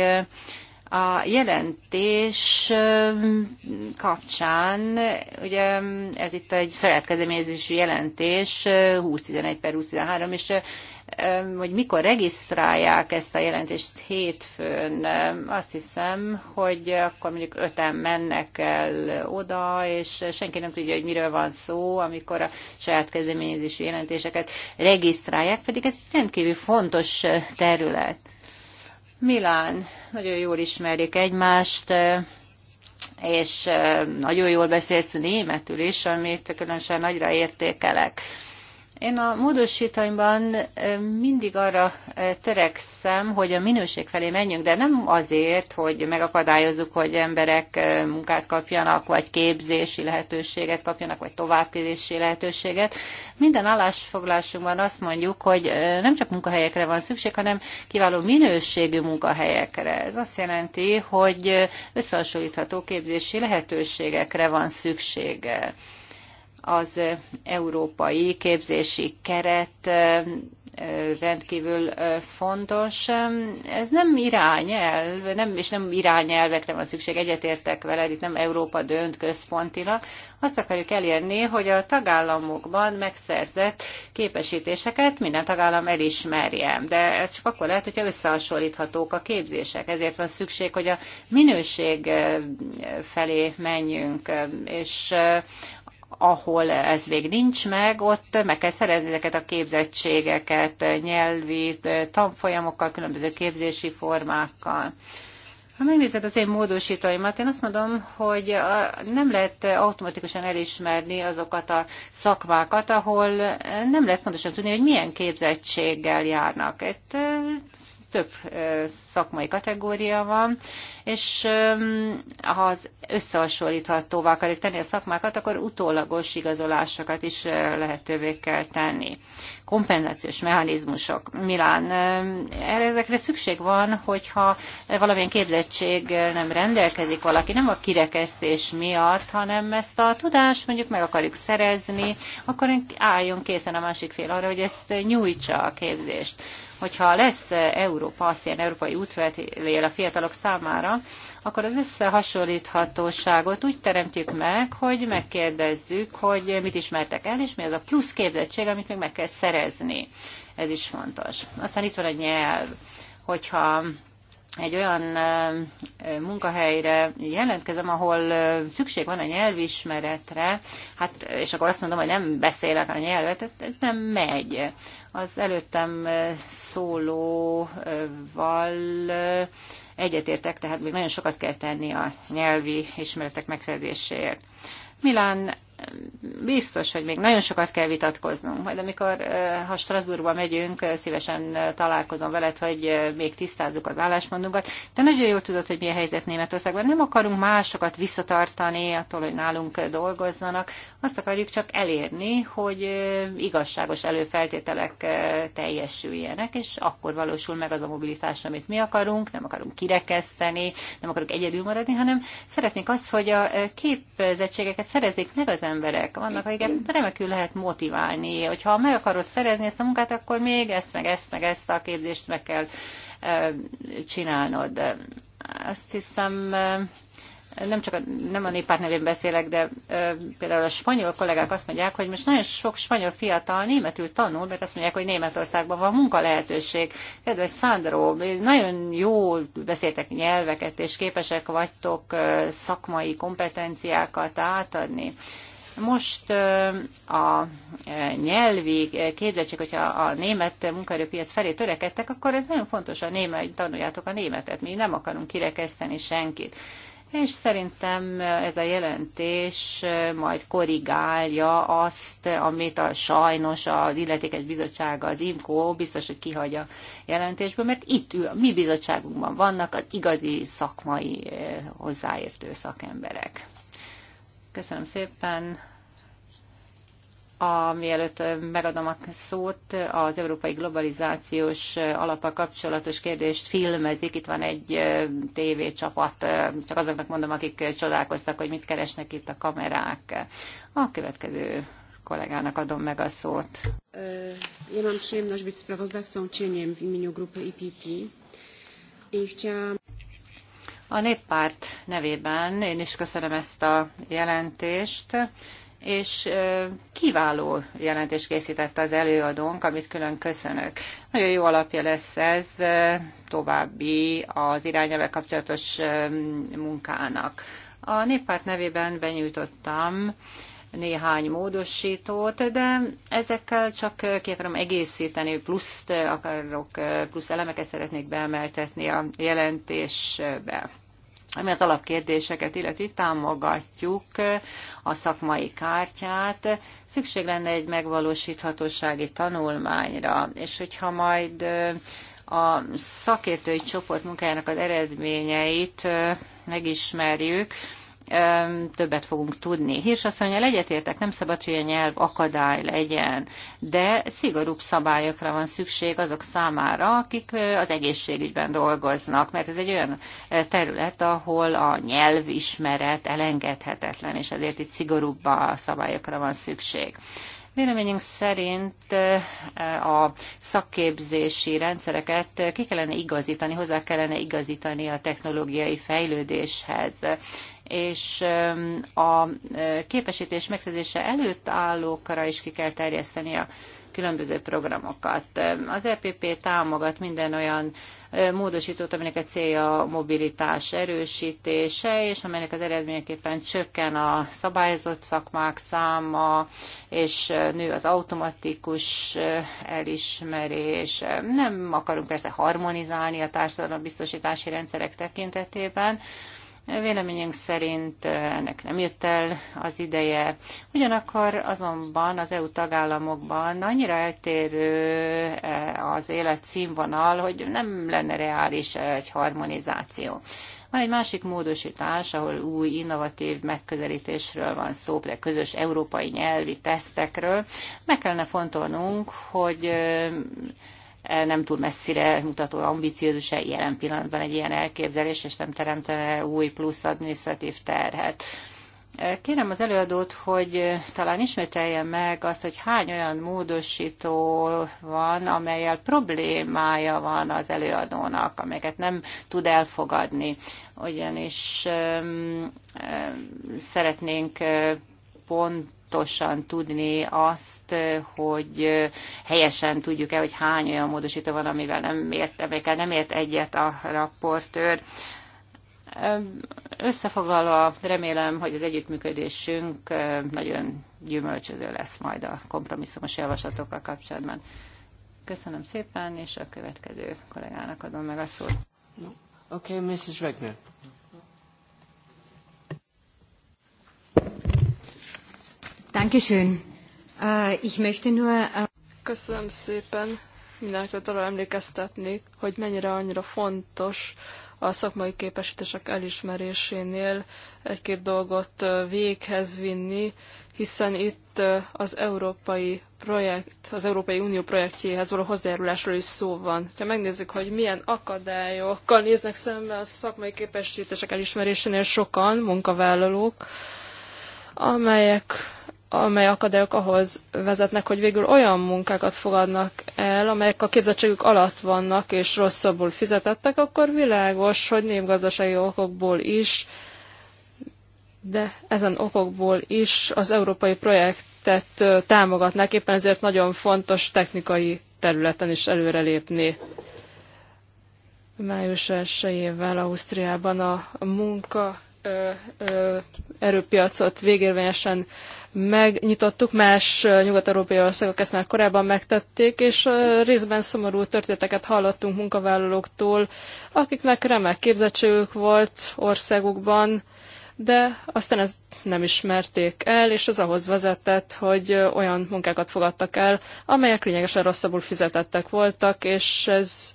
a jelentés kapcsán, ugye ez itt egy saját jelentés, 2011 per 2013, és hogy mikor regisztrálják ezt a jelentést hétfőn, azt hiszem, hogy akkor mondjuk öten mennek el oda, és senki nem tudja, hogy miről van szó, amikor a saját kezdeményezési jelentéseket regisztrálják, pedig ez rendkívül fontos terület. Milán, nagyon jól ismerjük egymást, és nagyon jól beszélsz németül is, amit különösen nagyra értékelek. Én a módosítaimban mindig arra törekszem, hogy a minőség felé menjünk, de nem azért, hogy megakadályozzuk, hogy emberek munkát kapjanak, vagy képzési lehetőséget kapjanak, vagy továbbképzési lehetőséget. Minden állásfoglalásunkban azt mondjuk, hogy nem csak munkahelyekre van szükség, hanem kiváló minőségű munkahelyekre. Ez azt jelenti, hogy összehasonlítható képzési lehetőségekre van szüksége az európai képzési keret rendkívül fontos. Ez nem irányelv, nem, és nem irányelvekre van szükség, egyetértek veled, itt nem Európa dönt központilag. Azt akarjuk elérni, hogy a tagállamokban megszerzett képesítéseket minden tagállam elismerje, de ez csak akkor lehet, hogyha összehasonlíthatók a képzések. Ezért van szükség, hogy a minőség felé menjünk, és ahol ez még nincs meg, ott meg kell szerezni ezeket a képzettségeket, nyelvi tanfolyamokkal, különböző képzési formákkal. Ha megnézed az én módosítóimat, én azt mondom, hogy nem lehet automatikusan elismerni azokat a szakmákat, ahol nem lehet pontosan tudni, hogy milyen képzettséggel járnak. Itt több szakmai kategória van, és ha az összehasonlíthatóvá akarjuk tenni a szakmákat, akkor utólagos igazolásokat is lehetővé kell tenni. Kompenzációs mechanizmusok. Milán, ezekre szükség van, hogyha valamilyen képzettség nem rendelkezik valaki, nem a kirekesztés miatt, hanem ezt a tudást mondjuk meg akarjuk szerezni, akkor álljon készen a másik fél arra, hogy ezt nyújtsa a képzést hogyha lesz Európa, azt ilyen európai útlevél a fiatalok számára, akkor az összehasonlíthatóságot úgy teremtjük meg, hogy megkérdezzük, hogy mit ismertek el, és mi az a plusz képzettség, amit még meg kell szerezni. Ez is fontos. Aztán itt van a nyelv. Hogyha egy olyan munkahelyre jelentkezem, ahol szükség van a nyelvismeretre, hát, és akkor azt mondom, hogy nem beszélek a nyelvet, ez nem megy. Az előttem szólóval egyetértek, tehát még nagyon sokat kell tenni a nyelvi ismeretek megszerzéséért. Milán biztos, hogy még nagyon sokat kell vitatkoznunk. Majd amikor, ha Strasbourgba megyünk, szívesen találkozom veled, hogy még tisztázzuk az állásmondunkat. De nagyon jól tudod, hogy milyen helyzet Németországban. Nem akarunk másokat visszatartani attól, hogy nálunk dolgozzanak. Azt akarjuk csak elérni, hogy igazságos előfeltételek teljesüljenek, és akkor valósul meg az a mobilitás, amit mi akarunk. Nem akarunk kirekeszteni, nem akarunk egyedül maradni, hanem szeretnénk azt, hogy a képzettségeket szerezzék meg az emberek, vannak, akiket remekül lehet motiválni, hogyha meg akarod szerezni ezt a munkát, akkor még ezt, meg ezt, meg ezt a képzést meg kell csinálnod. Azt hiszem, nem csak a, nem a néppárt nevén beszélek, de ö, például a spanyol kollégák azt mondják, hogy most nagyon sok spanyol fiatal németül tanul, mert azt mondják, hogy Németországban van munka lehetőség. Kedves Szándró, nagyon jól beszéltek nyelveket, és képesek vagytok ö, szakmai kompetenciákat átadni. Most a nyelvi képzettség, hogyha a német munkaerőpiac felé törekedtek, akkor ez nagyon fontos a német, hogy tanuljátok a németet, mi nem akarunk kirekeszteni senkit. És szerintem ez a jelentés majd korrigálja azt, amit a sajnos az illetékes bizottsága, az IMCO biztos, hogy kihagy a jelentésből, mert itt ül, a mi bizottságunkban vannak az igazi szakmai hozzáértő szakemberek. Köszönöm szépen. A, mielőtt megadom a szót, az európai globalizációs alapa kapcsolatos kérdést filmezik. Itt van egy tévécsapat, csak azoknak mondom, akik csodálkoztak, hogy mit keresnek itt a kamerák. A következő kollégának adom meg a szót. Én mam przyjemność być sprawozdawcą cieniem w imieniu grupy IPP. E a néppárt nevében én is köszönöm ezt a jelentést, és kiváló jelentést készített az előadónk, amit külön köszönök. Nagyon jó alapja lesz ez további az irányelve kapcsolatos munkának. A néppárt nevében benyújtottam néhány módosítót, de ezekkel csak ki akarom egészíteni, pluszt akarok, plusz elemeket szeretnék beemeltetni a jelentésbe ami az alapkérdéseket illeti, támogatjuk eh, a szakmai kártyát. Szükség lenne egy megvalósíthatósági tanulmányra, és hogyha majd eh, a szakértői csoport munkájának az eredményeit eh, megismerjük, többet fogunk tudni. Hírsasszonyjal egyetértek, nem szabad, hogy a nyelv akadály legyen, de szigorúbb szabályokra van szükség azok számára, akik az egészségügyben dolgoznak, mert ez egy olyan terület, ahol a nyelvismeret elengedhetetlen, és ezért itt szigorúbb a szabályokra van szükség. Véleményünk szerint a szakképzési rendszereket ki kellene igazítani, hozzá kellene igazítani a technológiai fejlődéshez, és a képesítés megszerzése előtt állókra is ki kell terjeszteni a különböző programokat. Az EPP támogat minden olyan módosítót, aminek a célja a mobilitás erősítése, és amelynek az eredményeképpen csökken a szabályozott szakmák száma, és nő az automatikus elismerés. Nem akarunk persze harmonizálni a biztosítási rendszerek tekintetében, Véleményünk szerint ennek nem jött el az ideje. Ugyanakkor azonban az EU tagállamokban annyira eltérő eh, az életszínvonal, hogy nem lenne reális egy harmonizáció. Van egy másik módosítás, ahol új, innovatív megközelítésről van szó, például közös európai nyelvi tesztekről. Meg kellene fontolnunk, hogy eh, nem túl messzire mutató, ambiciózus -e jelen pillanatban egy ilyen elképzelés, és nem teremtene új plusz adminisztratív terhet. Kérem az előadót, hogy talán ismételje meg azt, hogy hány olyan módosító van, amelyel problémája van az előadónak, amelyeket nem tud elfogadni. Ugyanis um, um, szeretnénk pont pontosan tudni azt, hogy helyesen tudjuk-e, hogy hány olyan módosító van, amivel nem ért, amikkel nem ért egyet a raportőr. Összefoglalva remélem, hogy az együttműködésünk nagyon gyümölcsöző lesz majd a kompromisszumos javaslatokkal kapcsolatban. Köszönöm szépen, és a következő kollégának adom meg a szót. Okay, Mrs. Regner. Dankeschön. Äh, ich möchte nur... Äh, Köszönöm szépen. Mindenkit arra emlékeztetnék, hogy mennyire annyira fontos a szakmai képesítések elismerésénél egy-két dolgot véghez vinni, hiszen itt az európai projekt, az Európai Unió projektjéhez való hozzájárulásról is szó van. Ha megnézzük, hogy milyen akadályokkal néznek szembe a szakmai képesítések elismerésénél sokan, munkavállalók, amelyek amely akadályok ahhoz vezetnek, hogy végül olyan munkákat fogadnak el, amelyek a képzettségük alatt vannak és rosszabbul fizetettek, akkor világos, hogy népgazdasági okokból is, de ezen okokból is az európai projektet támogatnák, éppen ezért nagyon fontos technikai területen is előrelépni. Május 1-ével Ausztriában a munka erőpiacot végérvényesen megnyitottuk, más nyugat-európai országok ezt már korábban megtették, és részben szomorú történeteket hallottunk munkavállalóktól, akiknek remek képzettségük volt országukban, de aztán ezt nem ismerték el, és az ahhoz vezetett, hogy olyan munkákat fogadtak el, amelyek lényegesen rosszabbul fizetettek voltak, és ez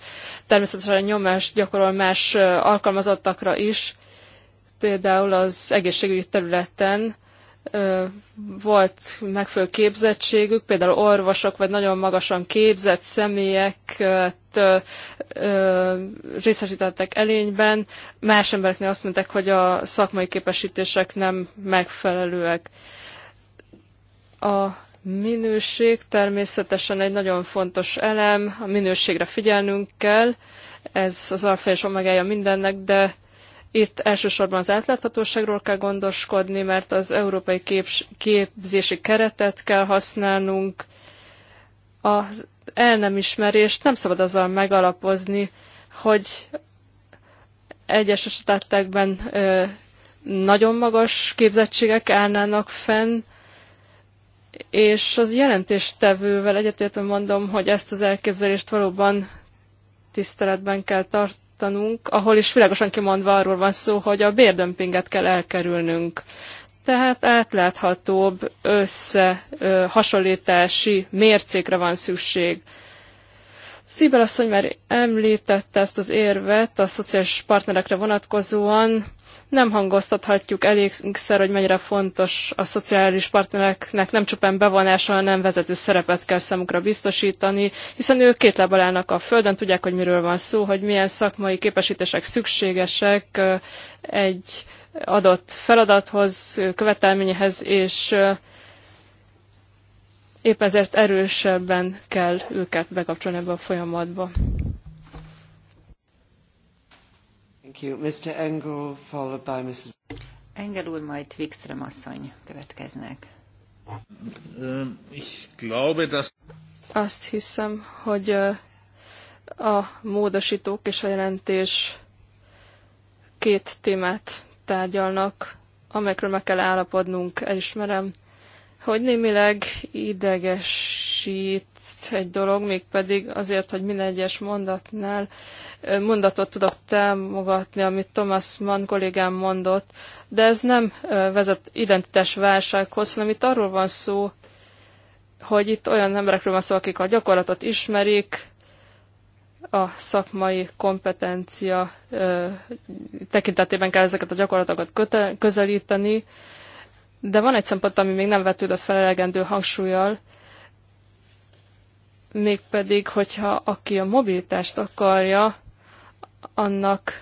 természetesen nyomást gyakorol más alkalmazottakra is, Például az egészségügyi területen volt megfelelő képzettségük, például orvosok vagy nagyon magasan képzett személyeket részesítettek elényben, más embereknél azt mondták, hogy a szakmai képesítések nem megfelelőek. A minőség természetesen egy nagyon fontos elem, a minőségre figyelnünk kell, ez az alfa és omegája mindennek, de itt elsősorban az átláthatóságról kell gondoskodni, mert az európai képzési keretet kell használnunk. Az el nem ismerést nem szabad azzal megalapozni, hogy egyes esetekben nagyon magas képzettségek állnának fenn, és az jelentéstevővel egyetértve mondom, hogy ezt az elképzelést valóban tiszteletben kell tartani, tanunk, ahol is világosan kimondva arról van szó, hogy a bérdömpinget kell elkerülnünk. Tehát átláthatóbb összehasonlítási mércékre van szükség. Szíber asszony már említette ezt az érvet a szociális partnerekre vonatkozóan. Nem hangoztathatjuk elégszer, hogy mennyire fontos a szociális partnereknek nem csupán bevonása, hanem vezető szerepet kell számukra biztosítani, hiszen ők két lábbal állnak a földön, tudják, hogy miről van szó, hogy milyen szakmai képesítések szükségesek egy adott feladathoz, követelményhez, és épp ezért erősebben kell őket bekapcsolni ebbe a folyamatba. Thank you. Mr. Engel, followed by Mrs. Engel úr, majd Wikström asszony következnek. Ähm, ich glaube, Azt hiszem, hogy a módosítók és a jelentés két témát tárgyalnak, amelyekről meg kell állapodnunk, elismerem hogy némileg idegesít egy dolog, mégpedig azért, hogy minden egyes mondatnál mondatot tudok támogatni, amit Thomas Mann kollégám mondott, de ez nem vezet identitás válsághoz, hanem itt arról van szó, hogy itt olyan emberekről van szó, akik a gyakorlatot ismerik, a szakmai kompetencia ö, tekintetében kell ezeket a gyakorlatokat köte, közelíteni, de van egy szempont, ami még nem vetődött fel elegendő hangsúlyjal, mégpedig, hogyha aki a mobilitást akarja, annak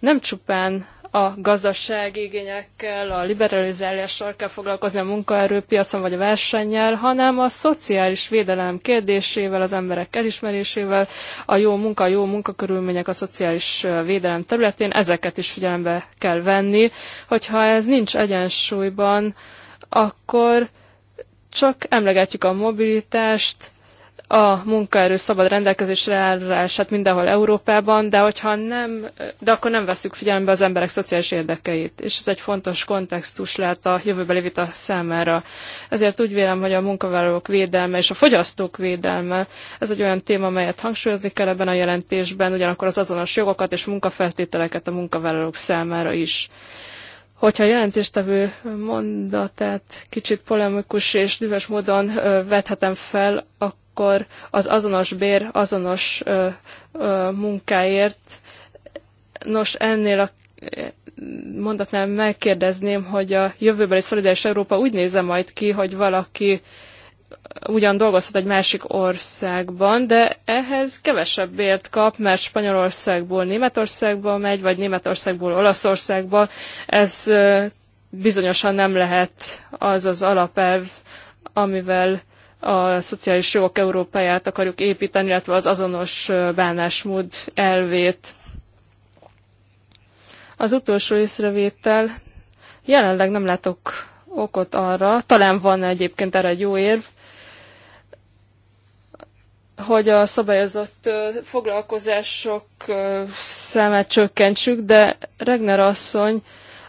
nem csupán a gazdasági igényekkel, a liberalizálással kell foglalkozni a munkaerőpiacon vagy a versennyel, hanem a szociális védelem kérdésével, az emberek elismerésével, a jó munka, a jó munkakörülmények a szociális védelem területén, ezeket is figyelembe kell venni. Hogyha ez nincs egyensúlyban, akkor csak emlegetjük a mobilitást, a munkaerő szabad rendelkezésre állását mindenhol Európában, de hogyha nem, de akkor nem veszük figyelembe az emberek szociális érdekeit, és ez egy fontos kontextus lehet a jövőbeli vita számára. Ezért úgy vélem, hogy a munkavállalók védelme és a fogyasztók védelme, ez egy olyan téma, amelyet hangsúlyozni kell ebben a jelentésben, ugyanakkor az azonos jogokat és munkafeltételeket a munkavállalók számára is hogyha a jelentéstevő mondatát kicsit polemikus és dühös módon vethetem fel, akkor akkor az azonos bér azonos ö, ö, munkáért. Nos, ennél a eh, mondatnál megkérdezném, hogy a jövőbeli szolidáris Európa úgy nézze majd ki, hogy valaki eh, ugyan dolgozhat egy másik országban, de ehhez kevesebb bért kap, mert Spanyolországból Németországba megy, vagy Németországból Olaszországba. Ez eh, bizonyosan nem lehet az az alapelv, amivel a szociális jogok Európáját akarjuk építeni, illetve az azonos bánásmód elvét. Az utolsó észrevétel, jelenleg nem látok okot arra, talán van egyébként erre egy jó érv, hogy a szabályozott foglalkozások számát csökkentsük, de Regner asszony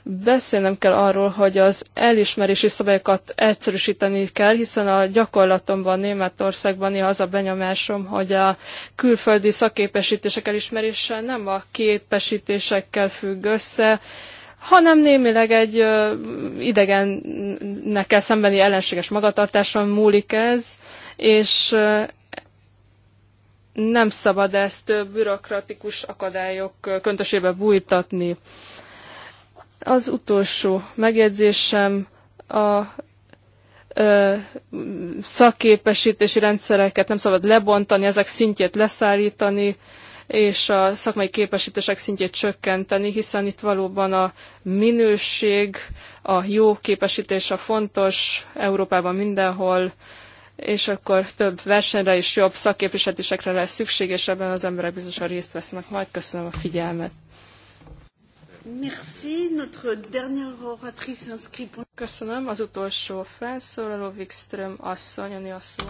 Beszélnem kell arról, hogy az elismerési szabályokat egyszerűsíteni kell, hiszen a gyakorlatomban Németországban néha az a benyomásom, hogy a külföldi szakképesítések elismerése nem a képesítésekkel függ össze, hanem némileg egy ö, idegennek szembeni ellenséges magatartáson múlik ez, és nem szabad ezt bürokratikus akadályok köntösébe bújtatni. Az utolsó megjegyzésem a ö, szakképesítési rendszereket nem szabad lebontani, ezek szintjét leszállítani, és a szakmai képesítések szintjét csökkenteni, hiszen itt valóban a minőség, a jó képesítés a fontos Európában mindenhol, és akkor több versenyre és jobb szakképviseltésekre lesz szükség, és ebben az emberek biztosan részt vesznek. Majd köszönöm a figyelmet. Merci. Notre dernière oratrice inscrite. Köszönöm. Az utolsó felszólaló Wikström asszony, Jani asszó.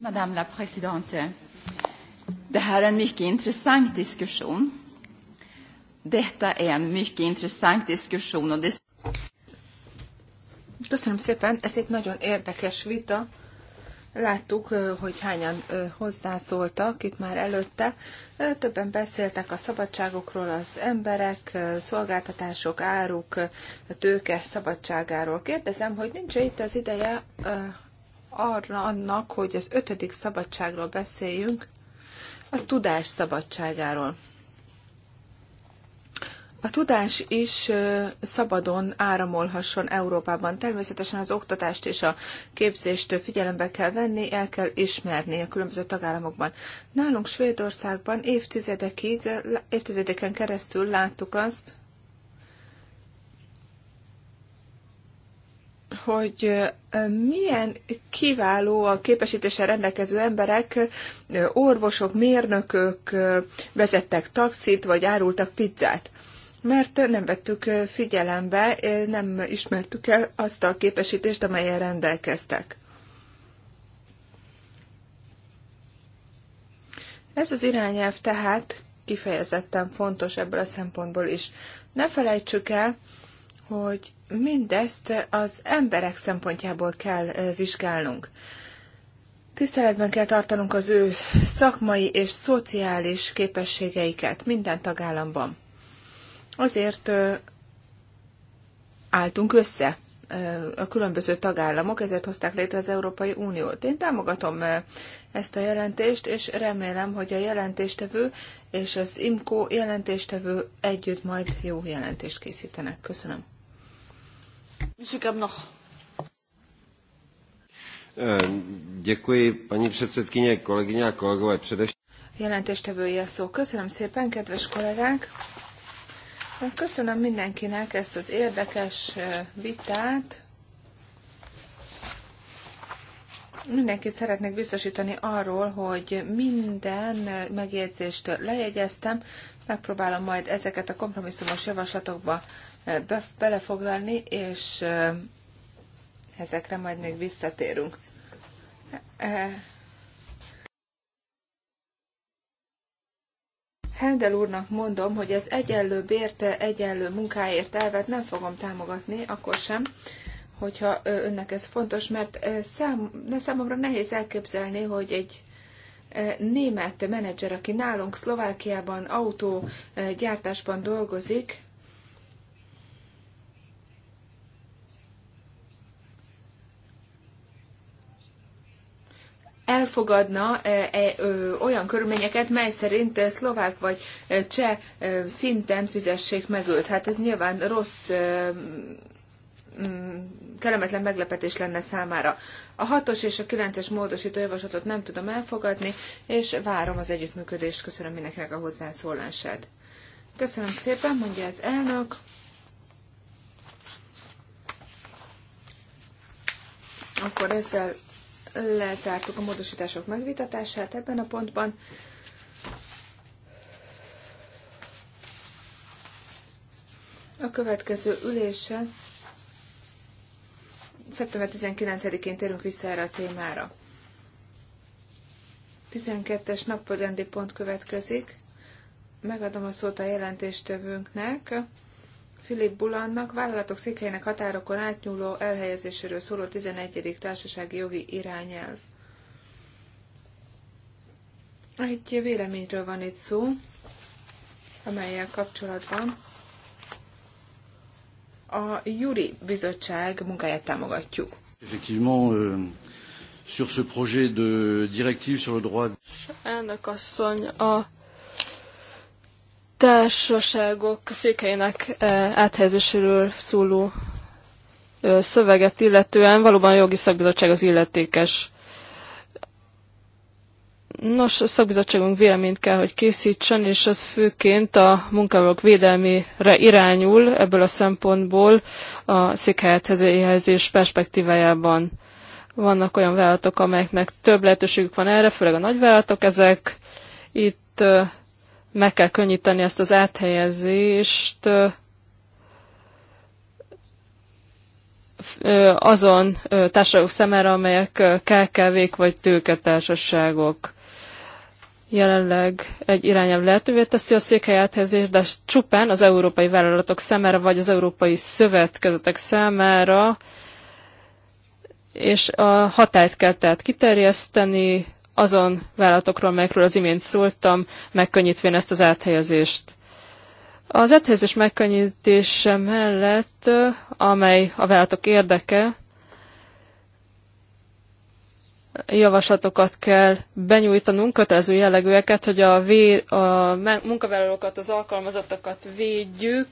Madame la Présidente, det här är en mycket intressant diskussion. Detta är en mycket intressant diskussion. Och det... Köszönöm szépen, ez egy nagyon érdekes vita, Láttuk, hogy hányan hozzászóltak itt már előtte. Többen beszéltek a szabadságokról, az emberek, szolgáltatások, áruk, tőke szabadságáról. Kérdezem, hogy nincs -e itt az ideje arra annak, hogy az ötödik szabadságról beszéljünk, a tudás szabadságáról a tudás is szabadon áramolhasson Európában. Természetesen az oktatást és a képzést figyelembe kell venni, el kell ismerni a különböző tagállamokban. Nálunk Svédországban évtizedekig, évtizedeken keresztül láttuk azt, hogy milyen kiváló a képesítéssel rendelkező emberek, orvosok, mérnökök vezettek taxit, vagy árultak pizzát mert nem vettük figyelembe, nem ismertük el azt a képesítést, amelyen rendelkeztek. Ez az irányelv tehát kifejezetten fontos ebből a szempontból is. Ne felejtsük el, hogy mindezt az emberek szempontjából kell vizsgálnunk. Tiszteletben kell tartanunk az ő szakmai és szociális képességeiket minden tagállamban. Azért álltunk össze a különböző tagállamok, ezért hozták létre az Európai Uniót. Én támogatom ezt a jelentést, és remélem, hogy a jelentéstevő és az IMCO jelentéstevő együtt majd jó jelentést készítenek. Köszönöm. Köszönöm. paní a szó. Köszönöm szépen, kedves kollégák! Köszönöm mindenkinek ezt az érdekes vitát. Mindenkit szeretnék biztosítani arról, hogy minden megjegyzést lejegyeztem, megpróbálom majd ezeket a kompromisszumos javaslatokba be, belefoglalni, és ezekre majd még visszatérünk. Hendel úrnak mondom, hogy ez egyenlő bért, egyenlő munkáért elvet nem fogom támogatni, akkor sem, hogyha önnek ez fontos, mert szám, számomra nehéz elképzelni, hogy egy német menedzser, aki nálunk Szlovákiában autógyártásban dolgozik, elfogadna e, olyan körülményeket, mely szerint szlovák vagy cseh szinten fizessék meg őt. Hát ez nyilván rossz, mm, kellemetlen meglepetés lenne számára. A hatos és a kilences módosító javaslatot nem tudom elfogadni, és várom az együttműködést. Köszönöm mindenkinek a hozzászólását. Köszönöm szépen, mondja az elnök. Akkor ezzel lezártuk a módosítások megvitatását ebben a pontban. A következő ülésen szeptember 19-én térünk vissza erre a témára. 12-es napodrendi pont következik. Megadom a szót a jelentéstevőnknek. Philip Bulannak vállalatok székhelyének határokon átnyúló elhelyezéséről szóló 11. társasági jogi irányelv. Egy véleményről van itt szó, amelyel kapcsolatban a Juri Bizottság munkáját támogatjuk. Effectivement, euh, sur ce projet de directive sur le droit... Elnök asszony, a társaságok székeinek eh, áthelyezéséről szóló szöveget illetően valóban a jogi szakbizottság az illetékes. Nos, a szakbizottságunk véleményt kell, hogy készítsen, és ez főként a munkavállalók védelmére irányul ebből a szempontból a székhelyethezés perspektívájában. Vannak olyan vállalatok, amelyeknek több lehetőségük van erre, főleg a nagyvállalatok ezek. Itt meg kell könnyíteni ezt az áthelyezést azon társadalmi szemére, amelyek KKV-k vagy tőketársaságok jelenleg egy irányelv lehetővé teszi a székhely áthelyezést, de csupán az európai vállalatok szemére vagy az európai szövetkezetek számára, és a hatályt kell tehát kiterjeszteni, azon vállalatokról, amelyekről az imént szóltam, megkönnyítvén ezt az áthelyezést. Az áthelyezés megkönnyítése mellett, amely a vállalatok érdeke, javaslatokat kell benyújtanunk, kötelező jellegűeket, hogy a, vé, a munkavállalókat, az alkalmazottakat védjük.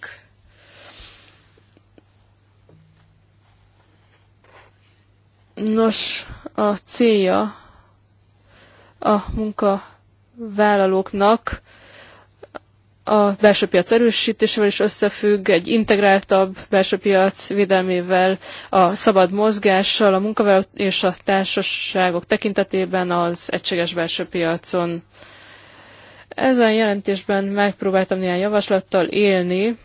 Nos, a célja a munkavállalóknak a belső piac erősítésével is összefügg, egy integráltabb belső piac védelmével, a szabad mozgással, a munkavállalók és a társaságok tekintetében az egységes belső piacon. Ezen jelentésben megpróbáltam néhány javaslattal élni,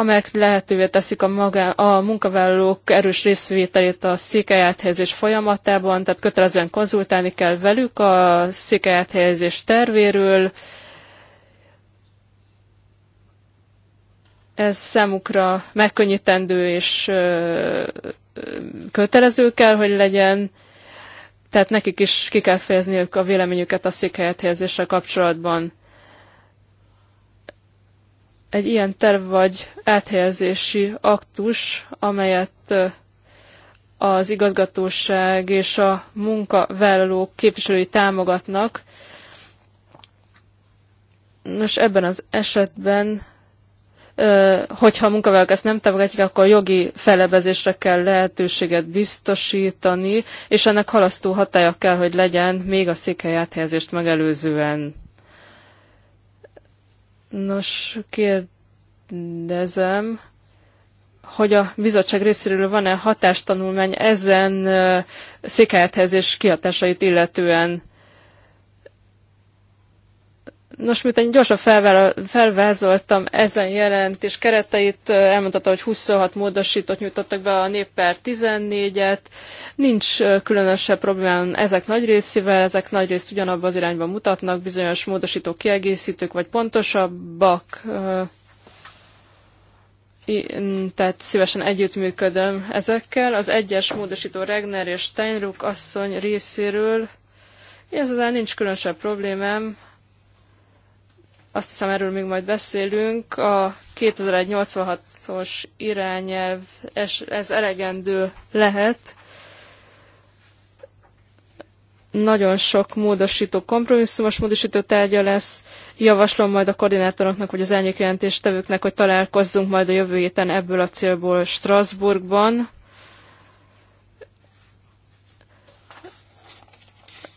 amelyek lehetővé teszik a, magá, a munkavállalók erős részvételét a székelyáthelyezés folyamatában, tehát kötelezően konzultálni kell velük a székelyáthelyezés tervéről. Ez számukra megkönnyítendő és kötelező kell, hogy legyen, tehát nekik is ki kell fejezniük a véleményüket a székelyáthelyezésre kapcsolatban egy ilyen terv vagy áthelyezési aktus, amelyet az igazgatóság és a munkavállalók képviselői támogatnak. Nos, ebben az esetben, hogyha a munkavállalók ezt nem támogatják, akkor jogi felebezésre kell lehetőséget biztosítani, és ennek halasztó hatája kell, hogy legyen még a székely áthelyezést megelőzően. Nos, kérdezem, hogy a bizottság részéről van-e hatástanulmány ezen székhelyethez és kihatásait illetően Nos, miután gyorsan felvázoltam ezen jelentés kereteit, elmondhatta, hogy 26 módosítót nyújtottak be a néppár 14-et. Nincs különösebb problémám ezek nagy részével, ezek nagy részt ugyanabba az irányba mutatnak, bizonyos módosítók kiegészítők vagy pontosabbak. tehát szívesen együttműködöm ezekkel. Az egyes módosító Regner és Steinruck asszony részéről ezzel nincs különösebb problémám, azt hiszem erről még majd beszélünk, a 2086-os irányelv, ez elegendő lehet. Nagyon sok módosító, kompromisszumos módosító tárgya lesz. Javaslom majd a koordinátoroknak, vagy az elnyékjelentéstevőknek, hogy találkozzunk majd a jövő héten ebből a célból Strasbourgban.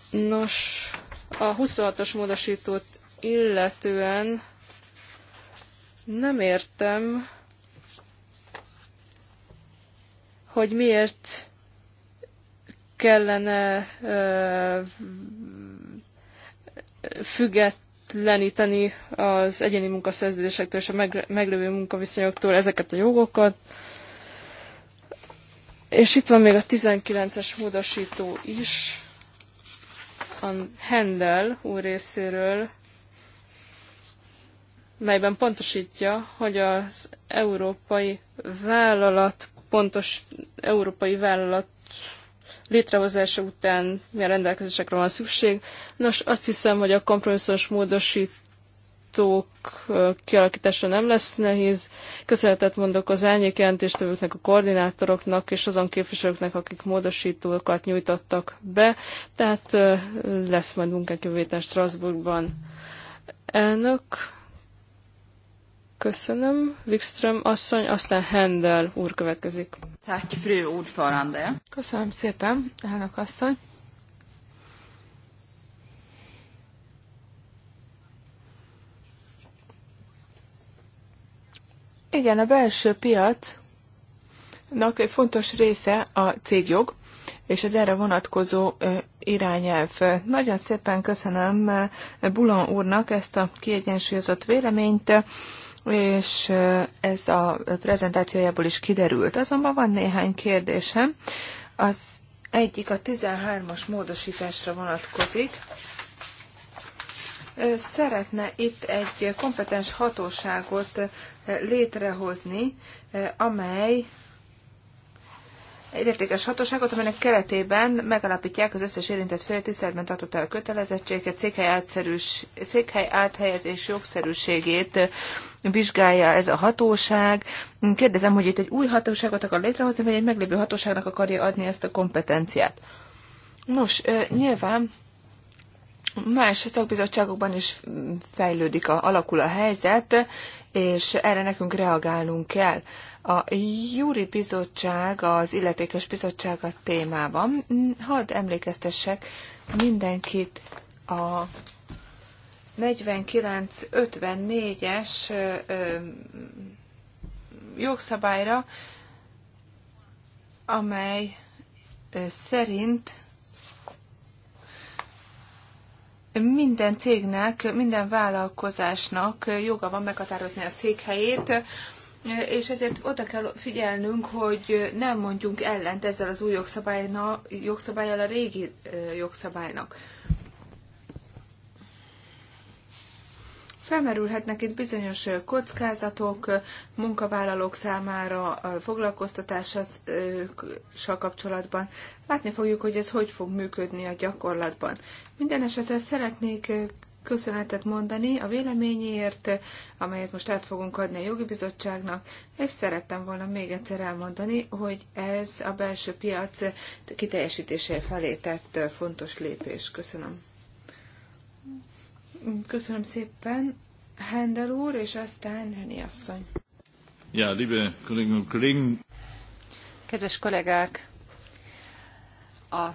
Nos, a 26-os módosítót illetően nem értem, hogy miért kellene függetleníteni az egyéni munkaszerződésektől és a meglévő munkaviszonyoktól ezeket a jogokat. És itt van még a 19-es módosító is, a Hendel úr részéről, melyben pontosítja, hogy az európai vállalat, pontos európai vállalat létrehozása után milyen rendelkezésekre van szükség. Nos, azt hiszem, hogy a kompromisszós módosítók kialakítása nem lesz nehéz. Köszönetet mondok az jelentéstevőknek, a koordinátoroknak és azon képviselőknek, akik módosítókat nyújtottak be. Tehát lesz majd munkánk jövő héten Strasbourgban. Elnök, Köszönöm, Wikström asszony, aztán Hendel úr következik. Tack, fru ordförande. Köszönöm szépen, elnök asszony. Igen, a belső piacnak egy fontos része a cégjog, és az erre vonatkozó irányelv. Nagyon szépen köszönöm Bulan úrnak ezt a kiegyensúlyozott véleményt és ez a prezentációjából is kiderült. Azonban van néhány kérdésem. Az egyik a 13-as módosításra vonatkozik. Szeretne itt egy kompetens hatóságot létrehozni, amely értékes hatóságot, amelynek keretében megalapítják az összes érintett fél tiszteletben tartotta a kötelezettséget, székhely, átszerűs, székhely áthelyezés jogszerűségét vizsgálja ez a hatóság. Kérdezem, hogy itt egy új hatóságot akar létrehozni, vagy egy meglévő hatóságnak akarja adni ezt a kompetenciát. Nos, nyilván más szakbizottságokban is fejlődik, a, alakul a helyzet, és erre nekünk reagálnunk kell. A Júri Bizottság az illetékes bizottság a témában. Hadd emlékeztessek mindenkit a 49-54-es jogszabályra, amely szerint minden cégnek, minden vállalkozásnak joga van meghatározni a székhelyét és ezért oda kell figyelnünk, hogy nem mondjunk ellent ezzel az új jogszabályjal a régi jogszabálynak. Felmerülhetnek itt bizonyos kockázatok munkavállalók számára, foglalkoztatással kapcsolatban. Látni fogjuk, hogy ez hogy fog működni a gyakorlatban. Minden esetre szeretnék köszönetet mondani a véleményéért, amelyet most át fogunk adni a jogi bizottságnak, és szerettem volna még egyszer elmondani, hogy ez a belső piac kiteljesítése felé tett fontos lépés. Köszönöm. Köszönöm szépen, Hendel úr, és aztán Heni asszony. Ja, liebe Kollegen, Kollegen. Kedves kollégák, a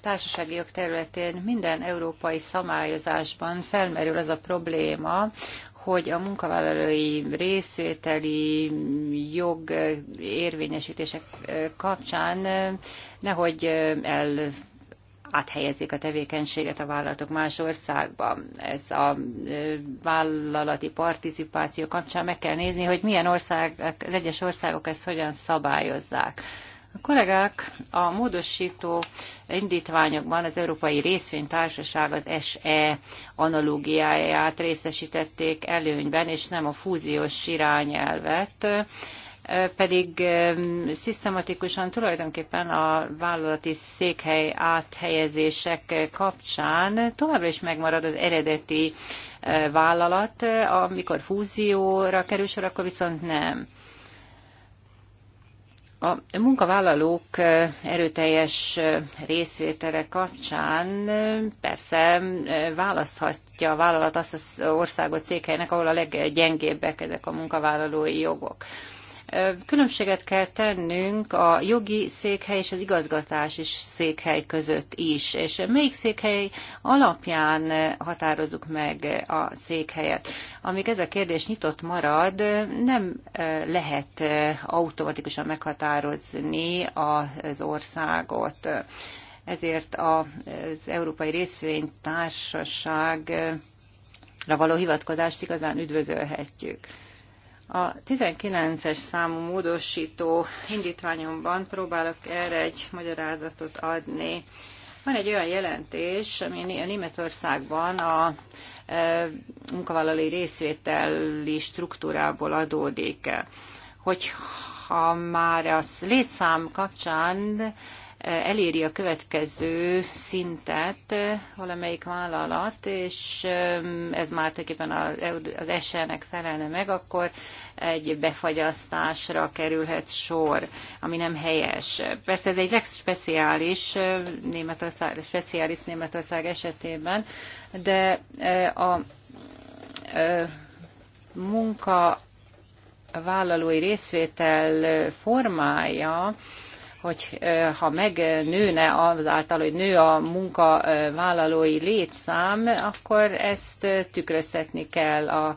társasági jog területén minden európai szabályozásban felmerül az a probléma, hogy a munkavállalói részvételi jog érvényesítések kapcsán nehogy el áthelyezik a tevékenységet a vállalatok más országba. Ez a vállalati participáció kapcsán meg kell nézni, hogy milyen ország, az egyes országok ezt hogyan szabályozzák. A kollégák a módosító indítványokban az Európai Részvénytársaság, az SE analógiáját részesítették előnyben, és nem a fúziós irányelvet pedig szisztematikusan tulajdonképpen a vállalati székhely áthelyezések kapcsán továbbra is megmarad az eredeti vállalat, amikor fúzióra kerül sor, akkor viszont nem. A munkavállalók erőteljes részvétele kapcsán persze választhatja a vállalat azt az országot székhelynek, ahol a leggyengébbek ezek a munkavállalói jogok. Különbséget kell tennünk a jogi székhely és az igazgatási székhely között is, és melyik székhely alapján határozzuk meg a székhelyet. Amíg ez a kérdés nyitott marad, nem lehet automatikusan meghatározni az országot. Ezért az Európai Részvénytársaságra való hivatkozást igazán üdvözölhetjük. A 19-es számú módosító indítványomban próbálok erre egy magyarázatot adni. Van egy olyan jelentés, ami a Németországban a e, munkavállalói részvételi struktúrából adódik. Hogyha már a létszám kapcsán eléri a következő szintet valamelyik vállalat, és ez már tulajdonképpen az SL-nek felelne meg, akkor egy befagyasztásra kerülhet sor, ami nem helyes. Persze ez egy legspeciális Németország, speciális Németország esetében, de a, a munka vállalói részvétel formája hogy ha megnőne azáltal, hogy nő a munkavállalói létszám, akkor ezt tükröztetni kell a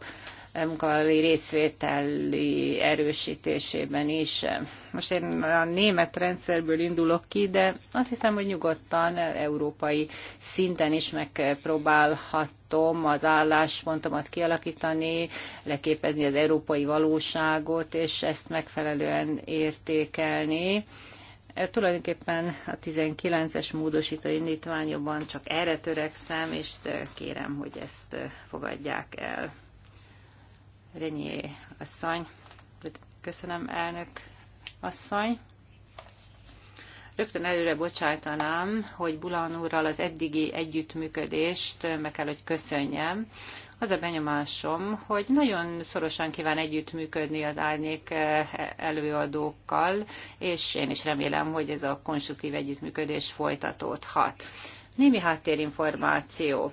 munkavállalói részvételi erősítésében is. Most én a német rendszerből indulok ki, de azt hiszem, hogy nyugodtan európai szinten is megpróbálhatom az álláspontomat kialakítani, leképezni az európai valóságot, és ezt megfelelően értékelni E, tulajdonképpen a 19-es módosító indítványokban csak erre törekszem, és e, kérem, hogy ezt e, fogadják el. Renyé asszony. Köszönöm, elnök asszony. Rögtön előre bocsájtanám, hogy Bulán úrral az eddigi együttműködést meg kell, hogy köszönjem. Az a benyomásom, hogy nagyon szorosan kíván együttműködni az árnyék eh, előadókkal, és én is remélem, hogy ez a konstruktív együttműködés folytatódhat. Némi háttérinformáció.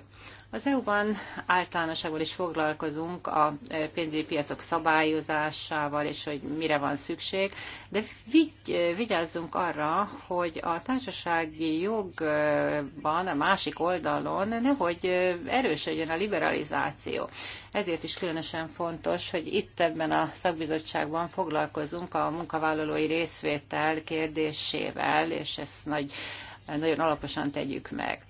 Az EU-ban általánosságban is foglalkozunk a e, pénzügyi piacok szabályozásával, és hogy mire van szükség, de vigy, e, vigyázzunk arra, hogy a társasági jogban, a másik oldalon nehogy e, erősödjön a liberalizáció. Ezért is különösen fontos, hogy itt ebben a szakbizottságban foglalkozunk a munkavállalói részvétel kérdésével, és ezt nagy, nagyon alaposan tegyük meg.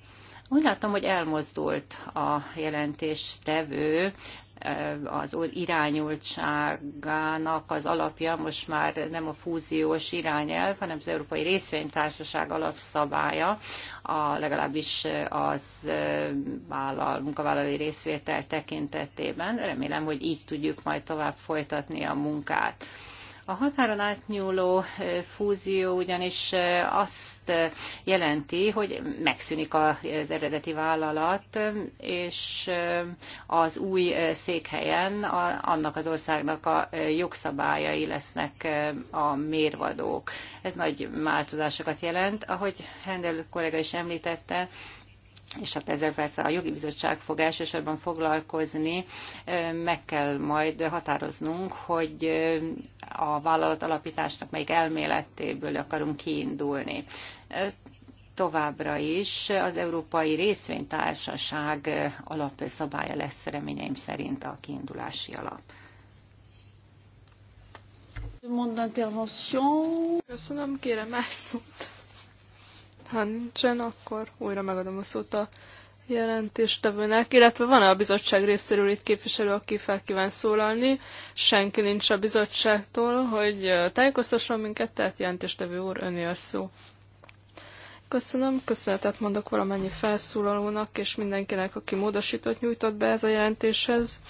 Úgy látom, hogy elmozdult a jelentéstevő eh, az irányultságának az alapja most már nem a fúziós irányelv, hanem az Európai Részvénytársaság alapszabálya, a, legalábbis az eh, vállal, munkavállalói részvétel tekintetében. Remélem, hogy így tudjuk majd tovább folytatni a munkát. A határon átnyúló eh, fúzió ugyanis azt azt jelenti, hogy megszűnik az eredeti vállalat, és az új székhelyen annak az országnak a jogszabályai lesznek a mérvadók. Ez nagy változásokat jelent. Ahogy Hendel kollega is említette, és hát ezzel persze a jogi bizottság fog elsősorban foglalkozni, meg kell majd határoznunk, hogy a vállalat alapításnak melyik elméletéből akarunk kiindulni továbbra is az Európai Részvénytársaság alapszabálya lesz reményeim szerint a kiindulási alap. Köszönöm, kérem más szót. Ha nincsen, akkor újra megadom a szót a jelentéstevőnek, illetve van-e a bizottság részéről itt képviselő, aki fel kíván szólalni? Senki nincs a bizottságtól, hogy tájékoztasson minket, tehát jelentéstevő úr, öné a szó. Köszönöm, köszönetet mondok valamennyi felszólalónak és mindenkinek, aki módosított nyújtott be ez a jelentéshez.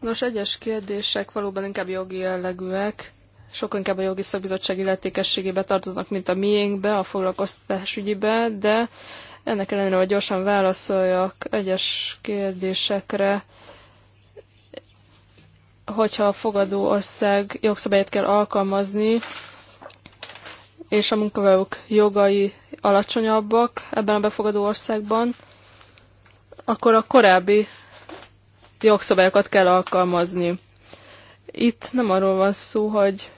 Nos, egyes kérdések valóban inkább jogi jellegűek, sokkal inkább a jogi szakbizottság illetékességébe tartoznak, mint a miénkbe, a foglalkoztatásügyibe, de ennek ellenére, hogy gyorsan válaszoljak egyes kérdésekre, hogyha a fogadó ország jogszabályt kell alkalmazni, és a munkavállalók jogai alacsonyabbak ebben a befogadó országban, akkor a korábbi jogszabályokat kell alkalmazni. Itt nem arról van szó, hogy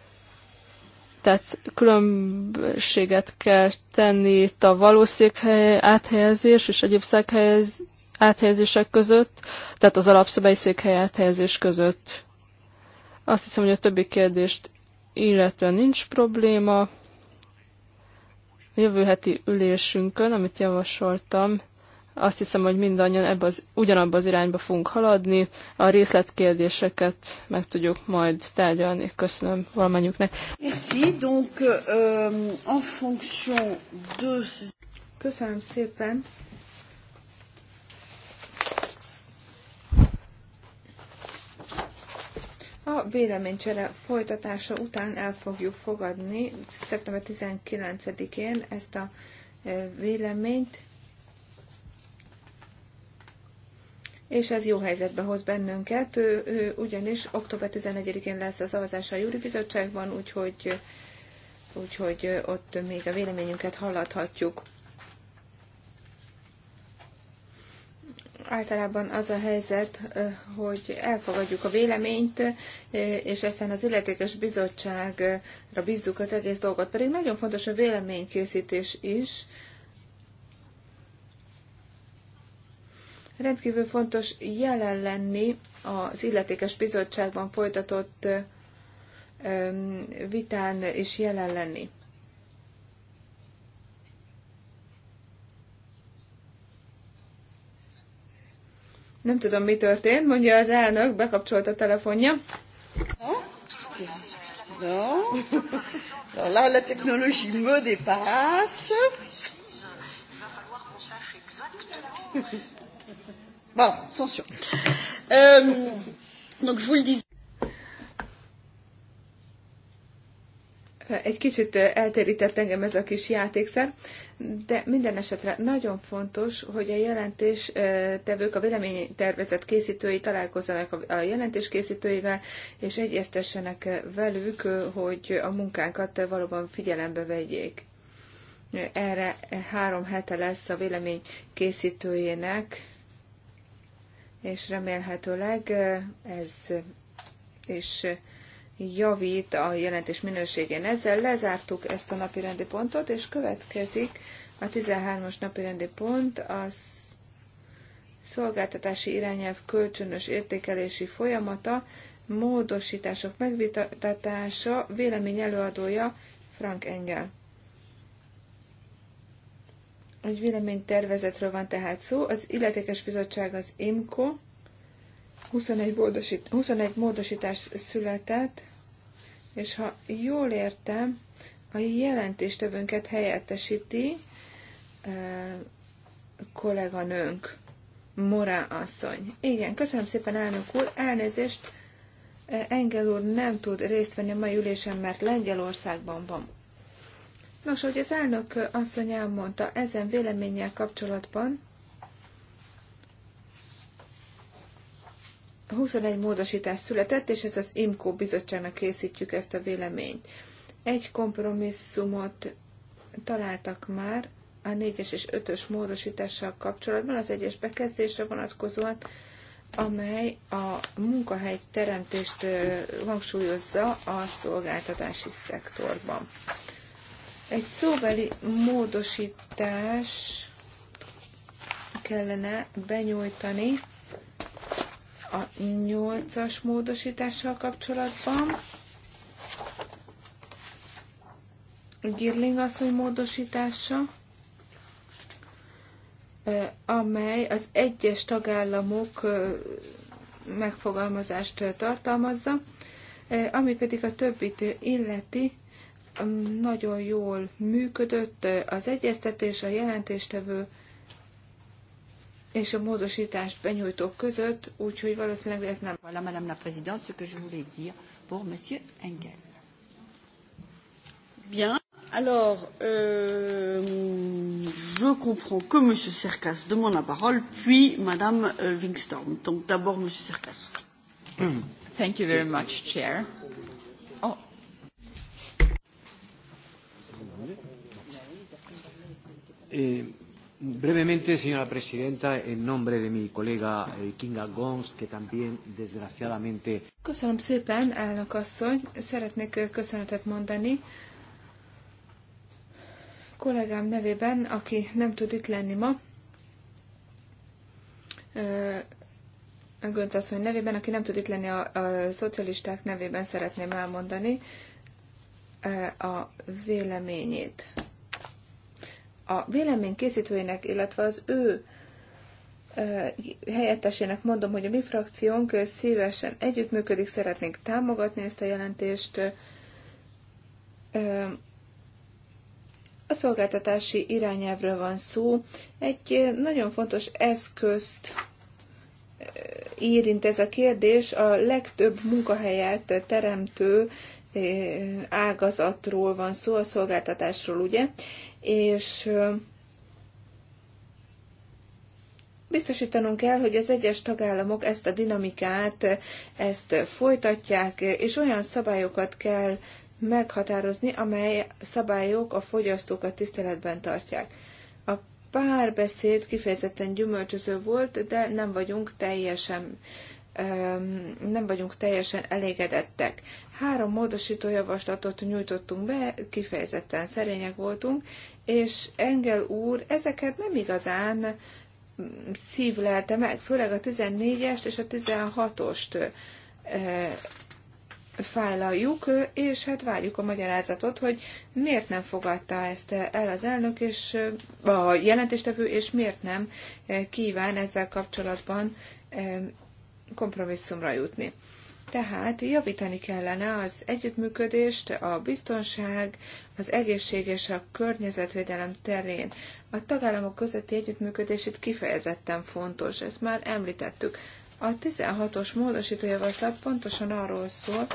tehát különbséget kell tenni itt a valószékhely áthelyezés és egyéb székhelyez, áthelyezések között, tehát az alapszabály székhely áthelyezés között. Azt hiszem, hogy a többi kérdést illetve nincs probléma jövő heti ülésünkön, amit javasoltam, azt hiszem, hogy mindannyian ebbe az, ugyanabba az irányba fogunk haladni. A részletkérdéseket meg tudjuk majd tárgyalni. Köszönöm valamennyüknek. Euh, Köszönöm szépen. A véleménycsere folytatása után el fogjuk fogadni szeptember 19-én ezt a e, véleményt, és ez jó helyzetbe hoz bennünket, ő, ő, ugyanis október 11-én lesz a szavazás a Júri Bizottságban, úgyhogy, úgyhogy ott még a véleményünket hallathatjuk. általában az a helyzet, hogy elfogadjuk a véleményt, és aztán az illetékes bizottságra bízzuk az egész dolgot. Pedig nagyon fontos a véleménykészítés is. Rendkívül fontos jelen lenni az illetékes bizottságban folytatott vitán is jelen lenni. Nem tudom, mi történt, mondja az elnök, bekapcsolt a telefonja. No? No? Alors là, la technologie me dépasse. Voilà, censure. Euh, donc je vous le disais. Egy kicsit eh, eltérített engem ez a kis játékszer, de minden esetre nagyon fontos, hogy a jelentés eh, tevők, a véleménytervezet készítői találkozzanak a jelentés készítőivel, és egyeztessenek eh, velük, hogy a munkánkat valóban figyelembe vegyék. Erre három hete lesz a vélemény készítőjének, és remélhetőleg ez és javít a jelentés minőségén. Ezzel lezártuk ezt a napirendi pontot, és következik a 13-as napirendi pont, az szolgáltatási irányelv kölcsönös értékelési folyamata, módosítások megvitatása, vélemény előadója Frank Engel. Egy véleménytervezetről van tehát szó, az illetékes bizottság az IMCO, 21, módosít, 21 módosítás született, és ha jól értem, a jelentéstevőnket helyettesíti kolléganőnk, Morá asszony. Igen, köszönöm szépen, elnök úr. Elnézést, Engel úr nem tud részt venni a mai ülésen, mert Lengyelországban van. Nos, hogy az elnök asszony elmondta ezen véleménnyel kapcsolatban, 21 módosítás született, és ez az IMCO bizottságnak készítjük ezt a véleményt. Egy kompromisszumot találtak már a 4-es és 5-ös módosítással kapcsolatban, az egyes bekezdésre vonatkozóan, amely a munkahely teremtést hangsúlyozza a szolgáltatási szektorban. Egy szóbeli módosítás kellene benyújtani a nyolcas módosítással kapcsolatban. Girling asszony módosítása, amely az egyes tagállamok megfogalmazást tartalmazza, ami pedig a többit illeti, nagyon jól működött az egyeztetés, a jelentéstevő és a módosítást benyújtók között, úgyhogy valószínűleg ez nem. Voilà, Madame la Présidente, ce que je voulais dire pour Monsieur Engel. Bien. Alors, euh, je comprends que Monsieur Serkas demande la parole, puis Madame euh, Wingstorm. Donc d'abord Monsieur Serkas. Thank you very much, Chair. Oh. Et Brevemente, señora presidenta, en nombre de mi colega eh, Kinga Gons, que también desgraciadamente... Köszönöm szépen, elnök asszony. Szeretnék eh, köszönetet mondani kollégám nevében, aki nem tud itt lenni ma. Eh, Gönc asszony nevében, aki nem tud itt lenni a, a szocialisták nevében, szeretném elmondani a véleményét a vélemény készítőinek, illetve az ő helyettesének mondom, hogy a mi frakciónk szívesen együttműködik, szeretnénk támogatni ezt a jelentést. A szolgáltatási irányelvről van szó. Egy nagyon fontos eszközt érint ez a kérdés, a legtöbb munkahelyet teremtő ágazatról van szó, a szolgáltatásról, ugye? És biztosítanunk kell, hogy az egyes tagállamok ezt a dinamikát, ezt folytatják, és olyan szabályokat kell meghatározni, amely szabályok a fogyasztókat tiszteletben tartják. A párbeszéd kifejezetten gyümölcsöző volt, de nem vagyunk teljesen nem vagyunk teljesen elégedettek. Három módosító javaslatot nyújtottunk be, kifejezetten szerények voltunk, és Engel úr ezeket nem igazán mm, szívlelte meg, főleg a 14-est és a 16-ost fájlaljuk, és hát várjuk a magyarázatot, hogy miért nem fogadta ezt el az elnök, és a jelentéstevő, és miért nem kíván ezzel kapcsolatban kompromisszumra jutni. Tehát javítani kellene az együttműködést a biztonság, az egészség és a környezetvédelem terén. A tagállamok közötti együttműködés itt kifejezetten fontos, ezt már említettük. A 16-os módosítójavaslat pontosan arról szól,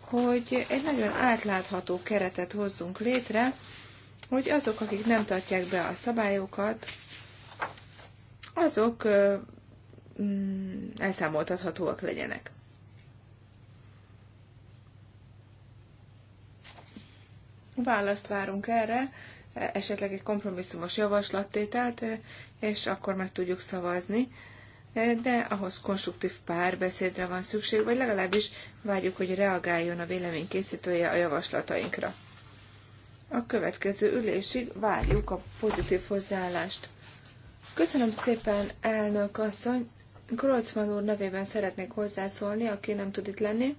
hogy egy nagyon átlátható keretet hozzunk létre, hogy azok, akik nem tartják be a szabályokat, azok Mm, elszámoltathatóak legyenek. Választ várunk erre, esetleg egy kompromisszumos javaslattételt, és akkor meg tudjuk szavazni de ahhoz konstruktív párbeszédre van szükség, vagy legalábbis várjuk, hogy reagáljon a véleménykészítője a javaslatainkra. A következő ülésig várjuk a pozitív hozzáállást. Köszönöm szépen, elnök asszony! Grolcman úr nevében szeretnék hozzászólni, aki nem tud itt lenni,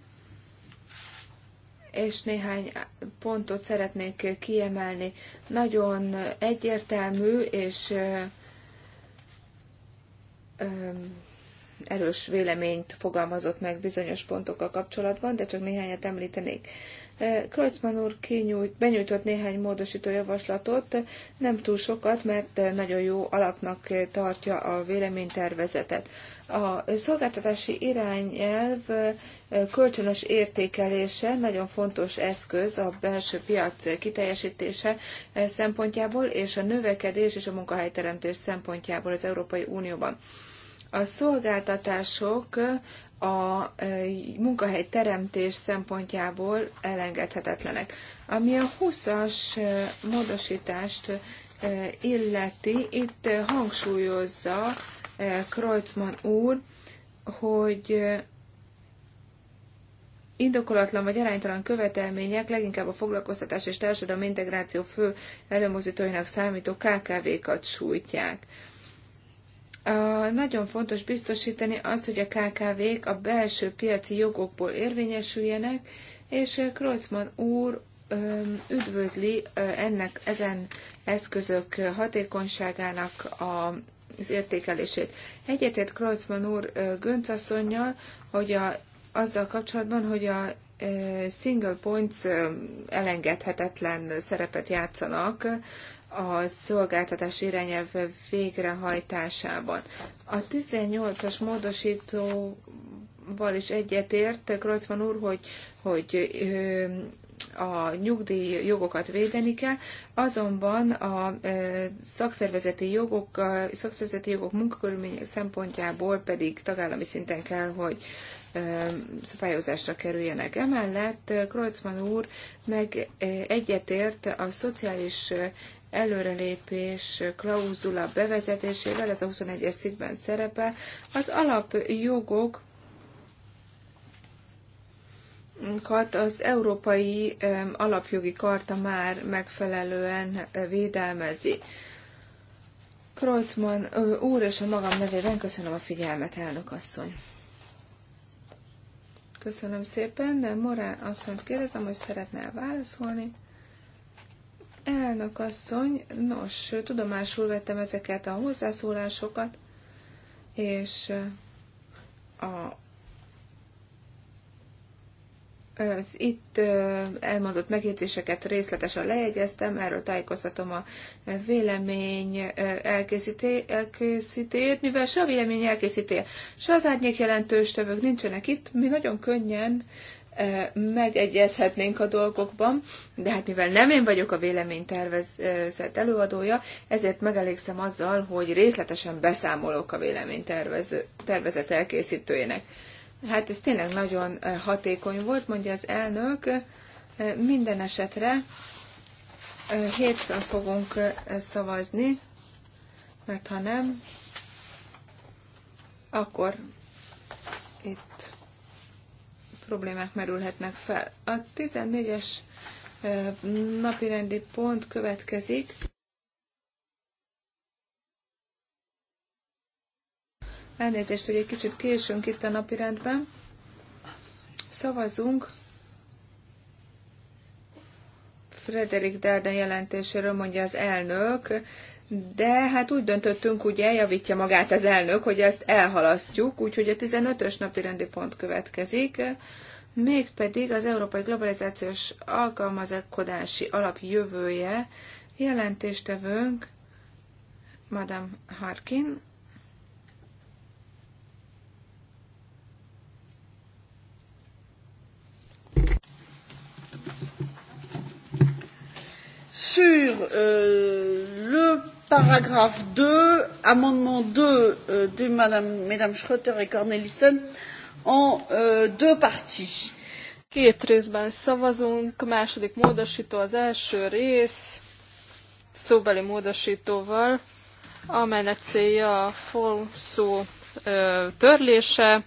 és néhány pontot szeretnék kiemelni. Nagyon egyértelmű és erős véleményt fogalmazott meg bizonyos pontokkal kapcsolatban, de csak néhányat említenék. Kreutzmann úr kinyújt, benyújtott néhány módosító javaslatot, nem túl sokat, mert nagyon jó alapnak tartja a véleménytervezetet. A szolgáltatási irányelv kölcsönös értékelése nagyon fontos eszköz a belső piac kiteljesítése szempontjából és a növekedés és a munkahelyteremtés szempontjából az Európai Unióban. A szolgáltatások a munkahely teremtés szempontjából elengedhetetlenek. Ami a 20-as módosítást illeti, itt hangsúlyozza Kreutzmann úr, hogy indokolatlan vagy aránytalan követelmények leginkább a foglalkoztatás és társadalmi integráció fő előmozítóinak számító KKV-kat sújtják. Nagyon fontos biztosítani azt, hogy a KKV-k a belső piaci jogokból érvényesüljenek, és Kreutzmann úr üdvözli ennek ezen eszközök hatékonyságának a az értékelését. Egyetért Kreuzmann úr Gönc hogy a, azzal kapcsolatban, hogy a single points elengedhetetlen szerepet játszanak a szolgáltatás irányelv végrehajtásában. A 18-as módosítóval is egyetért Krocman úr, hogy, hogy a nyugdíj jogokat védeni kell, azonban a e, szakszervezeti jogok, szakszervezeti jogok munkakörülmények szempontjából pedig tagállami szinten kell, hogy e, szabályozásra kerüljenek. Emellett Kreuzmann úr meg e, egyetért a szociális előrelépés klauzula bevezetésével, ez a 21-es cikkben szerepel, az alapjogok az Európai Alapjogi Karta már megfelelően eh, védelmezi. Kreutzmann úr és a magam nevében köszönöm a figyelmet, elnök asszony. Köszönöm szépen, de Morán asszonyt kérdezem, hogy szeretne válaszolni. Elnök asszony, nos, tudomásul vettem ezeket a hozzászólásokat, és eh, a az itt elmondott megjegyzéseket részletesen lejegyeztem, erről tájékoztatom a vélemény elkészítét, mivel se a vélemény elkészítél, se az árnyék jelentős tövök nincsenek itt, mi nagyon könnyen megegyezhetnénk a dolgokban, de hát mivel nem én vagyok a véleménytervezet előadója, ezért megelégszem azzal, hogy részletesen beszámolok a véleménytervezet elkészítőjének. Hát ez tényleg nagyon hatékony volt, mondja az elnök. Minden esetre hétfőn fogunk szavazni, mert ha nem, akkor itt problémák merülhetnek fel. A 14-es napirendi pont következik. Elnézést, hogy egy kicsit késünk itt a napirendben. Szavazunk Frederik Darden jelentéséről, mondja az elnök, de hát úgy döntöttünk, ugye, javítja magát az elnök, hogy ezt elhalasztjuk, úgyhogy a 15-ös napi rendi pont következik, mégpedig az Európai Globalizációs Alkalmazkodási Alap jövője jelentéstevőnk, Madame Harkin, Sur euh, le paragraphe 2, amendement 2 euh, de Madame, Mesdames Schröter et Cornelissen en euh, deux parties. Két részben szavazunk, a második módosító az első rész, szóbeli módosítóval, amelynek célja a fol szó ö, törlése,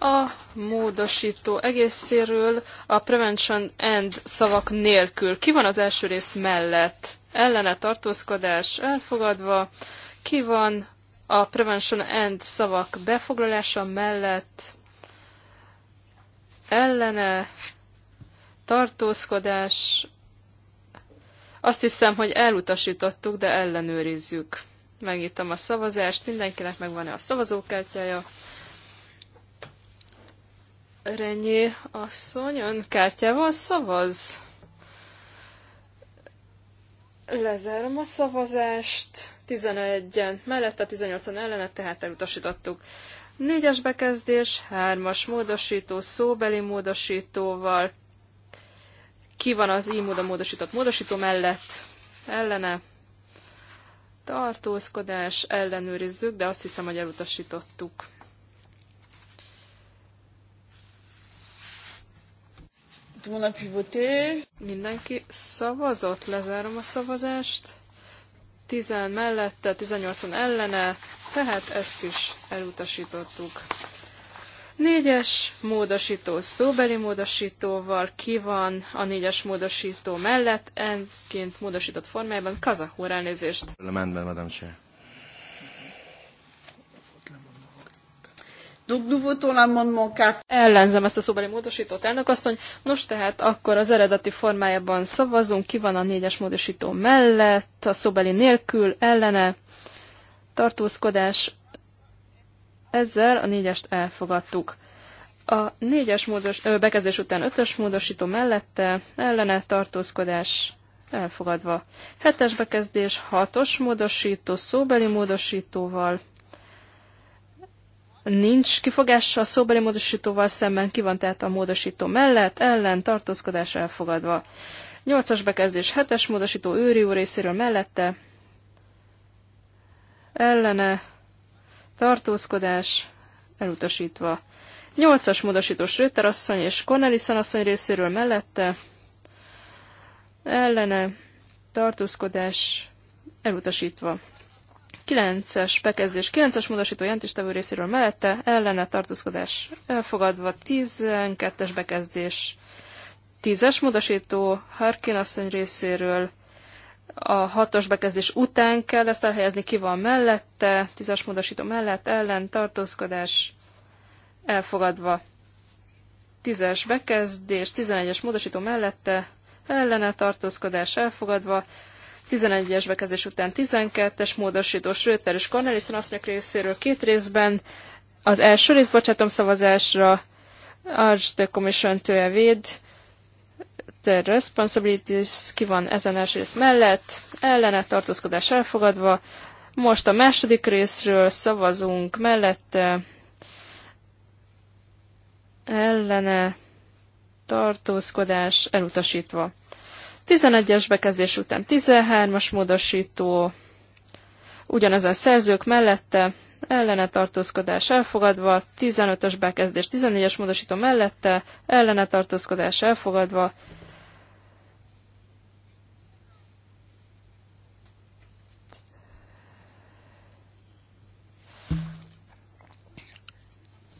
a módosító egészéről a prevention and szavak nélkül. Ki van az első rész mellett? Ellene tartózkodás elfogadva. Ki van a prevention and szavak befoglalása mellett? Ellene tartózkodás. Azt hiszem, hogy elutasítottuk, de ellenőrizzük. Megnyitom a szavazást, mindenkinek megvan-e a szavazókártyája. Renyé asszony, ön kártyával szavaz? Lezárom a szavazást. 11-en mellette, 18-an ellenet, tehát elutasítottuk. Négyes bekezdés, hármas módosító, szóbeli módosítóval. Ki van az így módon módosított módosító mellett? Ellene. Tartózkodás, ellenőrizzük, de azt hiszem, hogy elutasítottuk. Mindenki szavazott, lezárom a szavazást. 10 mellette, 18 ellene, tehát ezt is elutasítottuk. Négyes módosító szóbeli módosítóval ki van a négyes módosító mellett, enként módosított formájában kazahúr elnézést. Le madam chair. Donc nous votons l'amendement 4. Ellenzem ezt a szóbeli módosítót, elnök asszony. Nos, tehát akkor az eredeti formájában szavazunk, ki van a négyes módosító mellett, a szóbeli nélkül, ellene, tartózkodás. Ezzel a négyest elfogadtuk. A négyes módos, ö, bekezdés után ötös módosító mellette, ellene, tartózkodás, elfogadva. Hetes bekezdés, hatos módosító, szóbeli módosítóval, Nincs kifogás a szóbeli módosítóval szemben, ki van tehát a módosító mellett, ellen, tartózkodás elfogadva. nyolcas bekezdés, hetes módosító őri úr részéről mellette, ellene, tartózkodás elutasítva. nyolcas módosító Schröter asszony és Cornelison asszony részéről mellette, ellene, tartózkodás elutasítva. 9-es bekezdés, 9-es módosító jelentés tevő részéről mellette, ellene tartózkodás elfogadva, 12-es bekezdés, 10-es módosító Harkin asszony részéről, a 6-os bekezdés után kell ezt elhelyezni, ki van mellette, 10-es módosító mellett, ellen tartózkodás elfogadva. 10-es bekezdés, 11-es módosító mellette, ellene tartózkodás elfogadva, 11-es bekezdés után 12-es módosító Schröter és Cornelissen asszonyok részéről két részben. Az első rész, bocsátom szavazásra, urge the commission to evade the responsibilities, ki van ezen első rész mellett, ellene tartózkodás elfogadva. Most a második részről szavazunk mellette, ellene tartózkodás elutasítva. 11-es bekezdés után 13-as módosító, ugyanezen szerzők mellette, ellene tartózkodás elfogadva, 15-ös bekezdés 14-es módosító mellette, ellene tartózkodás elfogadva,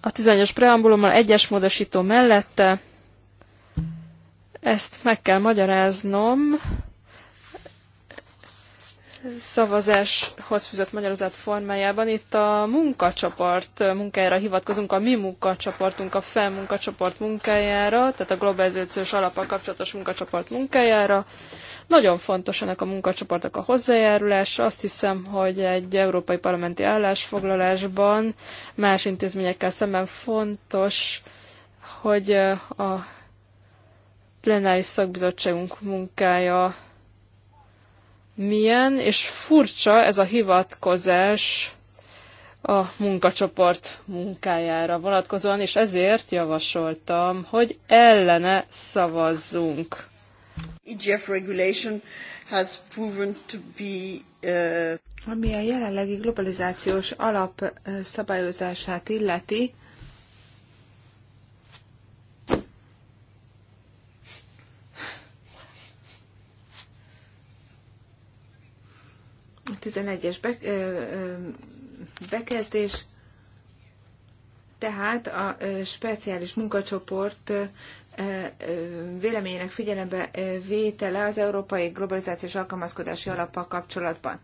a 11-es preambulummal egyes módosító mellette, ezt meg kell magyaráznom. Szavazáshoz fűzött magyarázat formájában. Itt a munkacsoport munkájára hivatkozunk, a mi munkacsoportunk, a FEM munkacsoport munkájára, tehát a globalizációs alapok kapcsolatos munkacsoport munkájára. Nagyon fontos ennek a munkacsoportnak a hozzájárulása. Azt hiszem, hogy egy európai parlamenti állásfoglalásban más intézményekkel szemben fontos, hogy a plenáris szakbizottságunk munkája milyen, és furcsa ez a hivatkozás a munkacsoport munkájára vonatkozóan, és ezért javasoltam, hogy ellene szavazzunk. EGF regulation has proven to be uh, ami a jelenlegi globalizációs alap uh, szabályozását illeti, 11-es be, bekezdés, tehát a speciális munkacsoport véleményének figyelembe vétele az Európai Globalizációs Alkalmazkodási Alappal kapcsolatban.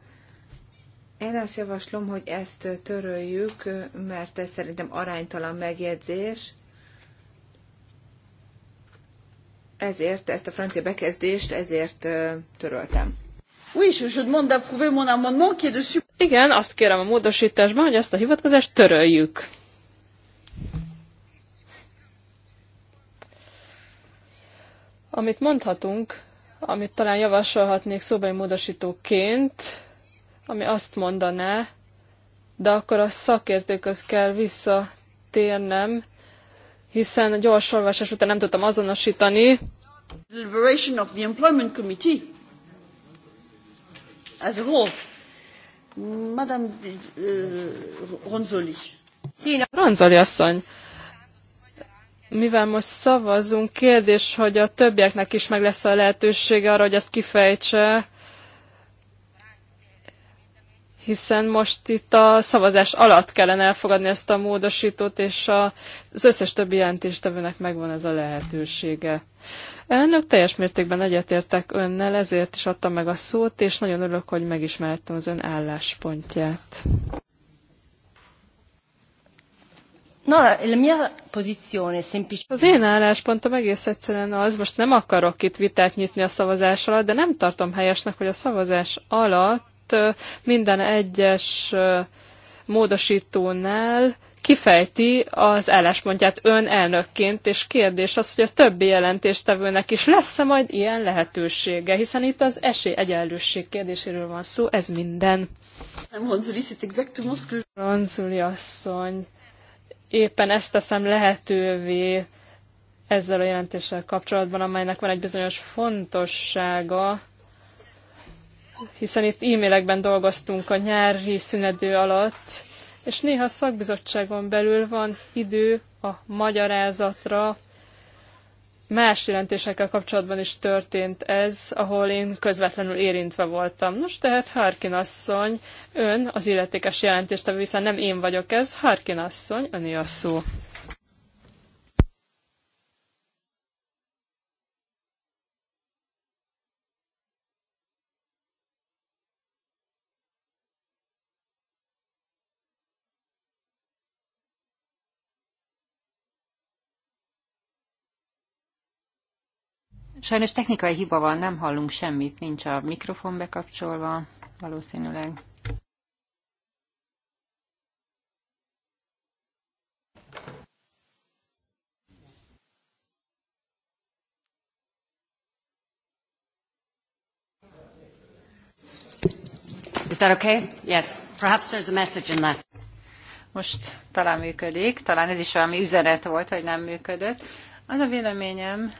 Én azt javaslom, hogy ezt töröljük, mert ez szerintem aránytalan megjegyzés. Ezért ezt a francia bekezdést, ezért töröltem. Igen, azt kérem a módosításban, hogy ezt a hivatkozást töröljük. Amit mondhatunk, amit talán javasolhatnék szóbeli módosítóként, ami azt mondaná, de akkor a szakértőköz kell visszatérnem, hiszen a gyors olvasás után nem tudtam azonosítani. of the Employment Committee as Madame uh, Ronzoli. Ronzoli asszony, mivel most szavazunk, kérdés, hogy a többieknek is meg lesz a lehetősége arra, hogy ezt kifejtse, hiszen most itt a szavazás alatt kellene elfogadni ezt a módosítót, és az összes többi jelentéstevőnek megvan ez a lehetősége. Elnök, teljes mértékben egyetértek önnel, ezért is adtam meg a szót, és nagyon örülök, hogy megismertem az ön álláspontját. Az én álláspontom egész egyszerűen az, most nem akarok itt vitát nyitni a szavazás alatt, de nem tartom helyesnek, hogy a szavazás alatt minden egyes módosítónál kifejti az álláspontját ön elnökként, és kérdés az, hogy a többi jelentéstevőnek is lesz-e majd ilyen lehetősége, hiszen itt az esélyegyenlőség kérdéséről van szó, ez minden. Ronzuli asszony, éppen ezt teszem lehetővé ezzel a jelentéssel kapcsolatban, amelynek van egy bizonyos fontossága, hiszen itt e-mailekben dolgoztunk a nyári szünedő alatt, és néha szakbizottságon belül van idő a magyarázatra, más jelentésekkel kapcsolatban is történt ez, ahol én közvetlenül érintve voltam. Nos, tehát Harkin asszony, ön az illetékes jelentést, hiszen nem én vagyok ez, Harkin asszony, öné a szó. Sajnos technikai hiba van, nem hallunk semmit, nincs a mikrofon bekapcsolva valószínűleg. Is that okay? Yes. Perhaps there's a message in that. Most talán működik, talán ez is valami üzenet volt, hogy nem működött. Az a véleményem,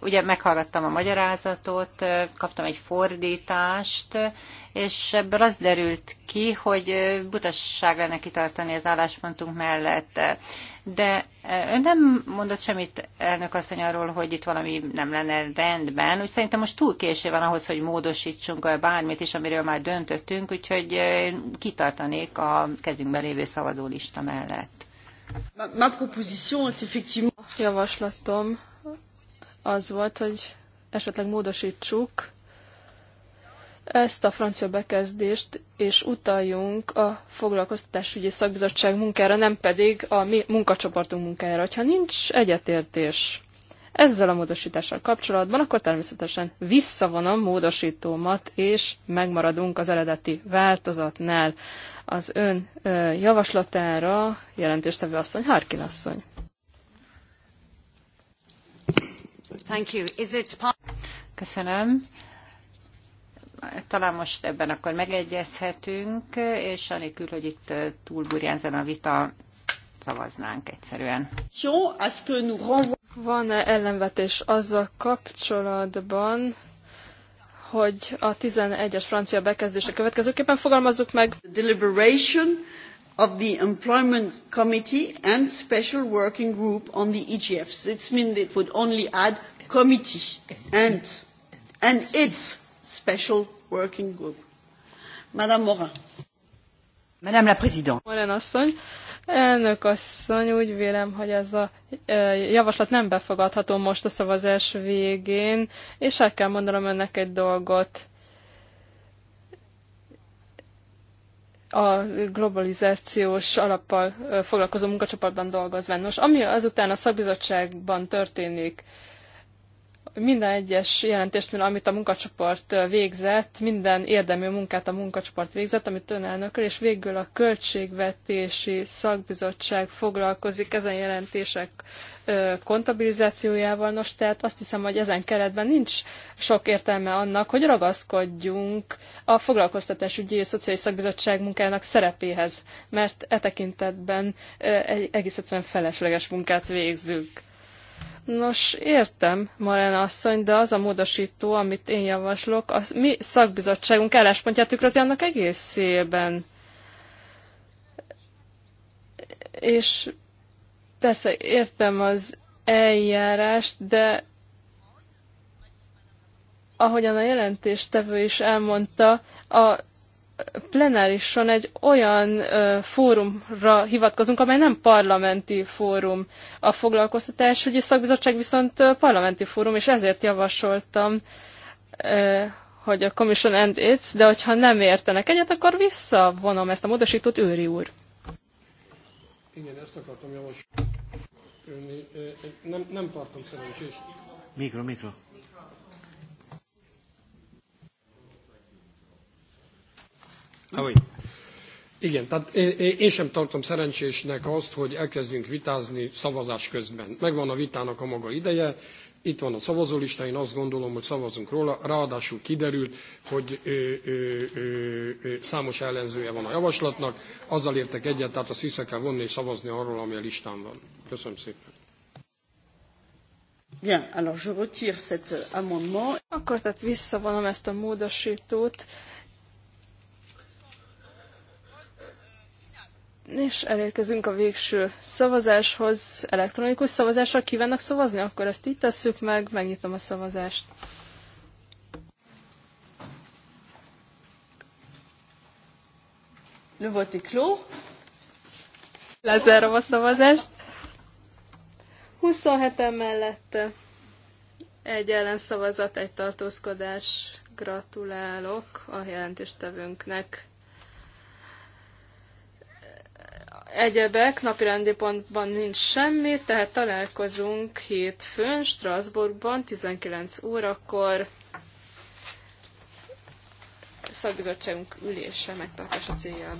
Ugye meghallgattam a magyarázatot, kaptam egy fordítást, és ebből az derült ki, hogy butasság lenne kitartani az álláspontunk mellett. De ön nem mondott semmit, elnök asszony, arról, hogy itt valami nem lenne rendben. Úgy szerintem most túl késő van ahhoz, hogy módosítsunk bármit is, amiről már döntöttünk, úgyhogy kitartanék a kezünkben lévő szavazólista mellett. Ma, ma proposition, effectivement... Javaslatom az volt, hogy esetleg módosítsuk ezt a francia bekezdést, és utaljunk a foglalkoztatásügyi szakbizottság munkára, nem pedig a mi munkacsoportunk munkájára. Ha nincs egyetértés ezzel a módosítással kapcsolatban, akkor természetesen visszavonom módosítómat, és megmaradunk az eredeti változatnál az ön javaslatára jelentéstevő asszony, Harkin asszony. Köszönöm. Talán most ebben akkor megegyezhetünk, és anélkül, hogy itt túlburjánzan a vita, szavaznánk egyszerűen. Van-e ellenvetés azzal kapcsolatban, hogy a 11-es francia bekezdése következőképpen fogalmazzuk meg. Deliberation of the Employment Committee and Special Working Group on the EGFs. It means it would only add committee and, and its special working group. Madame Morin. Madame la Présidente. Morin asszony. Elnök asszony, úgy vélem, hogy ez a e, javaslat nem befogadható most a szavazás végén, és el kell mondanom önnek egy dolgot a globalizációs alappal foglalkozó munkacsoportban dolgozván. Nos, ami azután a szakbizottságban történik, minden egyes jelentésnél, amit a munkacsoport végzett, minden érdemű munkát a munkacsoport végzett, amit ön elnököl, és végül a költségvetési szakbizottság foglalkozik ezen jelentések kontabilizációjával. Nos, tehát azt hiszem, hogy ezen keretben nincs sok értelme annak, hogy ragaszkodjunk a foglalkoztatásügyi és szociális szakbizottság munkának szerepéhez, mert e tekintetben egész egyszerűen felesleges munkát végzünk. Nos, értem, Marena asszony, de az a módosító, amit én javaslok, az mi szakbizottságunk álláspontját tükrözi annak egészében. És persze értem az eljárást, de ahogyan a jelentéstevő is elmondta, a plenárison egy olyan ö, fórumra hivatkozunk, amely nem parlamenti fórum a foglalkoztatásügyi szakbizottság, viszont ö, parlamenti fórum, és ezért javasoltam, ö, hogy a Commission and It's, de hogyha nem értenek egyet, akkor visszavonom ezt a módosítót, Őri úr. Igen, ezt akartam javasolni. Nem, nem tartom szerencsés. Mikro, mikro. Ah, oui. Igen, tehát én sem tartom szerencsésnek azt, hogy elkezdünk vitázni szavazás közben. Megvan a vitának a maga ideje, itt van a szavazólista, én azt gondolom, hogy szavazunk róla. Ráadásul kiderült, hogy ö, ö, ö, ö, számos ellenzője van a javaslatnak, azzal értek egyet, tehát azt vissza kell vonni és szavazni arról, ami a listán van. Köszönöm szépen. Bien, alors je retire cet amendement. Akkor tehát visszavonom ezt a módosítót. És elérkezünk a végső szavazáshoz, elektronikus szavazásra kívánnak szavazni, akkor ezt így tesszük meg, megnyitom a szavazást. Le vote est clos. Lezárom a szavazást. 27-en mellette egy ellenszavazat, egy tartózkodás. Gratulálok a jelentéstevőnknek. Egyebek, napirendi pontban nincs semmi, tehát találkozunk hétfőn Strasbourgban 19 órakor. Szakbizottságunk ülése megtartása céljában.